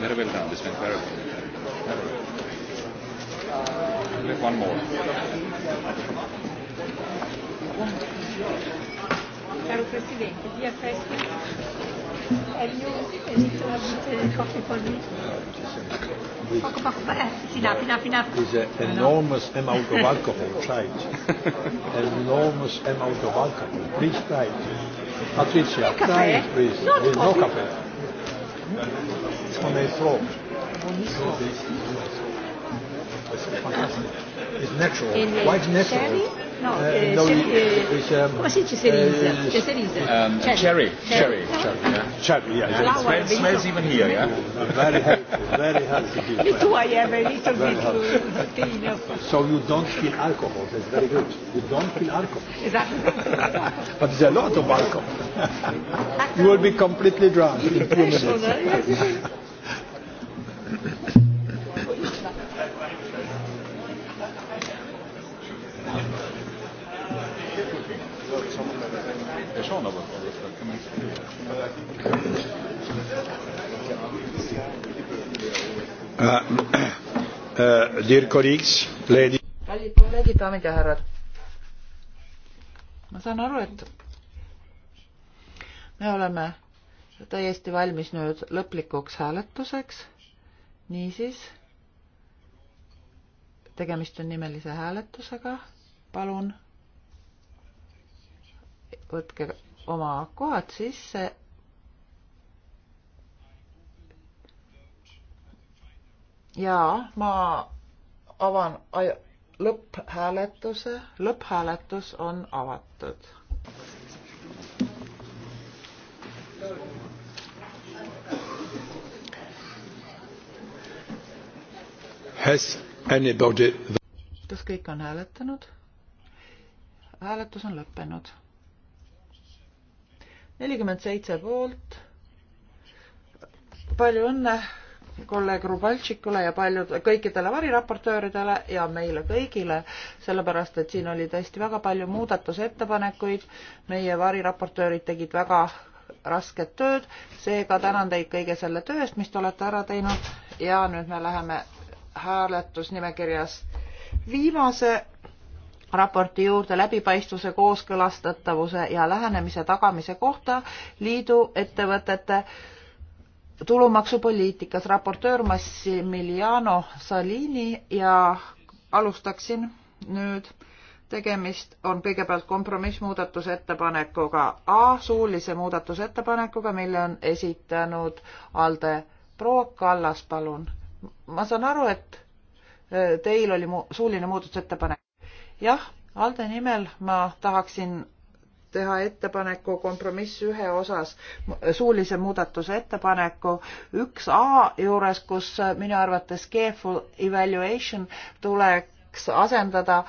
Very well done, this went very well. Very well. Absolutely. One more. Caro Presidente, via Festi è il mio esito del coffee for me. Poco poco, eh, sì, da, fino a, fino a. There's an enormous amount of alcohol, try it. an enormous amount of alcohol, please try it. Patricia, try it, please. Not There's coffee. no cafe. On a floor. Buonissimo it's fantastic. It's natural, in uh, quite natural. Cherry? No, uh, no uh, it's, uh, um, come si dice cerisa? Uh, C'è uh, cerisa? Um, cherry. Cherry. Cherry, cherry, yeah. Cherry, yeah. yeah. It smells, smells even here, yeah? very healthy, very healthy. Me too, I have a little bit protein. So you don't feel alcohol, that's very good. You don't feel alcohol. Exactly. but there's a lot of alcohol. you will be completely drunk in two minutes. Uh, uh, dear colleagues, ladies. kallid kolleegid, daamid ja härrad. ma saan aru, et me oleme täiesti valmis nüüd lõplikuks hääletuseks. niisiis, tegemist on nimelise hääletusega. palun võtke oma kohad sisse ja ma avan lõpphääletuse, lõpphääletus on avatud. Has anybody... kas kõik on hääletanud? hääletus on lõppenud. nelikümmend seitse poolt. palju õnne kolleeg Rubaltšikule ja paljud, kõikidele variraportööridele ja meile kõigile, sellepärast et siin oli tõesti väga palju muudatusettepanekuid. meie variraportöörid tegid väga rasket tööd, seega tänan teid kõige selle töö eest, mis te olete ära teinud ja nüüd me läheme hääletusnimekirjas viimase raporti juurde läbipaistvuse kooskõlastatavuse ja lähenemise tagamise kohta liidu ettevõtete tulumaksupoliitikas raportöör Massimiliano Salini ja alustaksin nüüd. tegemist on kõigepealt kompromissmuudatusettepanekuga A, suulise muudatusettepanekuga, mille on esitanud Alde proua Kallas, palun. ma saan aru, et e, teil oli mu suuline muudatusettepanek. jah, Alde nimel ma tahaksin teha ettepaneku kompromiss ühe osas, suulise muudatuse ettepaneku üks A juures, kus minu arvates careful evaluation tuleks asendada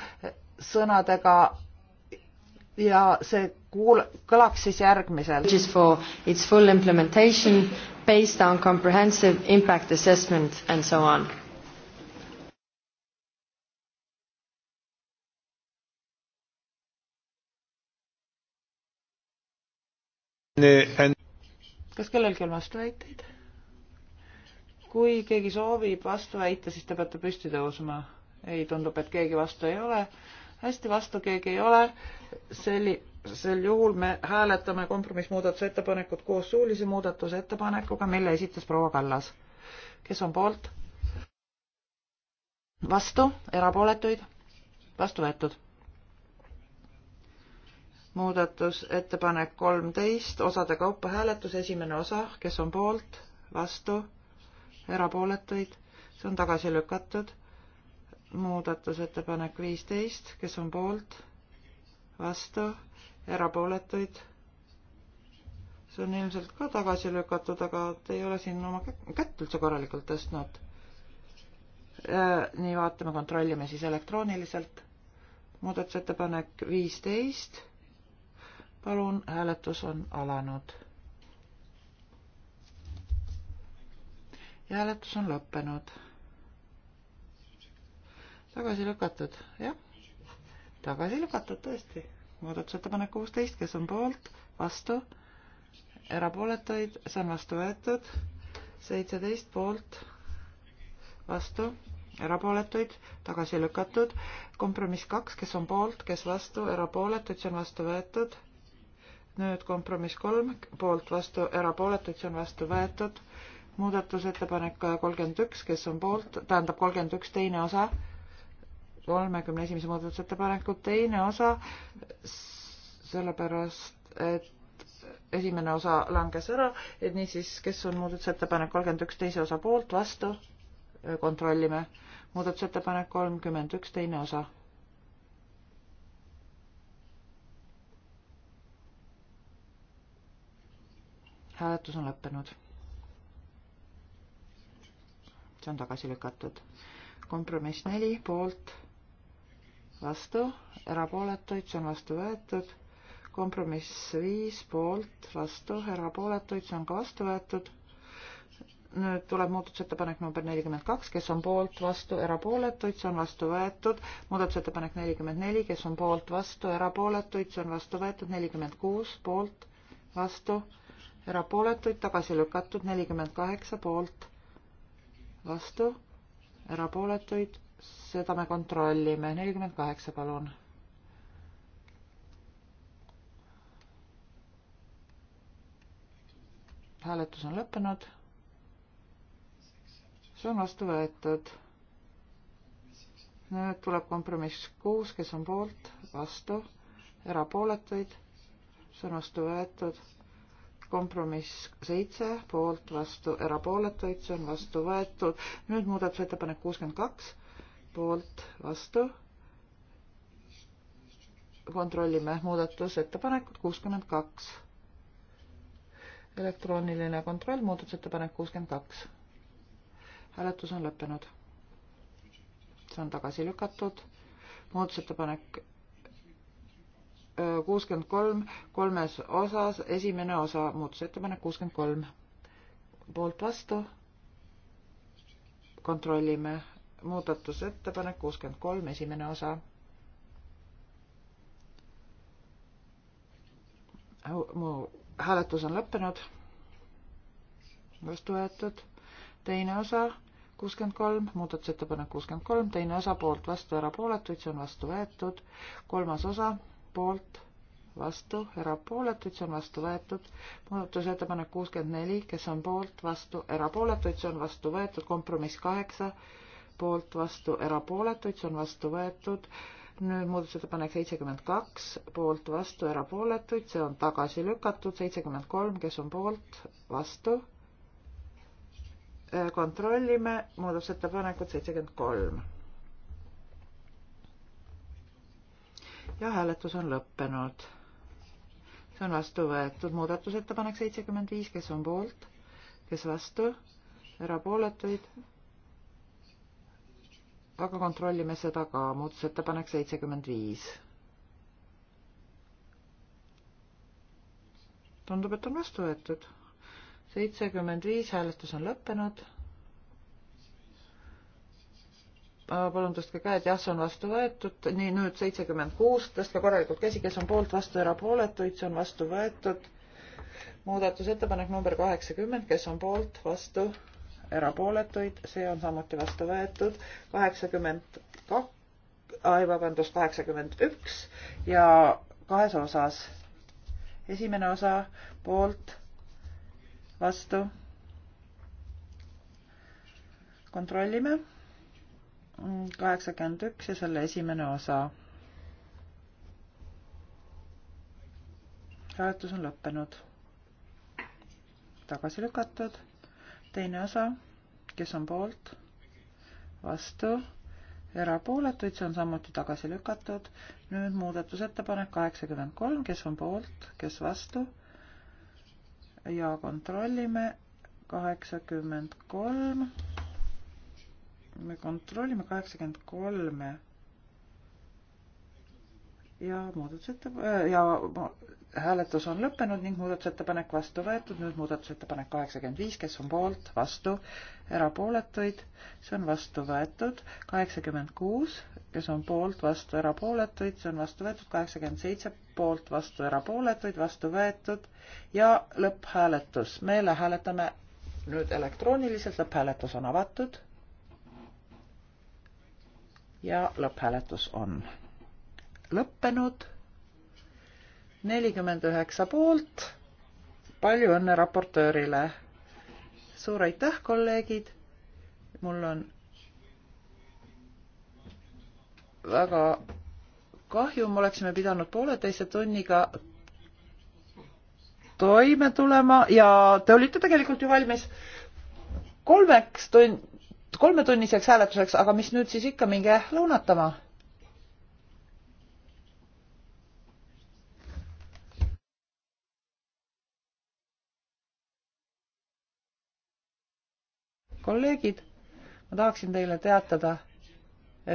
sõnadega ja see kuul-, kõlaks siis järgmiselt. Which is for its full implementation based on comprehensive impact assessment and so on kas kellelgi on vastuväiteid? kui keegi soovib vastu väita, siis te peate püsti tõusma. ei, tundub, et keegi vastu ei ole. hästi, vastu keegi ei ole. selli-, sel juhul me hääletame kompromissmuudatusettepanekut koos suulise muudatusettepanekuga, mille esitas proua Kallas. kes on poolt? vastu, erapooletuid? vastu võetud muudatusettepanek kolmteist, osade kaupa hääletus, esimene osa, kes on poolt, vastu, erapooletuid, see on tagasi lükatud. muudatusettepanek viisteist, kes on poolt, vastu, erapooletuid, see on ilmselt ka tagasi lükatud, aga te ei ole siin oma kätt üldse korralikult tõstnud. Äh, nii, vaatame, kontrollime siis elektrooniliselt. muudatusettepanek viisteist palun, hääletus on alanud. ja hääletus on lõppenud. tagasi lükatud, jah. tagasi lükatud, tõesti. muudatusettepanek kuusteist, kes on poolt, vastu, erapooletuid, see on vastu võetud, seitseteist poolt, vastu, erapooletuid, tagasi lükatud, kompromiss kaks, kes on poolt, kes vastu, erapooletuid, see on vastu võetud nüüd kompromiss kolm, poolt vastu, erapooletuid, see on vastu võetud. muudatusettepanek kolmkümmend üks, kes on poolt, tähendab kolmkümmend üks teine osa, kolmekümne esimese muudatusettepaneku teine osa, sellepärast et esimene osa langes ära, et niisiis, kes on muudatusettepanek kolmkümmend üks teise osa poolt, vastu, kontrollime. muudatusettepanek kolmkümmend üks teine osa hääletus on lõppenud. see on tagasi lükatud. kompromiss neli poolt, vastu, erapooletuid, see on vastu võetud. kompromiss viis poolt, vastu, erapooletuid, see on ka vastu võetud. nüüd tuleb muudatusettepanek number nelikümmend kaks, kes on poolt, vastu, erapooletuid, see on vastu võetud. muudatusettepanek nelikümmend neli, kes on poolt, vastu, erapooletuid, see on vastu võetud. nelikümmend kuus poolt, vastu erapooletuid tagasi lükatud, nelikümmend kaheksa poolt, vastu, erapooletuid, seda me kontrollime, nelikümmend kaheksa, palun. hääletus on lõppenud. see on vastu võetud. nüüd tuleb kompromiss kuus, kes on poolt, vastu, erapooletuid, see on vastu võetud kompromiss seitse, poolt, vastu, erapooletuid, see on vastu võetud. nüüd muudatusettepanek kuuskümmend kaks, poolt, vastu. kontrollime muudatusettepanekut kuuskümmend kaks. elektrooniline kontroll, muudatusettepanek kuuskümmend kaks. hääletus on lõppenud. see on tagasi lükatud. muudatusettepanek kuuskümmend kolm kolmes osas, esimene osa, muudatusettepanek kuuskümmend kolm. poolt vastu. kontrollime muudatusettepanek kuuskümmend kolm, esimene osa. mu hääletus on lõppenud. vastu võetud. teine osa kuuskümmend kolm, muudatusettepanek kuuskümmend kolm, teine osa poolt vastu, erapooletuid, see on vastu võetud. kolmas osa poolt, vastu, erapooletuid, see on vastu võetud. muudatusettepanek kuuskümmend neli, kes on poolt, vastu, erapooletuid, see on vastu võetud. kompromiss kaheksa, poolt, vastu, erapooletuid, see on vastu võetud. nüüd muudatusettepanek seitsekümmend kaks, poolt, vastu, erapooletuid, see on tagasi lükatud. seitsekümmend kolm, kes on poolt, vastu. Äh, kontrollime muudatusettepanekut seitsekümmend kolm ja hääletus on lõppenud. see on vastu võetud muudatusettepanek seitsekümmend viis, kes on poolt, kes vastu, erapooletuid. aga kontrollime seda ka, muudatusettepanek seitsekümmend viis. tundub, et on vastu võetud. seitsekümmend viis, hääletus on lõppenud Äh, palun tõstke käed, jah, see on vastu võetud, nii nüüd seitsekümmend kuus, tõstke korralikult käsi, kes on poolt, vastu, erapooletuid, see on vastu võetud. muudatusettepanek number kaheksakümmend, kes on poolt, vastu, erapooletuid, see on samuti vastu võetud. kaheksakümmend kak-, ai vabandust, kaheksakümmend üks ja kahes osas. esimene osa poolt, vastu. kontrollime kaheksakümmend üks ja selle esimene osa. hääletus on lõppenud. tagasi lükatud. teine osa, kes on poolt, vastu, erapooletuid, see on samuti tagasi lükatud. nüüd muudatusettepanek kaheksakümmend kolm, kes on poolt, kes vastu ja kontrollime kaheksakümmend kolm me kontrollime kaheksakümmend kolme ja muudatusettep- äh, ja hääletus on lõppenud ning muudatusettepanek vastu võetud, nüüd muudatusettepanek kaheksakümmend viis, kes on poolt, vastu, erapooletuid, see on vastu võetud, kaheksakümmend kuus, kes on poolt, vastu, erapooletuid, see on vastu võetud, kaheksakümmend seitse, poolt, vastu, erapooletuid, vastu võetud ja lõpphääletus, me hääletame nüüd elektrooniliselt, lõpphääletus on avatud ja lõpphääletus on lõppenud. nelikümmend üheksa poolt. palju õnne raportöörile. suur aitäh, kolleegid. mul on väga kahju, me oleksime pidanud pooleteise tunniga toime tulema ja te olite tegelikult ju valmis kolmeks tund-, kolmetunniseks hääletuseks, aga mis nüüd siis ikka, minge lõunatama. kolleegid, ma tahaksin teile teatada,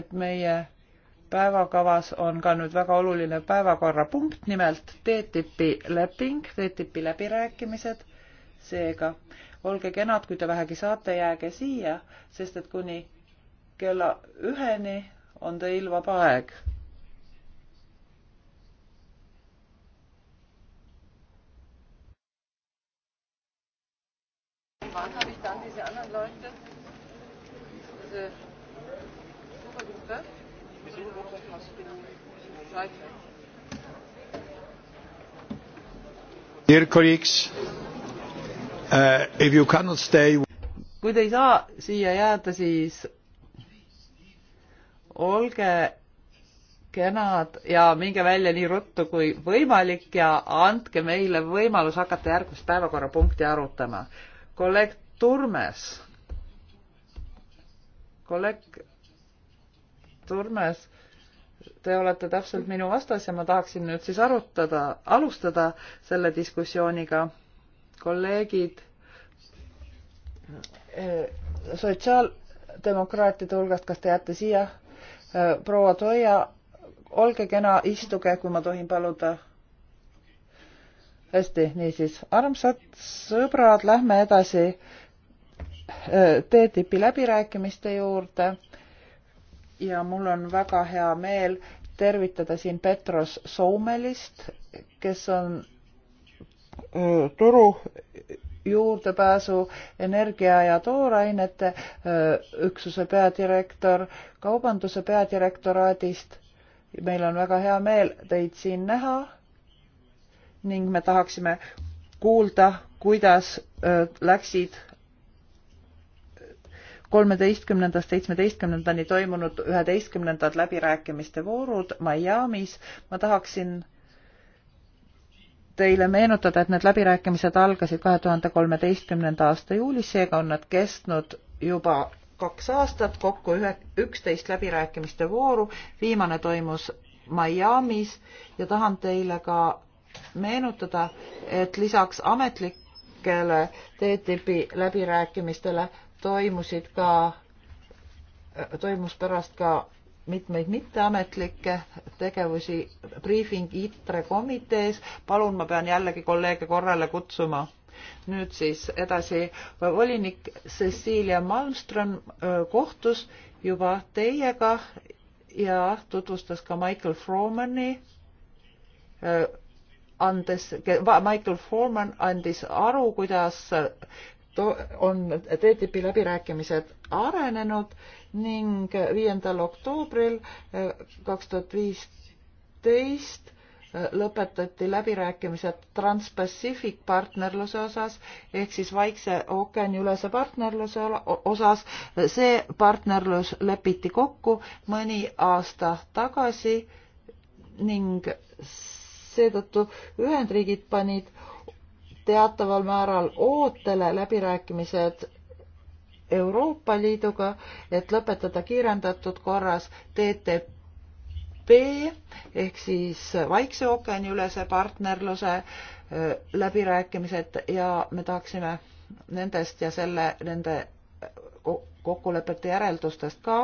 et meie päevakavas on ka nüüd väga oluline päevakorrapunkt, nimelt TTIP-i leping, TTIP-i läbirääkimised. seega olge kenad, kui te vähegi saate, jääge siia, sest et kuni kella üheni on teil vaba aeg. Wann habe ich dann diese anderen Leute? Diese Supergruppe? Wieso Wochentausch bin ich Seite? Dear colleagues, uh,. Stay... kui te ei saa siia jääda, siis olge kenad ja minge välja nii ruttu kui võimalik ja andke meile võimalus hakata järgmist päevakorrapunkti arutama. kolleeg Turmes, kolleeg Turmes, te olete täpselt minu vastas ja ma tahaksin nüüd siis arutada, alustada selle diskussiooniga kolleegid, eh, sotsiaaldemokraatide hulgast, kas te jääte siia? Eh, proua Toia, olge kena, istuge, kui ma tohin paluda. hästi, niisiis, armsad sõbrad, lähme edasi eh, TTIP-i läbirääkimiste juurde. ja mul on väga hea meel tervitada siin Petros Soumelist, kes on Mm, turu juurdepääsu energia ja toorainete äh, üksuse peadirektor kaubanduse peadirektoraadist. meil on väga hea meel teid siin näha ning me tahaksime kuulda, kuidas äh, läksid kolmeteistkümnendast seitsmeteistkümnendani toimunud üheteistkümnendad läbirääkimiste voorud Miami's. ma tahaksin teile meenutada, et need läbirääkimised algasid kahe tuhande kolmeteistkümnenda aasta juulis, seega on nad kestnud juba kaks aastat, kokku ühe, üksteist läbirääkimiste vooru, viimane toimus Miami's ja tahan teile ka meenutada, et lisaks ametlikele TTIP-i läbirääkimistele toimusid ka, toimus pärast ka mitmeid mitteametlikke tegevusi briefing ITRE komitees. palun, ma pean jällegi kolleege korrale kutsuma. nüüd siis edasi, volinik Cecilia Malmström kohtus juba teiega ja tutvustas ka Michael Fromani andes, Michael Foreman andis aru, kuidas on TTIP läbirääkimised arenenud ning viiendal oktoobril eh, kaks tuhat viisteist eh, lõpetati läbirääkimised Trans-Pacific partnerluse osas ehk siis Vaikse ookeani ülese partnerluse osas. see partnerlus lepiti kokku mõni aasta tagasi ning seetõttu Ühendriigid panid teataval määral ootele läbirääkimised Euroopa Liiduga, et lõpetada kiirendatud korras TTP ehk siis Vaikse ookeani ülese partnerluse äh, läbirääkimised ja me tahaksime nendest ja selle, nende äh, kokkulepete järeldustest ka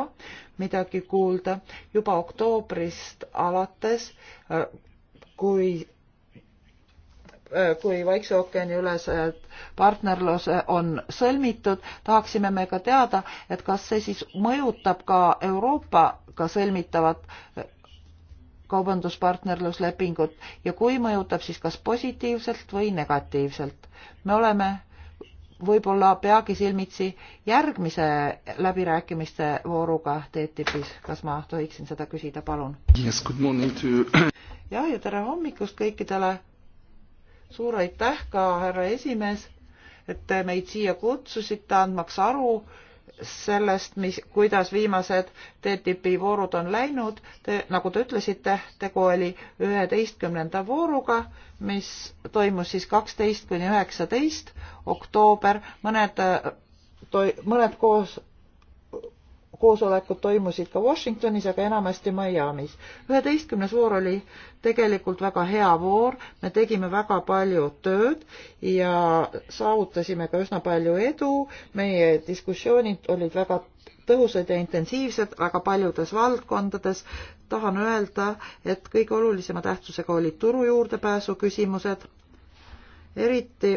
midagi kuulda juba oktoobrist alates, äh, kui Äh, kui Vaikse ookeani ülesed partnerlus äh, on sõlmitud, tahaksime me ka teada, et kas see siis mõjutab ka Euroopaga sõlmitavat äh, kaubanduspartnerluslepingut ja kui mõjutab, siis kas positiivselt või negatiivselt. me oleme võib-olla peagi silmitsi järgmise läbirääkimiste vooruga TTIP-is, kas ma tohiksin seda küsida, palun yes,? jah, ja tere hommikust kõikidele suur aitäh ka, härra esimees, et te meid siia kutsusite, andmaks aru sellest, mis, kuidas viimased TTIP-i voorud on läinud. Te, nagu te ütlesite, tegu oli üheteistkümnenda vooruga, mis toimus siis kaksteist kuni üheksateist oktoober. mõned, äh, mõned koos koosolekud toimusid ka Washingtonis, aga enamasti Miami's. üheteistkümnes voor oli tegelikult väga hea voor, me tegime väga palju tööd ja saavutasime ka üsna palju edu, meie diskussioonid olid väga tõhusad ja intensiivsed väga paljudes valdkondades. tahan öelda, et kõige olulisema tähtsusega olid turu juurdepääsu küsimused, eriti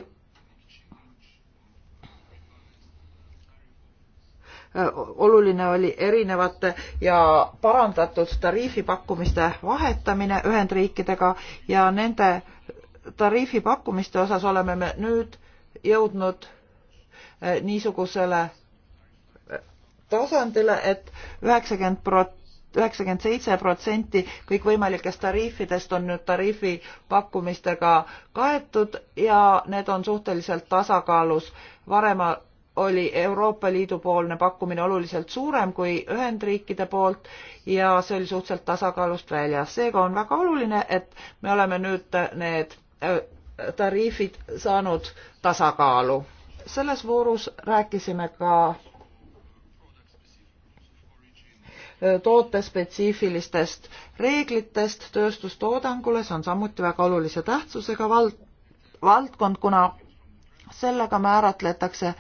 oluline oli erinevate ja parandatud tariifipakkumiste vahetamine Ühendriikidega ja nende tariifipakkumiste osas oleme me nüüd jõudnud eh, niisugusele eh, tasandile et, et üheksakümmend prot-, üheksakümmend seitse protsenti kõikvõimalikest tariifidest on nüüd tariifipakkumistega kaetud ja need on suhteliselt tasakaalus varema oli Euroopa Liidu poolne pakkumine oluliselt suurem kui Ühendriikide poolt ja see oli suhteliselt tasakaalust väljas. seega on väga oluline, et me oleme nüüd need äh, tariifid saanud tasakaalu. selles voorus rääkisime ka äh, tootespetsiifilistest reeglitest tööstustoodangule, see on samuti väga olulise tähtsusega vald-, valdkond, kuna sellega määratletakse äh,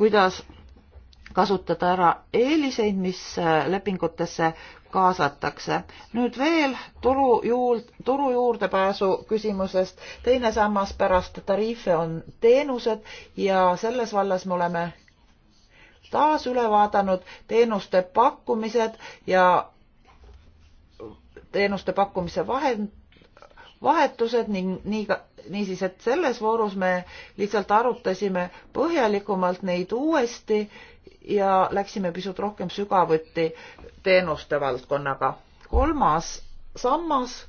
kuidas kasutada ära eeliseid, mis äh, lepingutesse kaasatakse. nüüd veel turu juurde, turu juurdepääsu küsimusest. teine sammas pärast tariife on teenused ja selles vallas me oleme taas üle vaadanud teenuste pakkumised ja teenuste pakkumise vahend, vahetused ning nii ka niisiis, et selles voorus me lihtsalt arutasime põhjalikumalt neid uuesti ja läksime pisut rohkem sügavuti teenuste valdkonnaga. kolmas sammas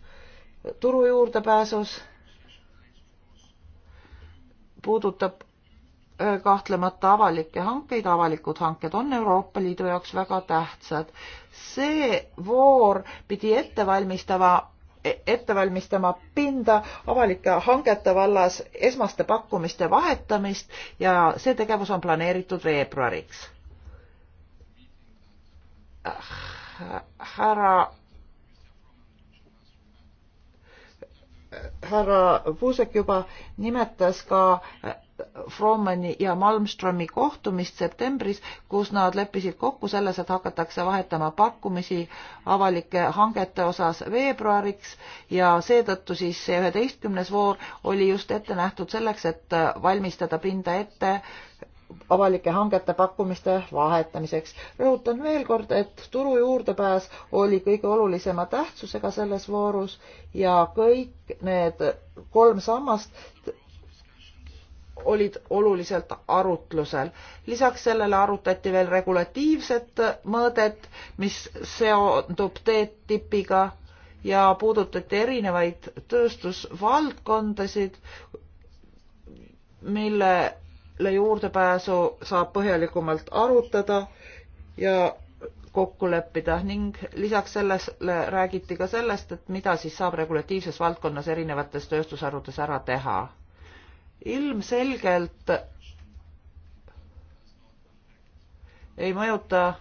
turu juurdepääsus puudutab äh, kahtlemata avalikke hankeid, avalikud hanked on Euroopa Liidu jaoks väga tähtsad. see voor pidi ette valmistama E-, ette valmistama pinda avalike hangete vallas esmaste pakkumiste vahetamist ja see tegevus on planeeritud veebruariks. Ah, härra härra Puusek juba nimetas ka Fromani ja Malmströmi kohtumist septembris, kus nad leppisid kokku selles, et hakatakse vahetama pakkumisi avalike hangete osas veebruariks ja seetõttu siis see üheteistkümnes voor oli just ette nähtud selleks, et valmistada pinda ette avalike hangete pakkumiste vahetamiseks. rõhutan veel kord, et turu juurdepääs oli kõige olulisema tähtsusega selles voorus ja kõik need kolm sammast olid oluliselt arutlusel. lisaks sellele arutati veel regulatiivset mõõdet, mis seondub TTIP-iga ja puudutati erinevaid tööstusvaldkondasid, millele juurdepääsu saab põhjalikumalt arutada ja kokku leppida ning lisaks sellele räägiti ka sellest, et mida siis saab regulatiivses valdkonnas erinevates tööstusharudes ära teha ilmselgelt ei mõjuta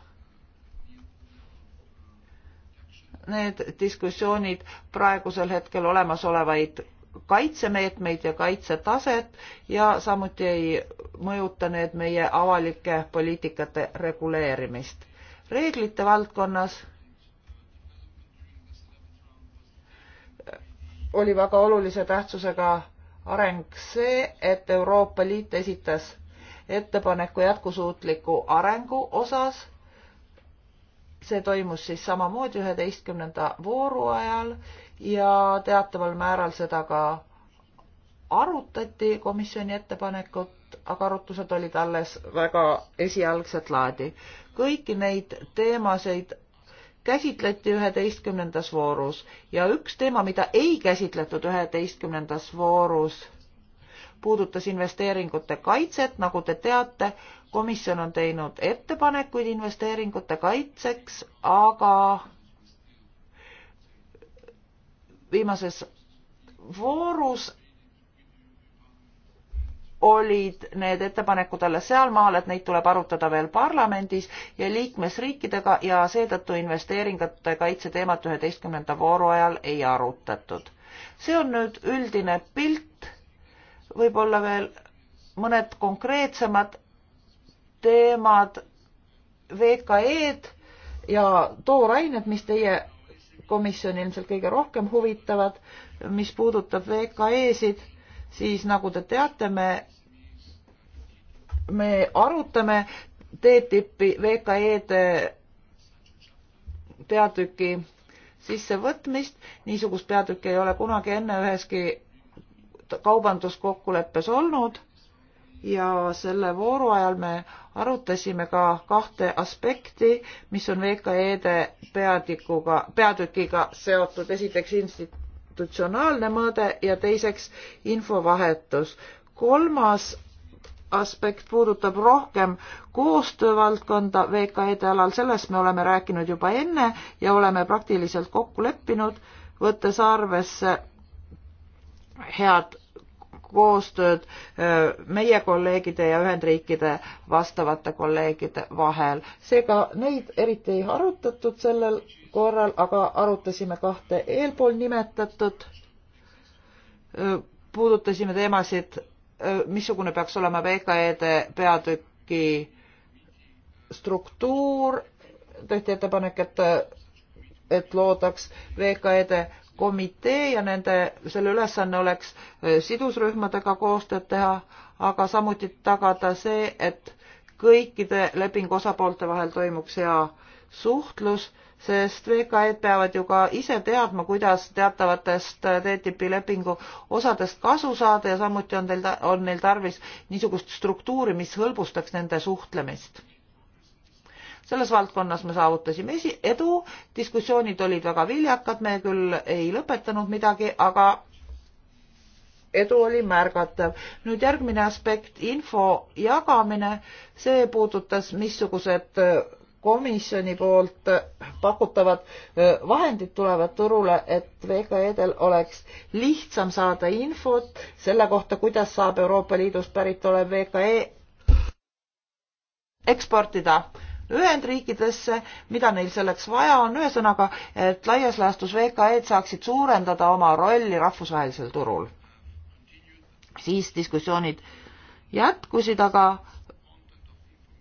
need diskussioonid praegusel hetkel olemasolevaid kaitsemeetmeid ja kaitsetaset ja samuti ei mõjuta need meie avalike poliitikate reguleerimist. reeglite valdkonnas oli väga olulise tähtsusega areng see, et Euroopa Liit esitas ettepaneku jätkusuutliku arengu osas. see toimus siis samamoodi üheteistkümnenda vooru ajal ja teataval määral seda ka arutati komisjoni ettepanekut, aga arutused olid alles väga esialgset laadi. kõiki neid teemasid käsitleti üheteistkümnendas voorus ja üks teema, mida ei käsitletud üheteistkümnendas voorus, puudutas investeeringute kaitset, nagu te teate, komisjon on teinud ettepanekuid investeeringute kaitseks, aga viimases voorus olid need ettepanekud alles sealmaal, et neid tuleb arutada veel parlamendis ja liikmesriikidega ja seetõttu investeeringute kaitse teemat üheteistkümnenda vooru ajal ei arutatud. see on nüüd üldine pilt, võib-olla veel mõned konkreetsemad teemad, VKE-d ja toorained, mis teie komisjoni ilmselt kõige rohkem huvitavad, mis puudutab VKE-sid siis nagu te teate, me, me arutame TTIP-i VKE-de peatüki sissevõtmist, niisugust peatükki ei ole kunagi enne üheski kaubanduskokkuleppes olnud ja selle vooru ajal me arutasime ka kahte aspekti, mis on VKE-de peatükuga, peatükiga seotud. esiteks institu-, institutsionaalne mõõde ja teiseks infovahetus. kolmas aspekt puudutab rohkem koostöövaldkonda VKE-de alal, sellest me oleme rääkinud juba enne ja oleme praktiliselt kokku leppinud, võttes arvesse head koostööd äh, meie kolleegide ja Ühendriikide vastavate kolleegide vahel. seega neid eriti ei arutatud sellel korral aga arutasime kahte eelpool nimetatud, puudutasime teemasid, missugune peaks olema VKE-de peatüki struktuur, tehti ettepanek, et, et loodaks VKE-de komitee ja nende, selle ülesanne oleks sidusrühmadega koostööd teha, aga samuti tagada see, et kõikide lepingu osapoolte vahel toimuks hea suhtlus sest VKE-d peavad ju ka ise teadma, kuidas teatavatest TTIP-i lepingu osadest kasu saada ja samuti on teil, on neil tarvis niisugust struktuuri, mis hõlbustaks nende suhtlemist. selles valdkonnas me saavutasime esi-, edu, diskussioonid olid väga viljakad, me küll ei lõpetanud midagi, aga edu oli märgatav. nüüd järgmine aspekt, info jagamine, see puudutas, missugused komisjoni poolt pakutavad vahendid tulevad turule, et VKE-del oleks lihtsam saada infot selle kohta, kuidas saab Euroopa Liidust pärit olev VKE eksportida Ühendriikidesse, mida neil selleks vaja on, ühesõnaga, et laias laastus VKE-d saaksid suurendada oma rolli rahvusvahelisel turul. siis diskussioonid jätkusid, aga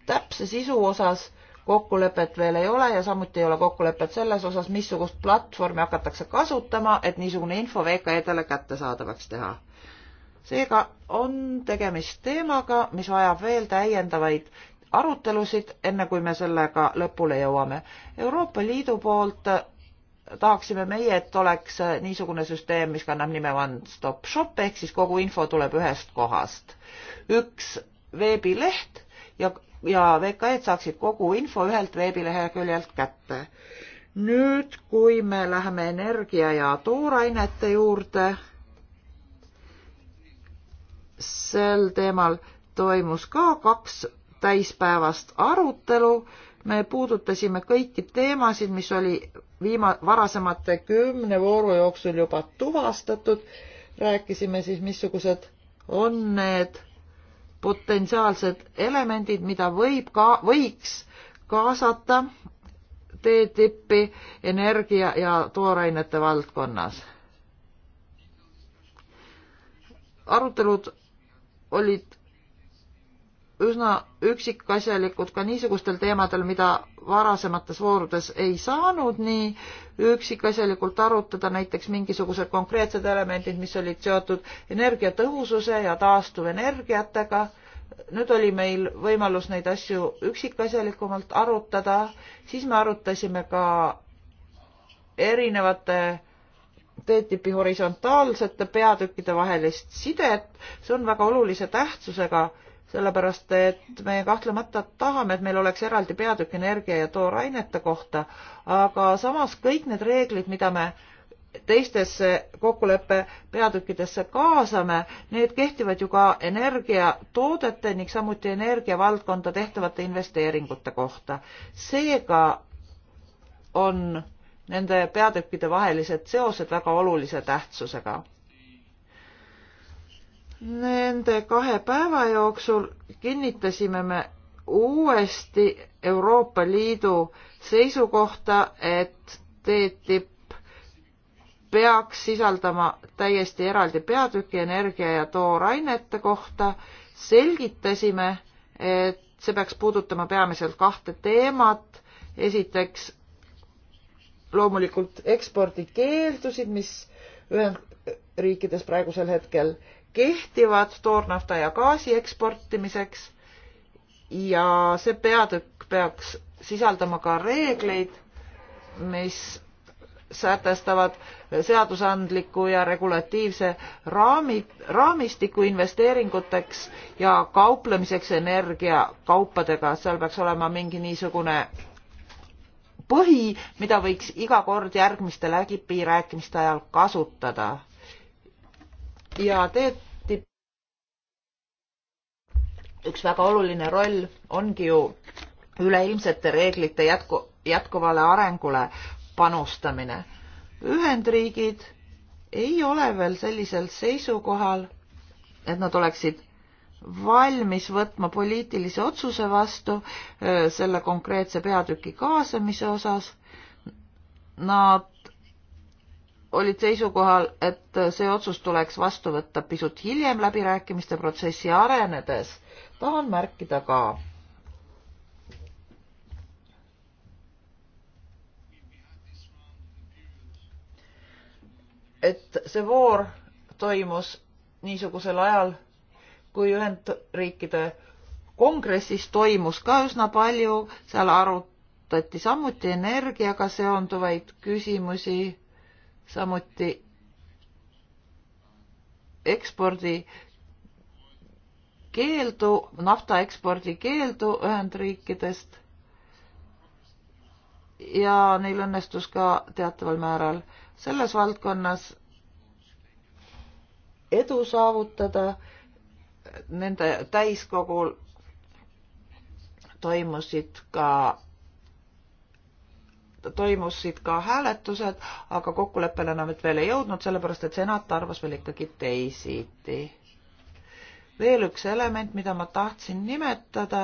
täpse sisu osas kokkulepet veel ei ole ja samuti ei ole kokkulepet selles osas, missugust platvormi hakatakse kasutama, et niisugune info VKE-dele kättesaadavaks teha. seega on tegemist teemaga, mis vajab veel täiendavaid arutelusid, enne kui me sellega lõpule jõuame. Euroopa Liidu poolt tahaksime meie, et oleks niisugune süsteem, mis kannab nime One Stop Shop ehk siis kogu info tuleb ühest kohast. üks veebileht ja ja VKE-d saaksid kogu info ühelt veebileheküljelt kätte. nüüd, kui me läheme energia ja toorainete juurde, sel teemal toimus ka kaks täispäevast arutelu, me puudutasime kõiki teemasid, mis oli viima-, varasemate kümne vooru jooksul juba tuvastatud, rääkisime siis, missugused on need potentsiaalsed elemendid, mida võib ka, võiks kaasata TTIP-i energia ja toorainete valdkonnas. arutelud olid üsna üksikasjalikud ka niisugustel teemadel, mida varasemates voorudes ei saanud nii üksikasjalikult arutada, näiteks mingisugused konkreetsed elemendid, mis olid seotud energiatõhususe ja taastuvenergiatega. nüüd oli meil võimalus neid asju üksikasjalikumalt arutada, siis me arutasime ka erinevate T-tüüpi horisontaalsete peatükkide vahelist sidet, see on väga olulise tähtsusega sellepärast et me kahtlemata tahame, et meil oleks eraldi peatükk energia ja toorainete kohta, aga samas kõik need reeglid, mida me teistesse kokkuleppe peatükkidesse kaasame, need kehtivad ju ka energiatoodete ning samuti energiavaldkonda tehtavate investeeringute kohta. seega on nende peatükkide vahelised seosed väga olulise tähtsusega Nende kahe päeva jooksul kinnitasime me uuesti Euroopa Liidu seisukohta, et TTIP peaks sisaldama täiesti eraldi peatüki energia ja toorainete kohta. selgitasime, et see peaks puudutama peamiselt kahte teemat. esiteks loomulikult ekspordikeeldusid, mis Ühendriikides praegusel hetkel kehtivad toornafta ja gaasi eksportimiseks ja see peatükk peaks sisaldama ka reegleid, mis sätestavad seadusandliku ja regulatiivse raami, raamistiku investeeringuteks ja kauplemiseks energiakaupadega, seal peaks olema mingi niisugune põhi, mida võiks iga kord järgmiste läbirääkimiste ajal kasutada. ja teed üks väga oluline roll ongi ju üleilmsete reeglite jätku, jätkuvale arengule panustamine. Ühendriigid ei ole veel sellisel seisukohal, et nad oleksid valmis võtma poliitilise otsuse vastu selle konkreetse peatüki kaasamise osas. Nad olid seisukohal, et see otsus tuleks vastu võtta pisut hiljem läbirääkimiste protsessi arenedes, tahan märkida ka, et see voor toimus niisugusel ajal, kui Ühendriikide kongressis toimus ka üsna palju, seal arutati samuti energiaga seonduvaid küsimusi, samuti ekspordi keeldu, nafta ekspordi keeldu Ühendriikidest ja neil õnnestus ka teataval määral selles valdkonnas edu saavutada. Nende täiskogul toimusid ka toimusid ka hääletused, aga kokkuleppele enam veel ei jõudnud, sellepärast et senat arvas veel ikkagi teisiti veel üks element, mida ma tahtsin nimetada,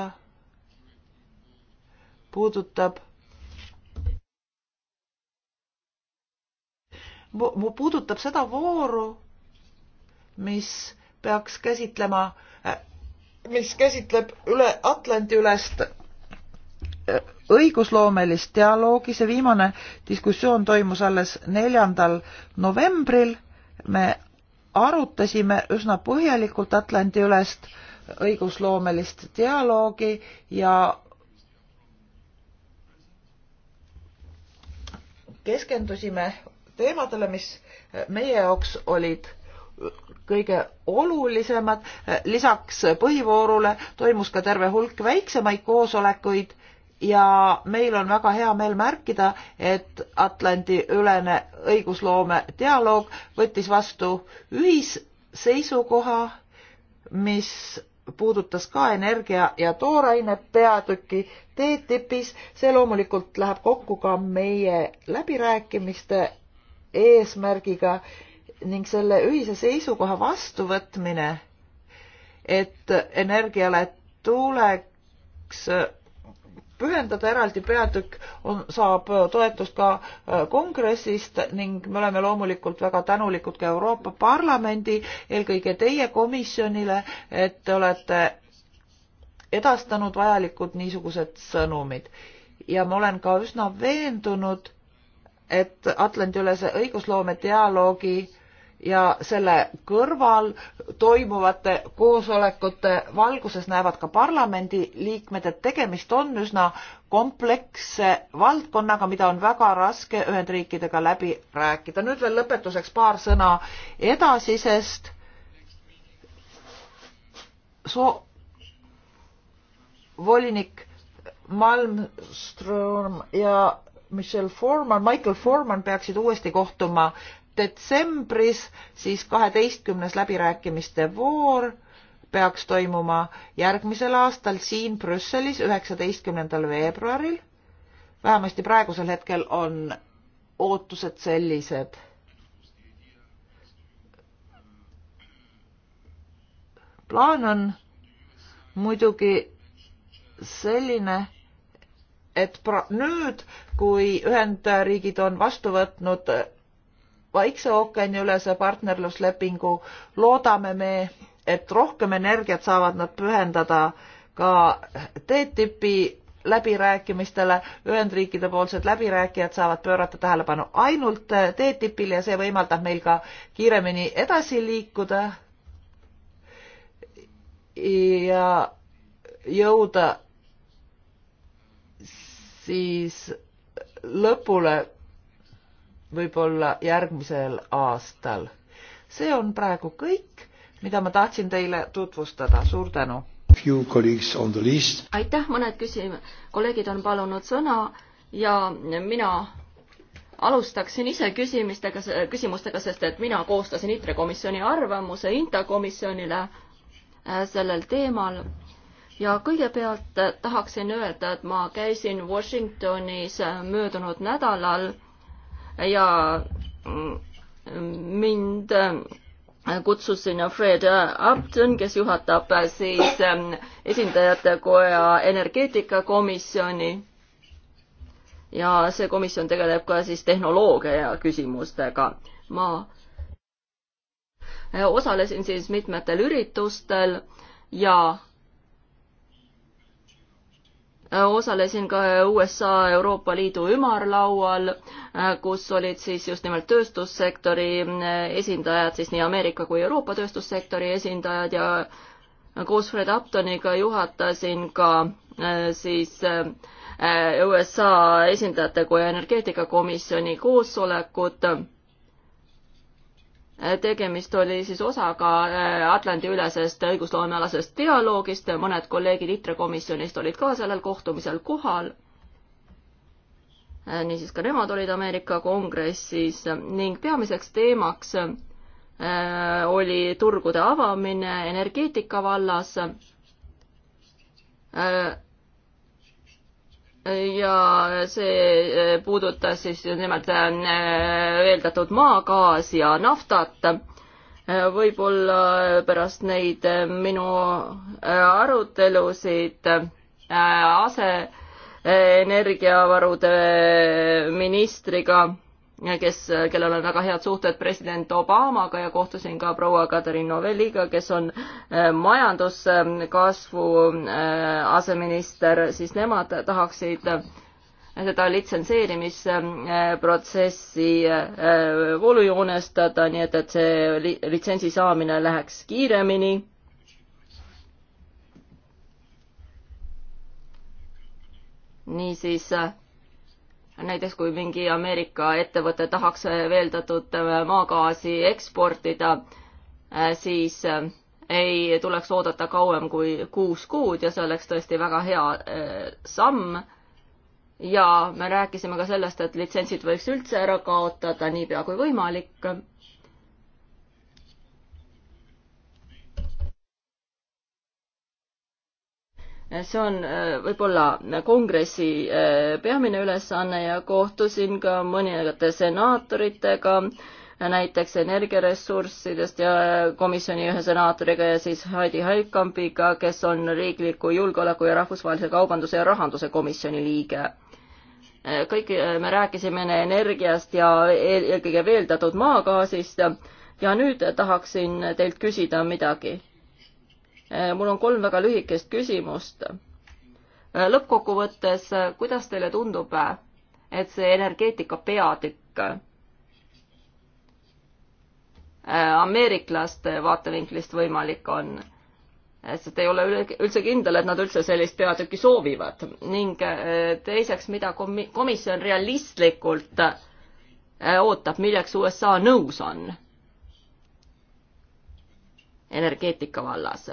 puudutab puudutab seda vooru, mis peaks käsitlema, mis käsitleb üle Atlandi ülest äh, õigusloomelist dialoogi, see viimane diskussioon toimus alles neljandal novembril, me arutasime üsna põhjalikult Atlandi-ülest õigusloomelist dialoogi ja keskendusime teemadele, mis meie jaoks olid kõige olulisemad. lisaks põhivoorule toimus ka terve hulk väiksemaid koosolekuid ja meil on väga hea meel märkida, et Atlandi ülene õigusloome dialoog võttis vastu ühisseisukoha, mis puudutas ka energia ja tooraine peatüki TTIP-is. see loomulikult läheb kokku ka meie läbirääkimiste eesmärgiga ning selle ühise seisukoha vastuvõtmine, et energiale tuleks pühendada eraldi peatükk on, saab toetust ka äh, kongressist ning me oleme loomulikult väga tänulikud ka Euroopa Parlamendi, eelkõige teie komisjonile, et te olete edastanud vajalikud niisugused sõnumid. ja ma olen ka üsna veendunud, et Atlandi-ülese õigusloome dialoogi äh, ja selle kõrval toimuvate koosolekute valguses näevad ka parlamendi liikmed, et tegemist on üsna kompleksse valdkonnaga, mida on väga raske Ühendriikidega läbi rääkida. nüüd veel lõpetuseks paar sõna edasisest. So-, volinik Malmström ja Michel Forman, Michael Forman peaksid uuesti kohtuma detsembris, siis kaheteistkümnes läbirääkimiste voor peaks toimuma järgmisel aastal siin Brüsselis, üheksateistkümnendal veebruaril. vähemasti praegusel hetkel on ootused sellised. plaan on muidugi selline et pra-, nüüd, kui Ühendriigid on vastu võtnud Vaikse ookeani ülese partnerluslepingu. loodame me, et rohkem energiat saavad nad pühendada ka TTIP-i läbirääkimistele, Ühendriikide poolsed läbirääkijad saavad pöörata tähelepanu ainult TTIP-ile ja see võimaldab meil ka kiiremini edasi liikuda ja jõuda siis lõpule võib-olla järgmisel aastal. see on praegu kõik, mida ma tahtsin teile tutvustada, suur tänu! aitäh, mõned küsim-, kolleegid on palunud sõna ja mina alustaksin ise küsimistega, küsimustega, sest et mina koostasin ITRE komisjoni arvamuse INTA komisjonile äh, sellel teemal ja kõigepealt tahaksin öelda, et ma käisin Washingtonis äh, möödunud nädalal ja mind kutsus sinna Fred Upton, kes juhatab siis ähm, esindajate koja energeetikakomisjoni. ja see komisjon tegeleb ka siis tehnoloogia küsimustega. ma äh, osalesin siis mitmetel üritustel ja osalesin ka USA Euroopa Liidu ümarlaual, äh, kus olid siis just nimelt tööstussektori äh, esindajad, siis nii Ameerika kui Euroopa tööstussektori esindajad ja koos Fred Uptoniga juhatasin ka äh, siis USA esindajate kui energeetikakomisjoni koosolekut tegemist oli siis osaga äh, Atlandi-ülesest õigusloomealasest dialoogist, mõned kolleegid ITRE komisjonist olid ka sellel kohtumisel kohal. Äh, niisiis ka nemad olid Ameerika kongressis ning peamiseks teemaks äh, oli turgude avamine energeetika vallas ja see eh, puudutas siis nimelt äh, veeldatud maagaasi ja naftat. Äh, võib-olla äh, pärast neid minu arutelusid aseenergiavarude ministriga kes, kellel on väga head suhted president Obamaga ja kohtusin ka proua Katariin Novelliga, kes on eh, majanduskasvu eh, aseminister, siis nemad tahaksid eh, seda litsenseerimisprotsessi voolujoonestada, nii et, et see litsentsi saamine läheks kiiremini niisiis näiteks kui mingi Ameerika ettevõte tahaks veeldatud äh, maagaasi eksportida, äh, siis äh, ei tuleks oodata kauem kui kuus kuud ja see oleks tõesti väga hea samm. ja me rääkisime ka sellest, et litsentsid võiks üldse ära kaotada niipea kui võimalik see on äh, võib-olla kongressi äh, peamine ülesanne ja kohtusin ka mõningate senaatoritega, äh, näiteks energiaressurssidest ja komisjoni ühe senaatoriga ja siis Heidi Heitkampiga, kes on riikliku julgeoleku ja rahvusvahelise kaubanduse ja rahanduse komisjoni liige kõik me rääkisime energiast ja e-, eelkõige veeldatud maagaasist ja nüüd tahaksin teilt küsida midagi Äh, mul on kolm väga lühikest küsimust. Äh, lõppkokkuvõttes, äh, kuidas teile tundub, et see energeetika peatükk ameeriklaste vaatevinklist võimalik on? sest ei ole üldse kindel, et nad üldse sellist peatükki soovivad ning teiseks, mida komi-, komisjon realistlikult ootab, milleks USA nõus on energeetika vallas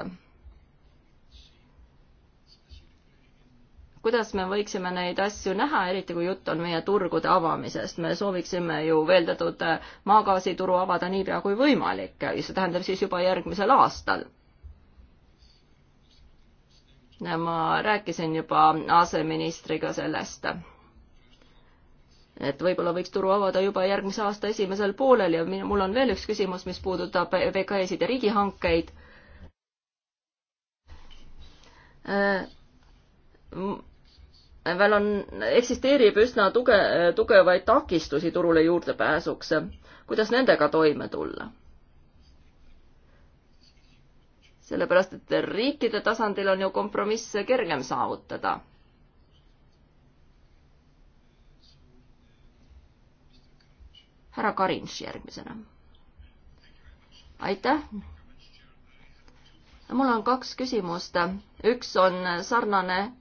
kuidas me võiksime neid asju näha, eriti kui jutt on meie turgude avamisest. me sooviksime ju veeldatud äh, maagaasituru avada niipea kui võimalik, see tähendab siis juba järgmisel aastal. ma rääkisin juba aseministriga sellest, et võib-olla võiks turu avada juba järgmise aasta esimesel poolel ja mul on veel üks küsimus, mis puudutab VKE-sid ja riigihankeid äh, veel on, eksisteerib üsna tuge, tugevaid takistusi turule juurdepääsuks. kuidas nendega toime tulla? sellepärast, et riikide tasandil on ju kompromisse kergem saavutada. härra Karinš järgmisena. aitäh. mul on kaks küsimust. üks on sarnane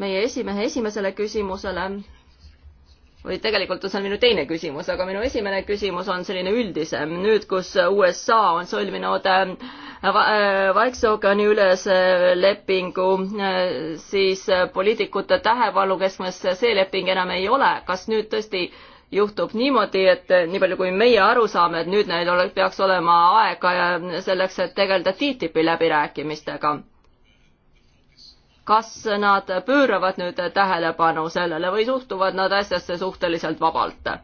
meie esimehe esimesele küsimusele või tegelikult on seal minu teine küsimus, aga minu esimene küsimus on selline üldisem. nüüd, kus USA on sõlminud äh, äh, Vaikse ookeani üles lepingu, äh, siis poliitikute tähelepanu keskmes see leping enam ei ole. kas nüüd tõesti juhtub niimoodi, et nii palju, kui meie aru saame, et nüüd neil oleks, peaks olema aega selleks, et tegeleda TTIP-i läbirääkimistega kas nad pööravad nüüd tähelepanu sellele või suhtuvad nad asjasse suhteliselt vabalt?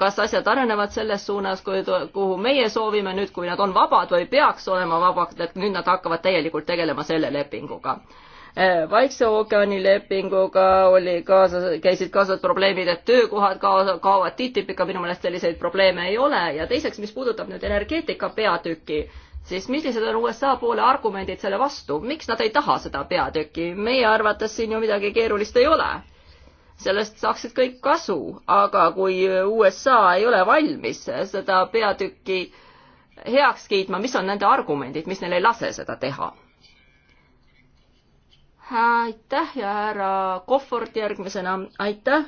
kas asjad arenevad selles suunas, kuhu meie soovime nüüd, kui nad on vabad või peaks olema vabad, et nüüd nad hakkavad täielikult tegelema selle lepinguga? Vaikse ookeani lepinguga oli kaasa, käisid kaasas probleemid, et töökohad kaasa, kaovad TTIP-iga, minu meelest selliseid probleeme ei ole ja teiseks, mis puudutab nüüd energeetika peatüki, siis millised on USA poole argumendid selle vastu, miks nad ei taha seda peatükki, meie arvates siin ju midagi keerulist ei ole. sellest saaksid kõik kasu, aga kui USA ei ole valmis seda peatükki heaks kiitma, mis on nende argumendid, mis neil ei lase seda teha? aitäh ja härra Kohvort järgmisena, aitäh,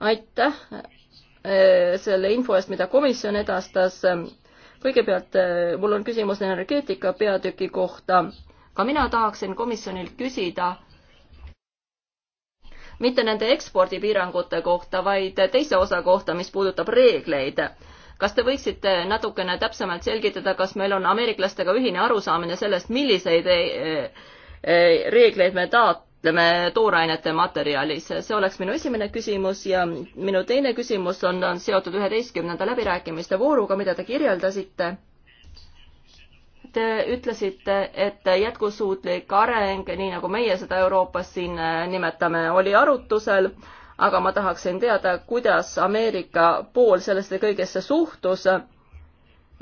aitäh äh, selle info eest, mida komisjon edastas kõigepealt äh, mul on küsimus energeetika peatüki kohta. ka mina tahaksin komisjonilt küsida mitte nende ekspordipiirangute kohta, vaid teise osa kohta, mis puudutab reegleid. kas te võiksite natukene täpsemalt selgitada, kas meil on ameeriklastega ühine arusaamine sellest, milliseid äh, äh, reegleid me ta-, ütleme, toorainete materjalis. see oleks minu esimene küsimus ja minu teine küsimus on, on seotud üheteistkümnenda läbirääkimiste vooruga, mida te kirjeldasite te ütlesite, et jätkusuutlik areng, nii nagu meie seda Euroopas siin nimetame, oli arutusel, aga ma tahaksin teada, kuidas Ameerika pool sellesse kõigesse suhtus.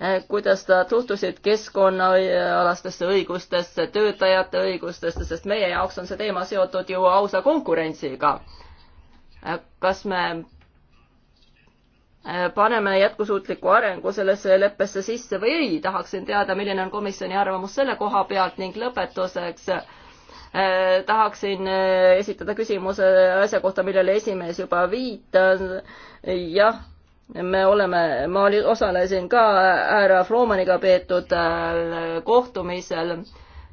Eh, kuidas nad suhtusid keskkonnaalastesse õigustesse, töötajate õigustesse, sest meie jaoks on see teema seotud ju ausa konkurentsiga. Eh, kas me eh, paneme jätkusuutliku arengu sellesse leppesse sisse või ei, tahaksin teada, milline on komisjoni arvamus selle koha pealt ning lõpetuseks eh, tahaksin esitada küsimuse asja kohta, millele esimees juba viitas. jah me oleme, ma oli, osalesin ka härra Floomaniga peetud äh, kohtumisel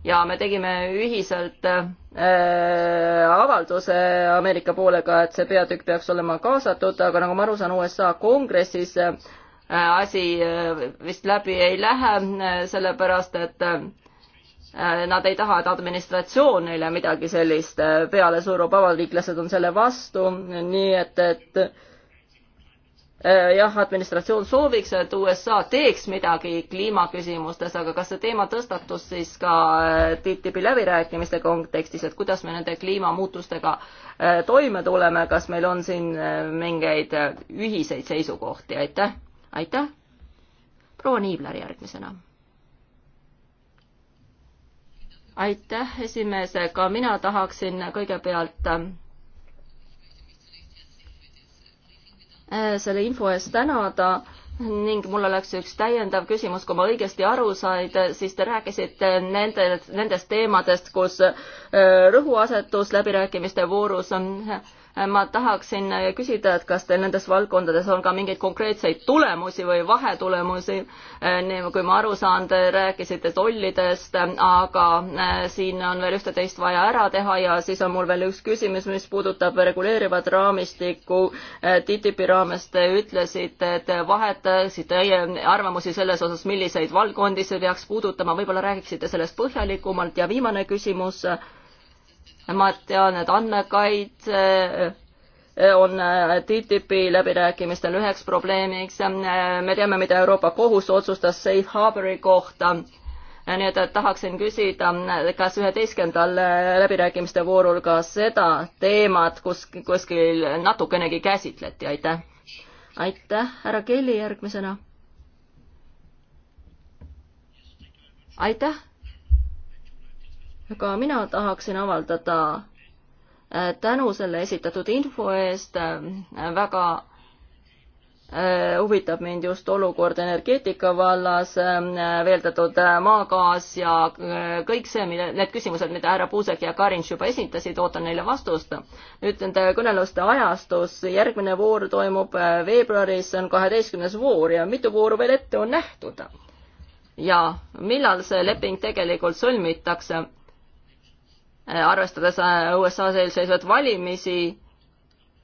ja me tegime ühiselt äh, avalduse Ameerika poolega, et see peatükk peaks olema kaasatud, aga nagu ma aru saan, USA kongressis äh, asi vist läbi ei lähe, sellepärast et nad ei taha, et administratsioon neile midagi sellist peale surub, avaliiklased on selle vastu, nii et, et Äh, jah, administratsioon sooviks, et USA teeks midagi kliimaküsimustes, aga kas see teema tõstatus siis ka äh, TTIP-i läbirääkimiste kontekstis, et kuidas me nende kliimamuutustega äh, toime tuleme, kas meil on siin mingeid ühiseid seisukohti, aitäh, aitäh. proua Niibler järgmisena. aitäh, esimees, ka mina tahaksin kõigepealt Äh, selle info eest tänada ning mul oleks üks täiendav küsimus, kui ma õigesti aru sain, äh, siis te rääkisite nende, nendest teemadest, kus äh, rõhuasetus läbirääkimiste voorus on ma tahaksin küsida, et kas teil nendes valdkondades on ka mingeid konkreetseid tulemusi või vahetulemusi. kui ma aru saan, te rääkisite tollidest, aga äh, siin on veel ühte-teist vaja ära teha ja siis on mul veel üks küsimus, mis puudutab reguleerivat raamistikku. Äh, TTIP-i raames te ütlesite, et vahetasite teie arvamusi selles osas, milliseid valdkondi see peaks puudutama, võib-olla räägiksite sellest põhjalikumalt ja viimane küsimus ma tean, et andmekaitse eh, eh, on eh, TTIP-i läbirääkimistel üheks probleemiks. me teame, mida Euroopa Kohus otsustas safe harbori kohta nii et tahaksin küsida, kas üheteistkümnendal läbirääkimiste voorul ka seda teemat kus, kuskil natukenegi käsitleti, aitäh. aitäh, härra Kelly järgmisena. aitäh ka mina tahaksin avaldada äh, tänu selle esitatud info eest, äh, väga äh, huvitab mind just olukord energeetika vallas, ähm, veeldatud maagaas ja kõik see, mida, need küsimused, mida härra Puusek ja Karins juba esitasid, ootan neile vastust. nüüd nende kõneluste ajastus, järgmine voor toimub veebruaris, see on kaheteistkümnes voor ja mitu vooru veel ette on nähtud? ja millal see leping tegelikult sõlmitakse? Äh, arvestades äh, USA-s eelseisvat valimisi,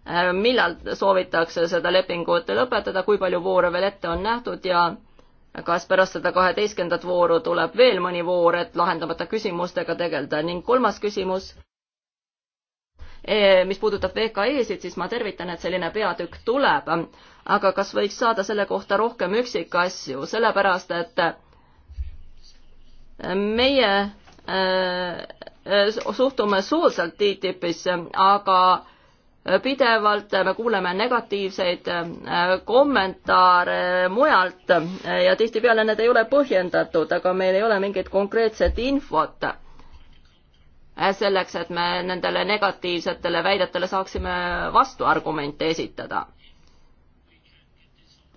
äh, millal soovitakse seda lepingut lõpetada, kui palju voore veel ette on nähtud ja kas pärast seda kaheteistkümnendat vooru tuleb veel mõni voor, et lahendamata küsimustega tegeleda ning kolmas küsimus, e, mis puudutab VKE-sid, siis ma tervitan, et selline peatükk tuleb, aga kas võiks saada selle kohta rohkem üksikasju, sellepärast et meie e, Äh, suhtume soodsalt TTIP-isse, aga äh, pidevalt äh, me kuuleme negatiivseid kommentaare mujalt ja tihtipeale need ei ole põhjendatud, aga meil ei ole mingit konkreetset infot selleks, et me nendele negatiivsetele väidetele saaksime vastuargumente esitada.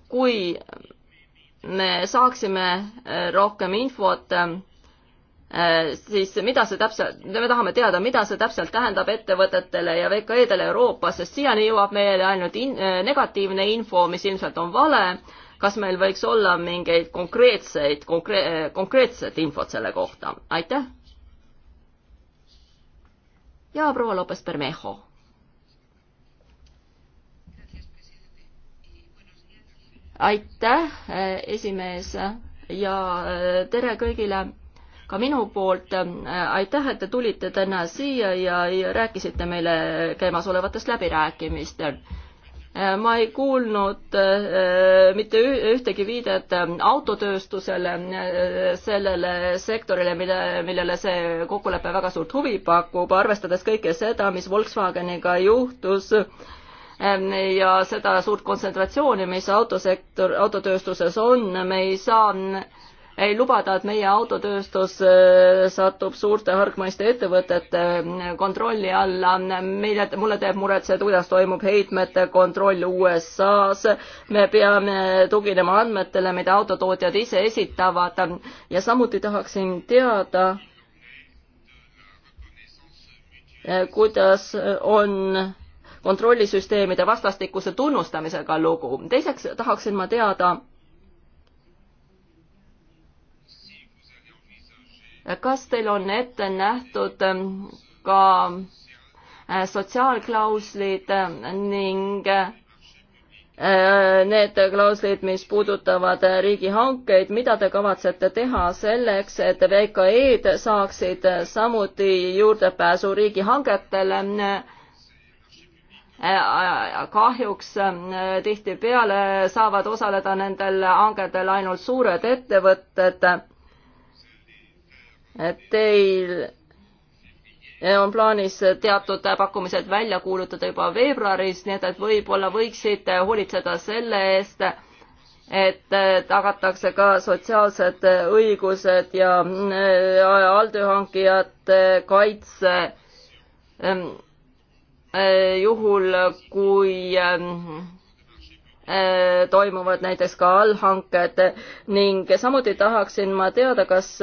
kui me saaksime rohkem infot Äh, siis mida see täpselt, me tahame teada, mida see täpselt tähendab ettevõtetele ja VKE-dele Euroopas, sest siiani jõuab meile ainult in, äh, negatiivne info, mis ilmselt on vale. kas meil võiks olla mingeid konkreetseid konkre,, äh, konkreetset infot selle kohta? aitäh. ja proua Lopes Bermejo. aitäh, esimees ja tere kõigile ka minu poolt ähm, aitäh, et te tulite täna siia ja, ja rääkisite meile käimasolevatest läbirääkimistel äh, ma ei kuulnud äh, mitte ühtegi viidet ähm, autotööstusele, äh, sellele sektorile, mille, millele see kokkulepe väga suurt huvi pakub, arvestades kõike seda, mis Volkswageniga juhtus ähm, ja seda suurt kontsentratsiooni, mis autosektor, autotööstuses on, me ei saa ei lubada, et meie autotööstus äh, satub suurte hargmaiste ettevõtete äh, kontrolli alla. meile, mulle teeb muret see, kuidas toimub heitmete kontroll USA-s. me peame tuginema andmetele, mida autotootjad ise esitavad ja samuti tahaksin teada, äh, kuidas on kontrollisüsteemide vastastikuse tunnustamisega lugu. teiseks tahaksin ma teada, kas teil on ette nähtud ähm, ka äh, sotsiaalklauslid ähm, ning äh, need klauslid, mis puudutavad äh, riigihankeid, mida te kavatsete teha selleks, et VKE-d saaksid samuti juurdepääsu riigihangetele? kahjuks ähm, tihtipeale saavad osaleda nendel hangetel ainult suured ettevõtted et Teil on plaanis teatud pakkumised välja kuulutada juba veebruaris, nii et, et võib-olla võiksite hoolitseda selle eest, et tagatakse ka sotsiaalsed õigused ja äh, alltööhankijate kaitse ähm, äh, juhul, kui ähm, äh, toimuvad näiteks ka allhanked ning samuti tahaksin ma teada, kas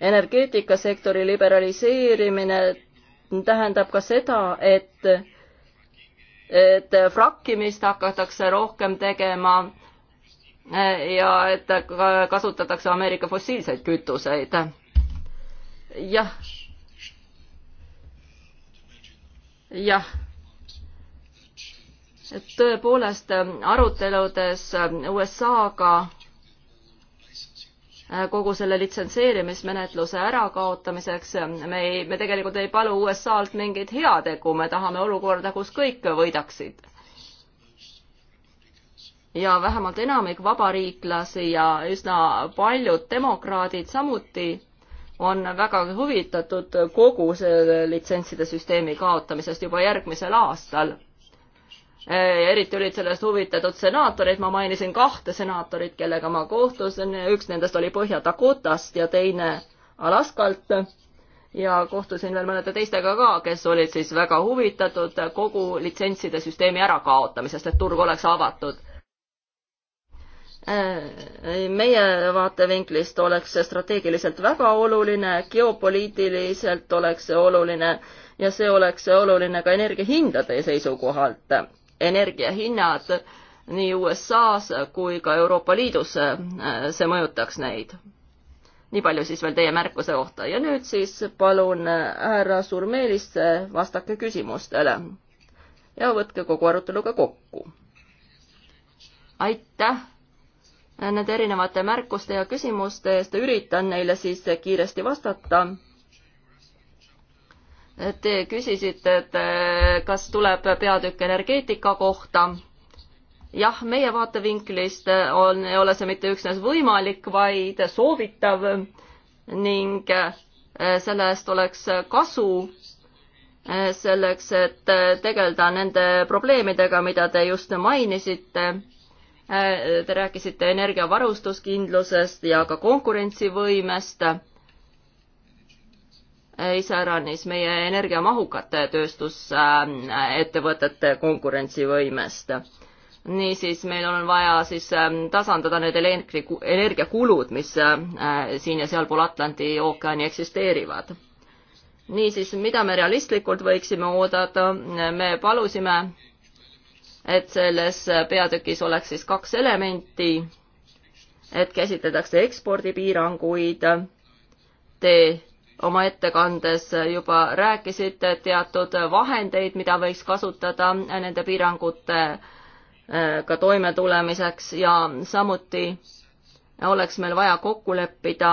energeetikasektori liberaliseerimine tähendab ka seda, et, et frakkimist hakatakse rohkem tegema e, ja et kasutatakse Ameerika fossiilseid kütuseid. jah. jah tõepoolest aruteludes USA-ga Äh, kogu selle litsenseerimismenetluse ärakaotamiseks. me ei, me tegelikult ei palu USA-lt mingeid heategu, me tahame olukorda, kus kõik võidaksid. ja vähemalt enamik vabariiklasi ja üsna paljud demokraadid samuti on väga huvitatud kogu selle litsentside süsteemi kaotamisest juba järgmisel aastal Äh, eriti olid sellest huvitatud senaatorid, ma mainisin kahte senaatorit, kellega ma kohtusin, üks nendest oli Põhja-Dakotast ja teine Alaskalt ja kohtusin veel mõnede teistega ka, kes olid siis väga huvitatud kogu litsentside süsteemi ärakaotamisest, et turg oleks avatud. Äh, meie vaatevinklist oleks see strateegiliselt väga oluline, geopoliitiliselt oleks see oluline ja see oleks oluline ka energiahindade seisukohalt energiahinnad nii USA-s kui ka Euroopa Liidus, äh, see mõjutaks neid. nii palju siis veel teie märkuse kohta ja nüüd siis palun äh, härra Surmeelist äh, vastake küsimustele ja võtke kogu arutelu ka kokku. aitäh nende erinevate märkuste ja küsimuste eest, üritan neile siis kiiresti vastata Te küsisite, et eh, kas tuleb peatükk energeetika kohta. jah, meie vaatevinklist eh, on, ei ole see mitte üksnes võimalik, vaid soovitav ning eh, selle eest oleks kasu selleks, et tegeleda nende probleemidega, mida te just mainisite. Te rääkisite energiavarustuskindlusest ja ka konkurentsivõimest Äh, iseäranis meie energiamahukate tööstusettevõtete konkurentsivõimest. niisiis, meil on vaja siis ähm, tasandada need elektri, energiakulud, mis äh, siin ja sealpool Atlandi ookeani eksisteerivad. niisiis, mida me realistlikult võiksime oodata, me palusime, et selles peatükis oleks siis kaks elementi, et käsitletakse ekspordipiiranguid, tee oma ettekandes juba rääkisite teatud vahendeid, mida võiks kasutada nende piirangutega äh, toimetulemiseks ja samuti oleks meil vaja kokku leppida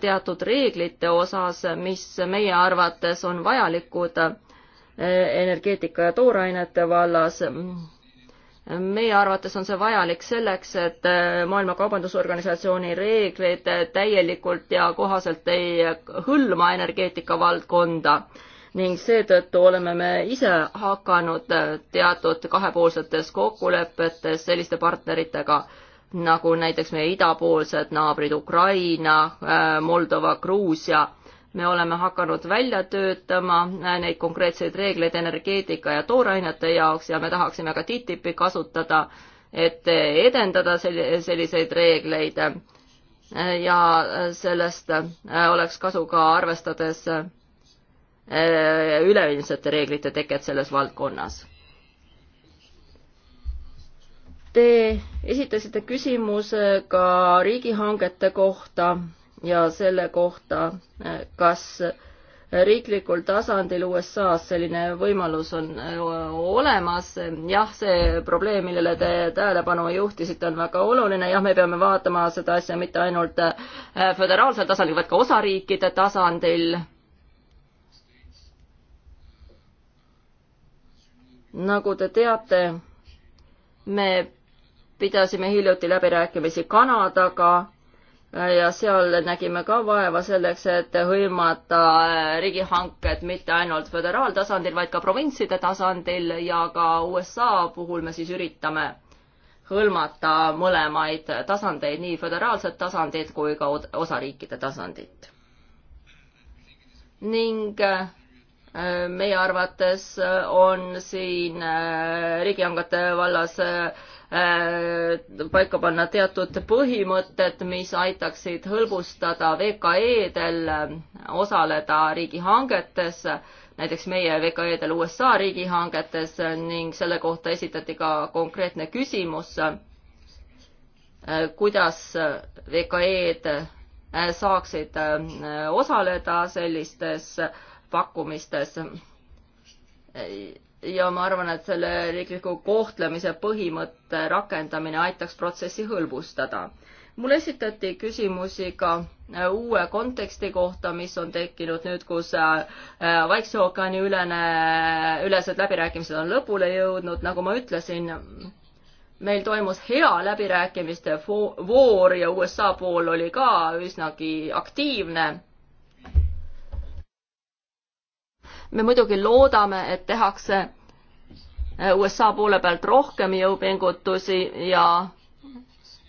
teatud reeglite osas, mis meie arvates on vajalikud äh, energeetika ja toorainete vallas meie arvates on see vajalik selleks, et äh, Maailma Kaubandusorganisatsiooni reeglid äh, täielikult ja kohaselt ei hõlma energeetikavaldkonda ning seetõttu oleme me ise hakanud äh, teatud kahepoolsetes kokkulepetes selliste partneritega nagu näiteks meie idapoolsed naabrid Ukraina, Moldova, Gruusia me oleme hakanud välja töötama neid konkreetseid reegleid energeetika ja toorainete jaoks ja me tahaksime ka TTIP-i kasutada, et edendada selliseid reegleid. ja sellest oleks kasu ka arvestades äh, üleilmsete reeglite teket selles valdkonnas. Te esitasite küsimuse ka riigihangete kohta ja selle kohta, kas riiklikul tasandil USA-s selline võimalus on äh, olemas. jah, see probleem, millele te tähelepanu juhtisite, on väga oluline. jah, me peame vaatama seda asja mitte ainult äh, föderaalsel tasandil, vaid ka osariikide tasandil. nagu te teate, me pidasime hiljuti läbirääkimisi Kanadaga ja seal nägime ka vaeva selleks, et hõlmata äh, riigihanked mitte ainult föderaaltasandil, vaid ka provintside tasandil ja ka USA puhul me siis üritame hõlmata mõlemaid tasandeid, nii föderaalset tasandit kui ka osariikide tasandit. ning äh, meie arvates äh, on siin äh, riigihangete vallas äh, paika panna teatud põhimõtted, mis aitaksid hõlbustada VKE-del osaleda riigihangetes, näiteks meie VKE-del USA riigihangetes ning selle kohta esitati ka konkreetne küsimus, kuidas VKE-d saaksid osaleda sellistes äh, pakkumistes. ja ma arvan, et selle riikliku kohtlemise põhimõtte rakendamine aitaks protsessi hõlbustada. mulle esitati küsimusi ka uue konteksti kohta, mis on tekkinud nüüd, kus äh, Vaikse ookeani ülene, ülesed läbirääkimised on lõpule jõudnud, nagu ma ütlesin, meil toimus hea läbirääkimiste voor ja USA pool oli ka üsnagi aktiivne me muidugi loodame, et tehakse äh, USA poole pealt rohkem jõupingutusi ja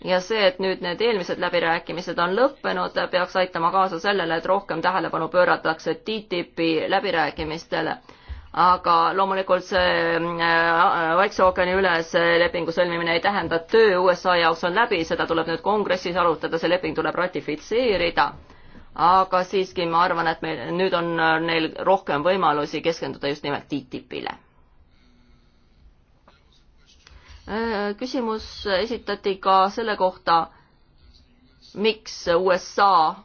ja see, et nüüd need eelmised läbirääkimised on lõppenud, peaks aitama kaasa sellele, et rohkem tähelepanu pööratakse TTIP-i läbirääkimistele. aga loomulikult see äh, Vaikse ookeani üles lepingu sõlmimine ei tähenda, et töö USA jaoks on läbi, seda tuleb nüüd kongressis arutada, see leping tuleb ratifitseerida aga siiski ma arvan, et meil nüüd on äh, neil rohkem võimalusi keskenduda just nimelt TTIP-ile. Äh, küsimus esitati ka selle kohta, miks USA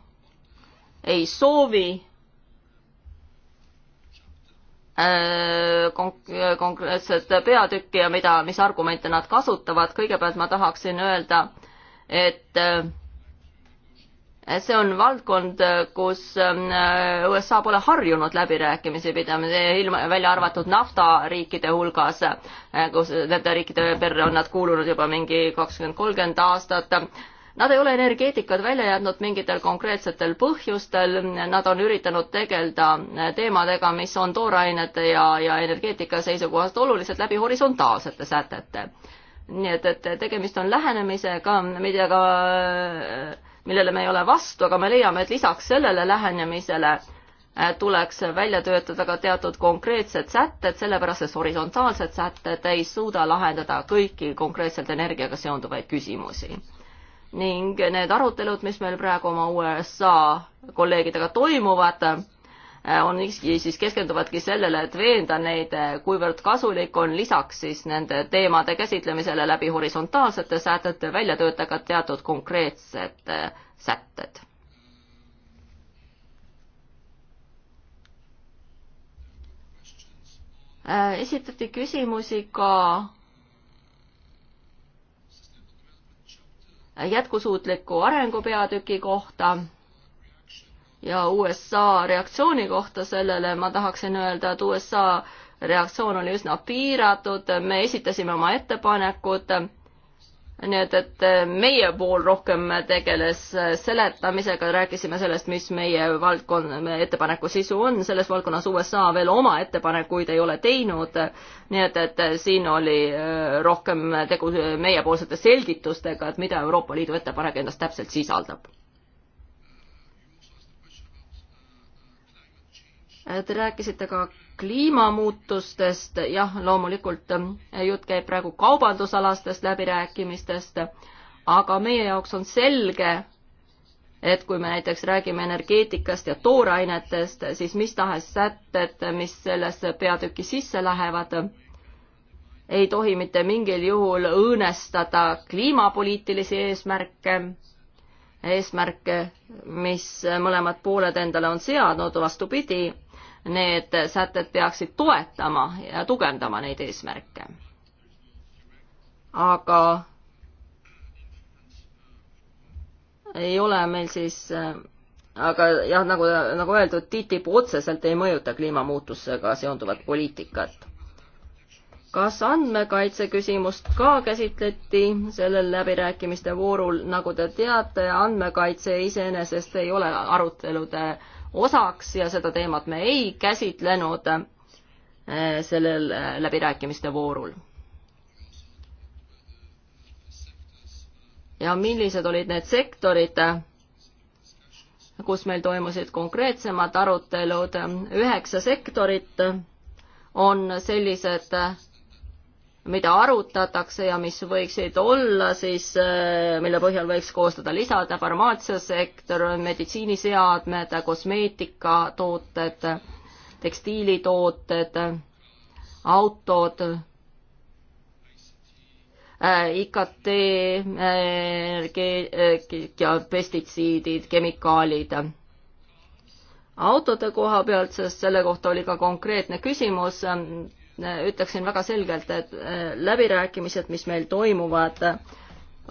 ei soovi äh, konk-, konkreetset peatükki ja mida, mis argumente nad kasutavad, kõigepealt ma tahaksin öelda, et äh, see on valdkond, kus ähm, USA pole harjunud läbirääkimisi pidama, ilma, välja arvatud naftariikide hulgas, äh, kus nende riikide perre on nad kuulunud juba mingi kakskümmend, kolmkümmend aastat. Nad ei ole energeetikat välja jätnud mingitel konkreetsetel põhjustel, nad on üritanud tegeleda äh, teemadega, mis on toorainete ja, ja energeetika seisukohast oluliselt läbi horisontaalsete sätete. nii et, et tegemist on lähenemisega, millega äh, millele me ei ole vastu, aga me leiame, et lisaks sellele lähenemisele äh, tuleks välja töötada ka teatud konkreetsed sätted, sellepärast et horisontaalsed sätted ei suuda lahendada kõiki konkreetselt energiaga seonduvaid küsimusi. ning need arutelud, mis meil praegu oma USA kolleegidega toimuvad, Äh, on ikkagi siis keskenduvadki sellele, et veenda neid, äh, kuivõrd kasulik on lisaks siis nende teemade käsitlemisele läbi horisontaalsete sätete välja töötada ka teatud konkreetsed äh, sätted. esitati küsimusi ka jätkusuutliku arengu peatüki kohta ja USA reaktsiooni kohta sellele ma tahaksin öelda, et USA reaktsioon oli üsna piiratud, me esitasime oma ettepanekud, nii et, et meie pool rohkem tegeles seletamisega, rääkisime sellest, mis meie valdkond, meie ettepaneku sisu on, selles valdkonnas USA veel oma ettepanekuid ei ole teinud, nii et, et siin oli äh, rohkem tegu meiepoolsete selgitustega, et mida Euroopa Liidu ettepanek endast täpselt sisaldab Te rääkisite ka kliimamuutustest, jah, loomulikult ähm, jutt käib praegu kaubandusalastest läbirääkimistest, aga meie jaoks on selge, et kui me näiteks räägime energeetikast ja toorainetest, siis mis tahes sätted, mis sellesse peatüki sisse lähevad, ei tohi mitte mingil juhul õõnestada kliimapoliitilisi eesmärke, eesmärke, mis mõlemad pooled endale on seadnud, vastupidi, need sätted peaksid toetama ja tugevdama neid eesmärke. aga ei ole meil siis, aga jah, nagu, nagu öeldud, TTIP otseselt ei mõjuta kliimamuutusega seonduvat poliitikat. kas andmekaitse küsimust ka käsitleti sellel läbirääkimiste voorul, nagu te teate, andmekaitse iseenesest ei ole arutelude äh, osaks ja seda teemat me ei käsitlenud eh, sellel eh, läbirääkimiste voorul. ja millised olid need sektorid, kus meil toimusid konkreetsemad arutelud, üheksa sektorit on sellised, mida arutatakse ja mis võiksid olla siis, äh, mille põhjal võiks koostada lisada farmaatsiasektor, meditsiiniseadmed, kosmeetikatooted, tekstiilitooted, autod, äh, IKT, äh, pestitsiidid, kemikaalid autode koha pealt, sest selle kohta oli ka konkreetne küsimus ütleksin väga selgelt, et äh, läbirääkimised, mis meil toimuvad äh,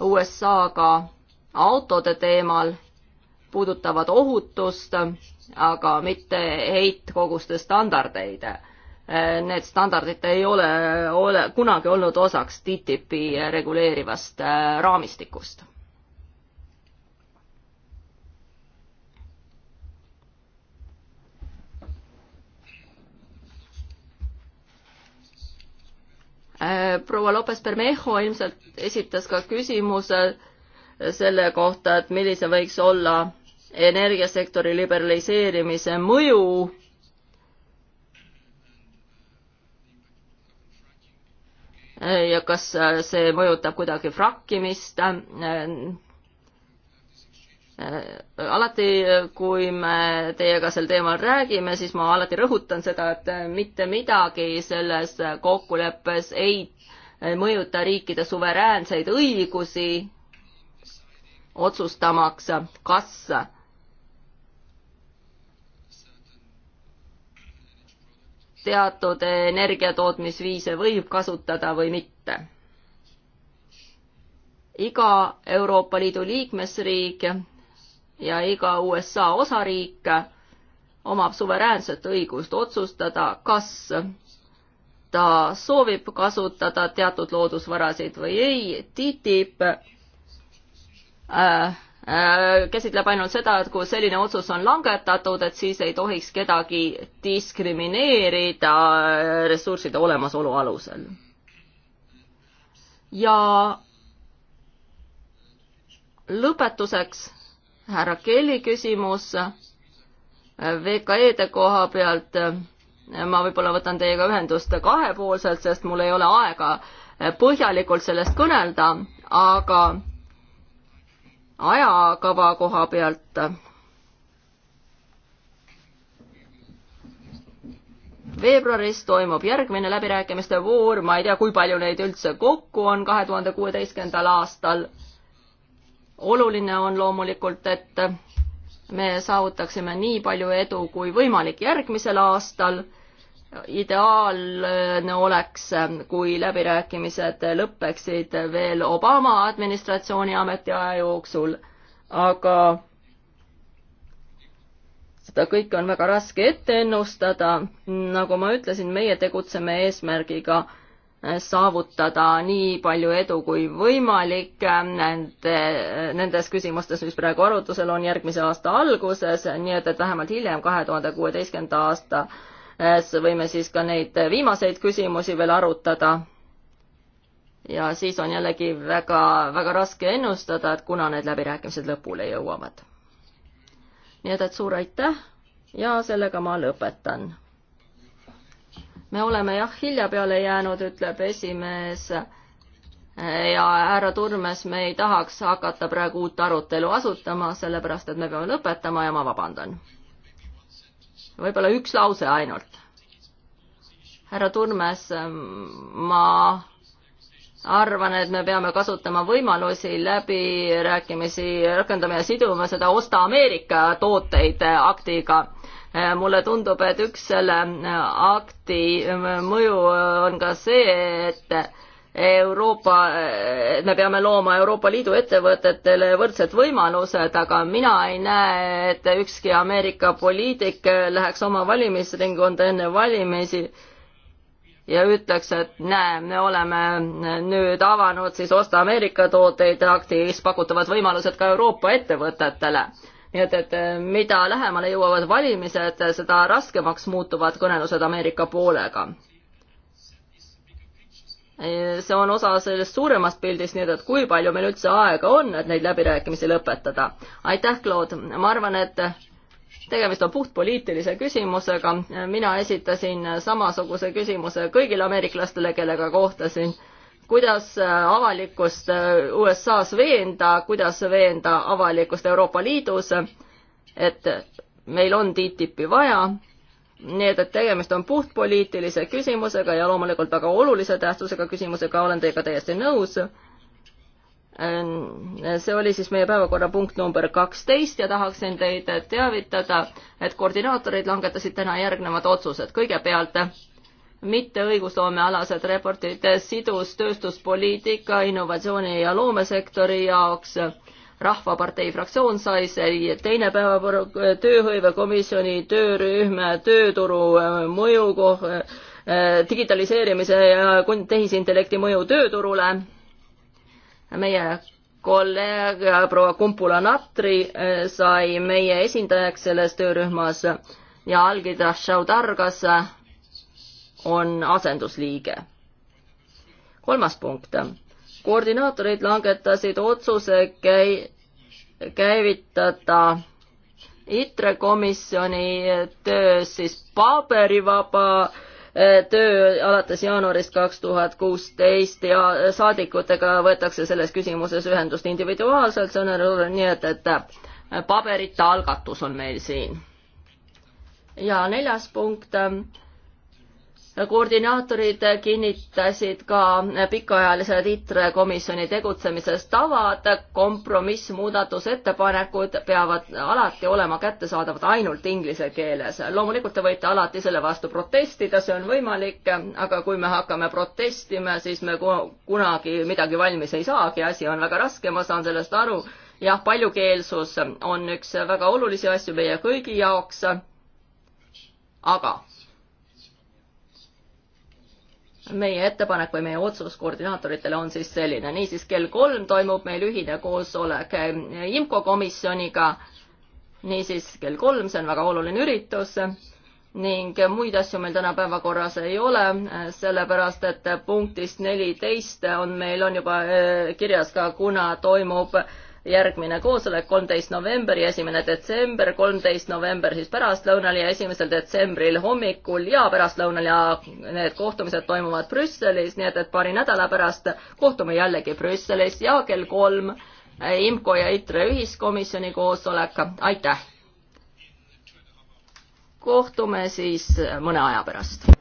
USA-ga autode teemal, puudutavad ohutust, aga mitte heitkoguste standardeid. Äh, need standardid ei ole, ole kunagi olnud osaks TTIP-i reguleerivast raamistikust Äh, proua Lopes Bermejo ilmselt esitas ka küsimuse selle kohta, et millise võiks olla energiasektori liberaliseerimise mõju. Äh, ja kas see mõjutab kuidagi frakkimist? Äh, Äh, alati, äh, kui me teiega sel teemal räägime, siis ma alati rõhutan seda, et äh, mitte midagi selles kokkuleppes ei mõjuta riikide suveräänseid õigusi otsustamaks, kas teatud energiatootmisviise võib kasutada või mitte. iga Euroopa Liidu liikmesriik ja iga USA osariik omab suveräänset õigust otsustada, kas ta soovib kasutada teatud loodusvarasid või ei. TTIP äh, äh, käsitleb ainult seda, et kui selline otsus on langetatud, et siis ei tohiks kedagi diskrimineerida ressursside olemasolu alusel. ja lõpetuseks härra Kelly küsimus äh, VKE-de koha pealt. Äh, ma võib-olla võtan teiega ühendust kahepoolselt, sest mul ei ole aega äh, põhjalikult sellest kõnelda, aga ajakava koha pealt veebruaris toimub järgmine läbirääkimiste voor, ma ei tea, kui palju neid üldse kokku on kahe tuhande kuueteistkümnendal aastal oluline on loomulikult, et me saavutaksime nii palju edu kui võimalik järgmisel aastal. ideaalne oleks, kui läbirääkimised lõpeksid veel Obama administratsiooni ametiaja jooksul, aga seda kõike on väga raske ette ennustada. nagu ma ütlesin, meie tegutseme eesmärgiga saavutada nii palju edu kui võimalik nende, nendes küsimustes, mis praegu arutusel on järgmise aasta alguses, nii et, et vähemalt hiljem, kahe tuhande kuueteistkümnenda aasta võime siis ka neid viimaseid küsimusi veel arutada. ja siis on jällegi väga, väga raske ennustada, et kuna need läbirääkimised lõpule jõuavad. nii et, et suur aitäh ja sellega ma lõpetan me oleme jah hilja peale jäänud, ütleb esimees. ja härra Turmes, me ei tahaks hakata praegu uut arutelu asutama, sellepärast et me peame lõpetama ja ma vabandan. võib-olla üks lause ainult. härra Turmes, ma arvan, et me peame kasutama võimalusi läbirääkimisi rakendama ja siduma seda Osta Ameerika tooteid aktiga Äh, mulle tundub, et üks selle äh, akti äh, mõju on ka see, et Euroopa, me peame looma Euroopa Liidu ettevõtetele võrdsed võimalused, aga mina ei näe, et ükski Ameerika poliitik läheks oma valimisringkonda enne valimisi ja ütleks, et näe, me oleme nüüd avanud siis osta Ameerika tooteid aktis pakutavad võimalused ka Euroopa ettevõtetele nii et, et eh, mida lähemale jõuavad valimised, seda raskemaks muutuvad kõnelused Ameerika poolega. see on osa sellest suuremast pildist, nii et, et kui palju meil üldse aega on, et neid läbirääkimisi lõpetada. aitäh, Claude, ma arvan, et tegemist on puhtpoliitilise küsimusega, mina esitasin samasuguse küsimuse kõigile ameeriklastele, kellega kohtasin kuidas äh, avalikkust äh, USA-s veenda, kuidas veenda avalikkust Euroopa Liidus, et meil on TTIP-i vaja nii et, et tegemist on puhtpoliitilise küsimusega ja loomulikult väga olulise tähtsusega küsimusega, olen teiega täiesti nõus. Ähm, see oli siis meie päevakorrapunkt number kaksteist ja tahaksin teid teavitada, et koordinaatorid langetasid täna järgnevad otsused. kõigepealt mitte õigusloomealased raportid sidus tööstuspoliitika, innovatsiooni ja loomesektori jaoks. rahvapartei fraktsioon sai see teine päeva tööhõivekomisjoni töörühm tööturu äh, mõju äh, digitaliseerimise ja tehisintellekti mõju tööturule. meie kolleeg äh, proua Kumpula Natri sai meie esindajaks selles töörühmas ja allkirja Šaudargas on asendusliige. kolmas punkt. koordinaatorid langetasid otsuse käi-, käivitada ITRE komisjoni töös siis paberivaba eh, töö alates jaanuarist kaks tuhat kuusteist ja saadikutega võetakse selles küsimuses ühendust individuaalselt, see on nii, et, et eh, paberita algatus on meil siin. ja neljas punkt eh, koordinaatorid kinnitasid ka pikaajalised ITRE komisjoni tegutsemises tavad, kompromiss, muudatusettepanekud peavad alati olema kättesaadavad ainult inglise keeles. loomulikult te võite alati selle vastu protestida, see on võimalik, aga kui me hakkame protestima, siis me kunagi midagi valmis ei saagi, asi on väga raske, ma saan sellest aru. jah, paljukeelsus on üks väga olulisi asju meie kõigi jaoks, aga meie ettepanek või meie otsus koordinaatoritele on siis selline. niisiis kell kolm toimub meil ühine koosolek IMCO komisjoniga. niisiis kell kolm, see on väga oluline üritus ning muid asju meil täna päevakorras ei ole, sellepärast et punktist neliteist on, meil on juba eh, kirjas ka, kuna toimub järgmine koosolek, kolmteist november ja esimene detsember, kolmteist november siis pärastlõunal ja esimesel detsembril hommikul ja pärastlõunal ja need kohtumised toimuvad Brüsselis, nii et, et paari nädala pärast kohtume jällegi Brüsselis ja kell kolm IMCO ja ITRE ühiskomisjoni koosolek, aitäh! kohtume siis mõne aja pärast.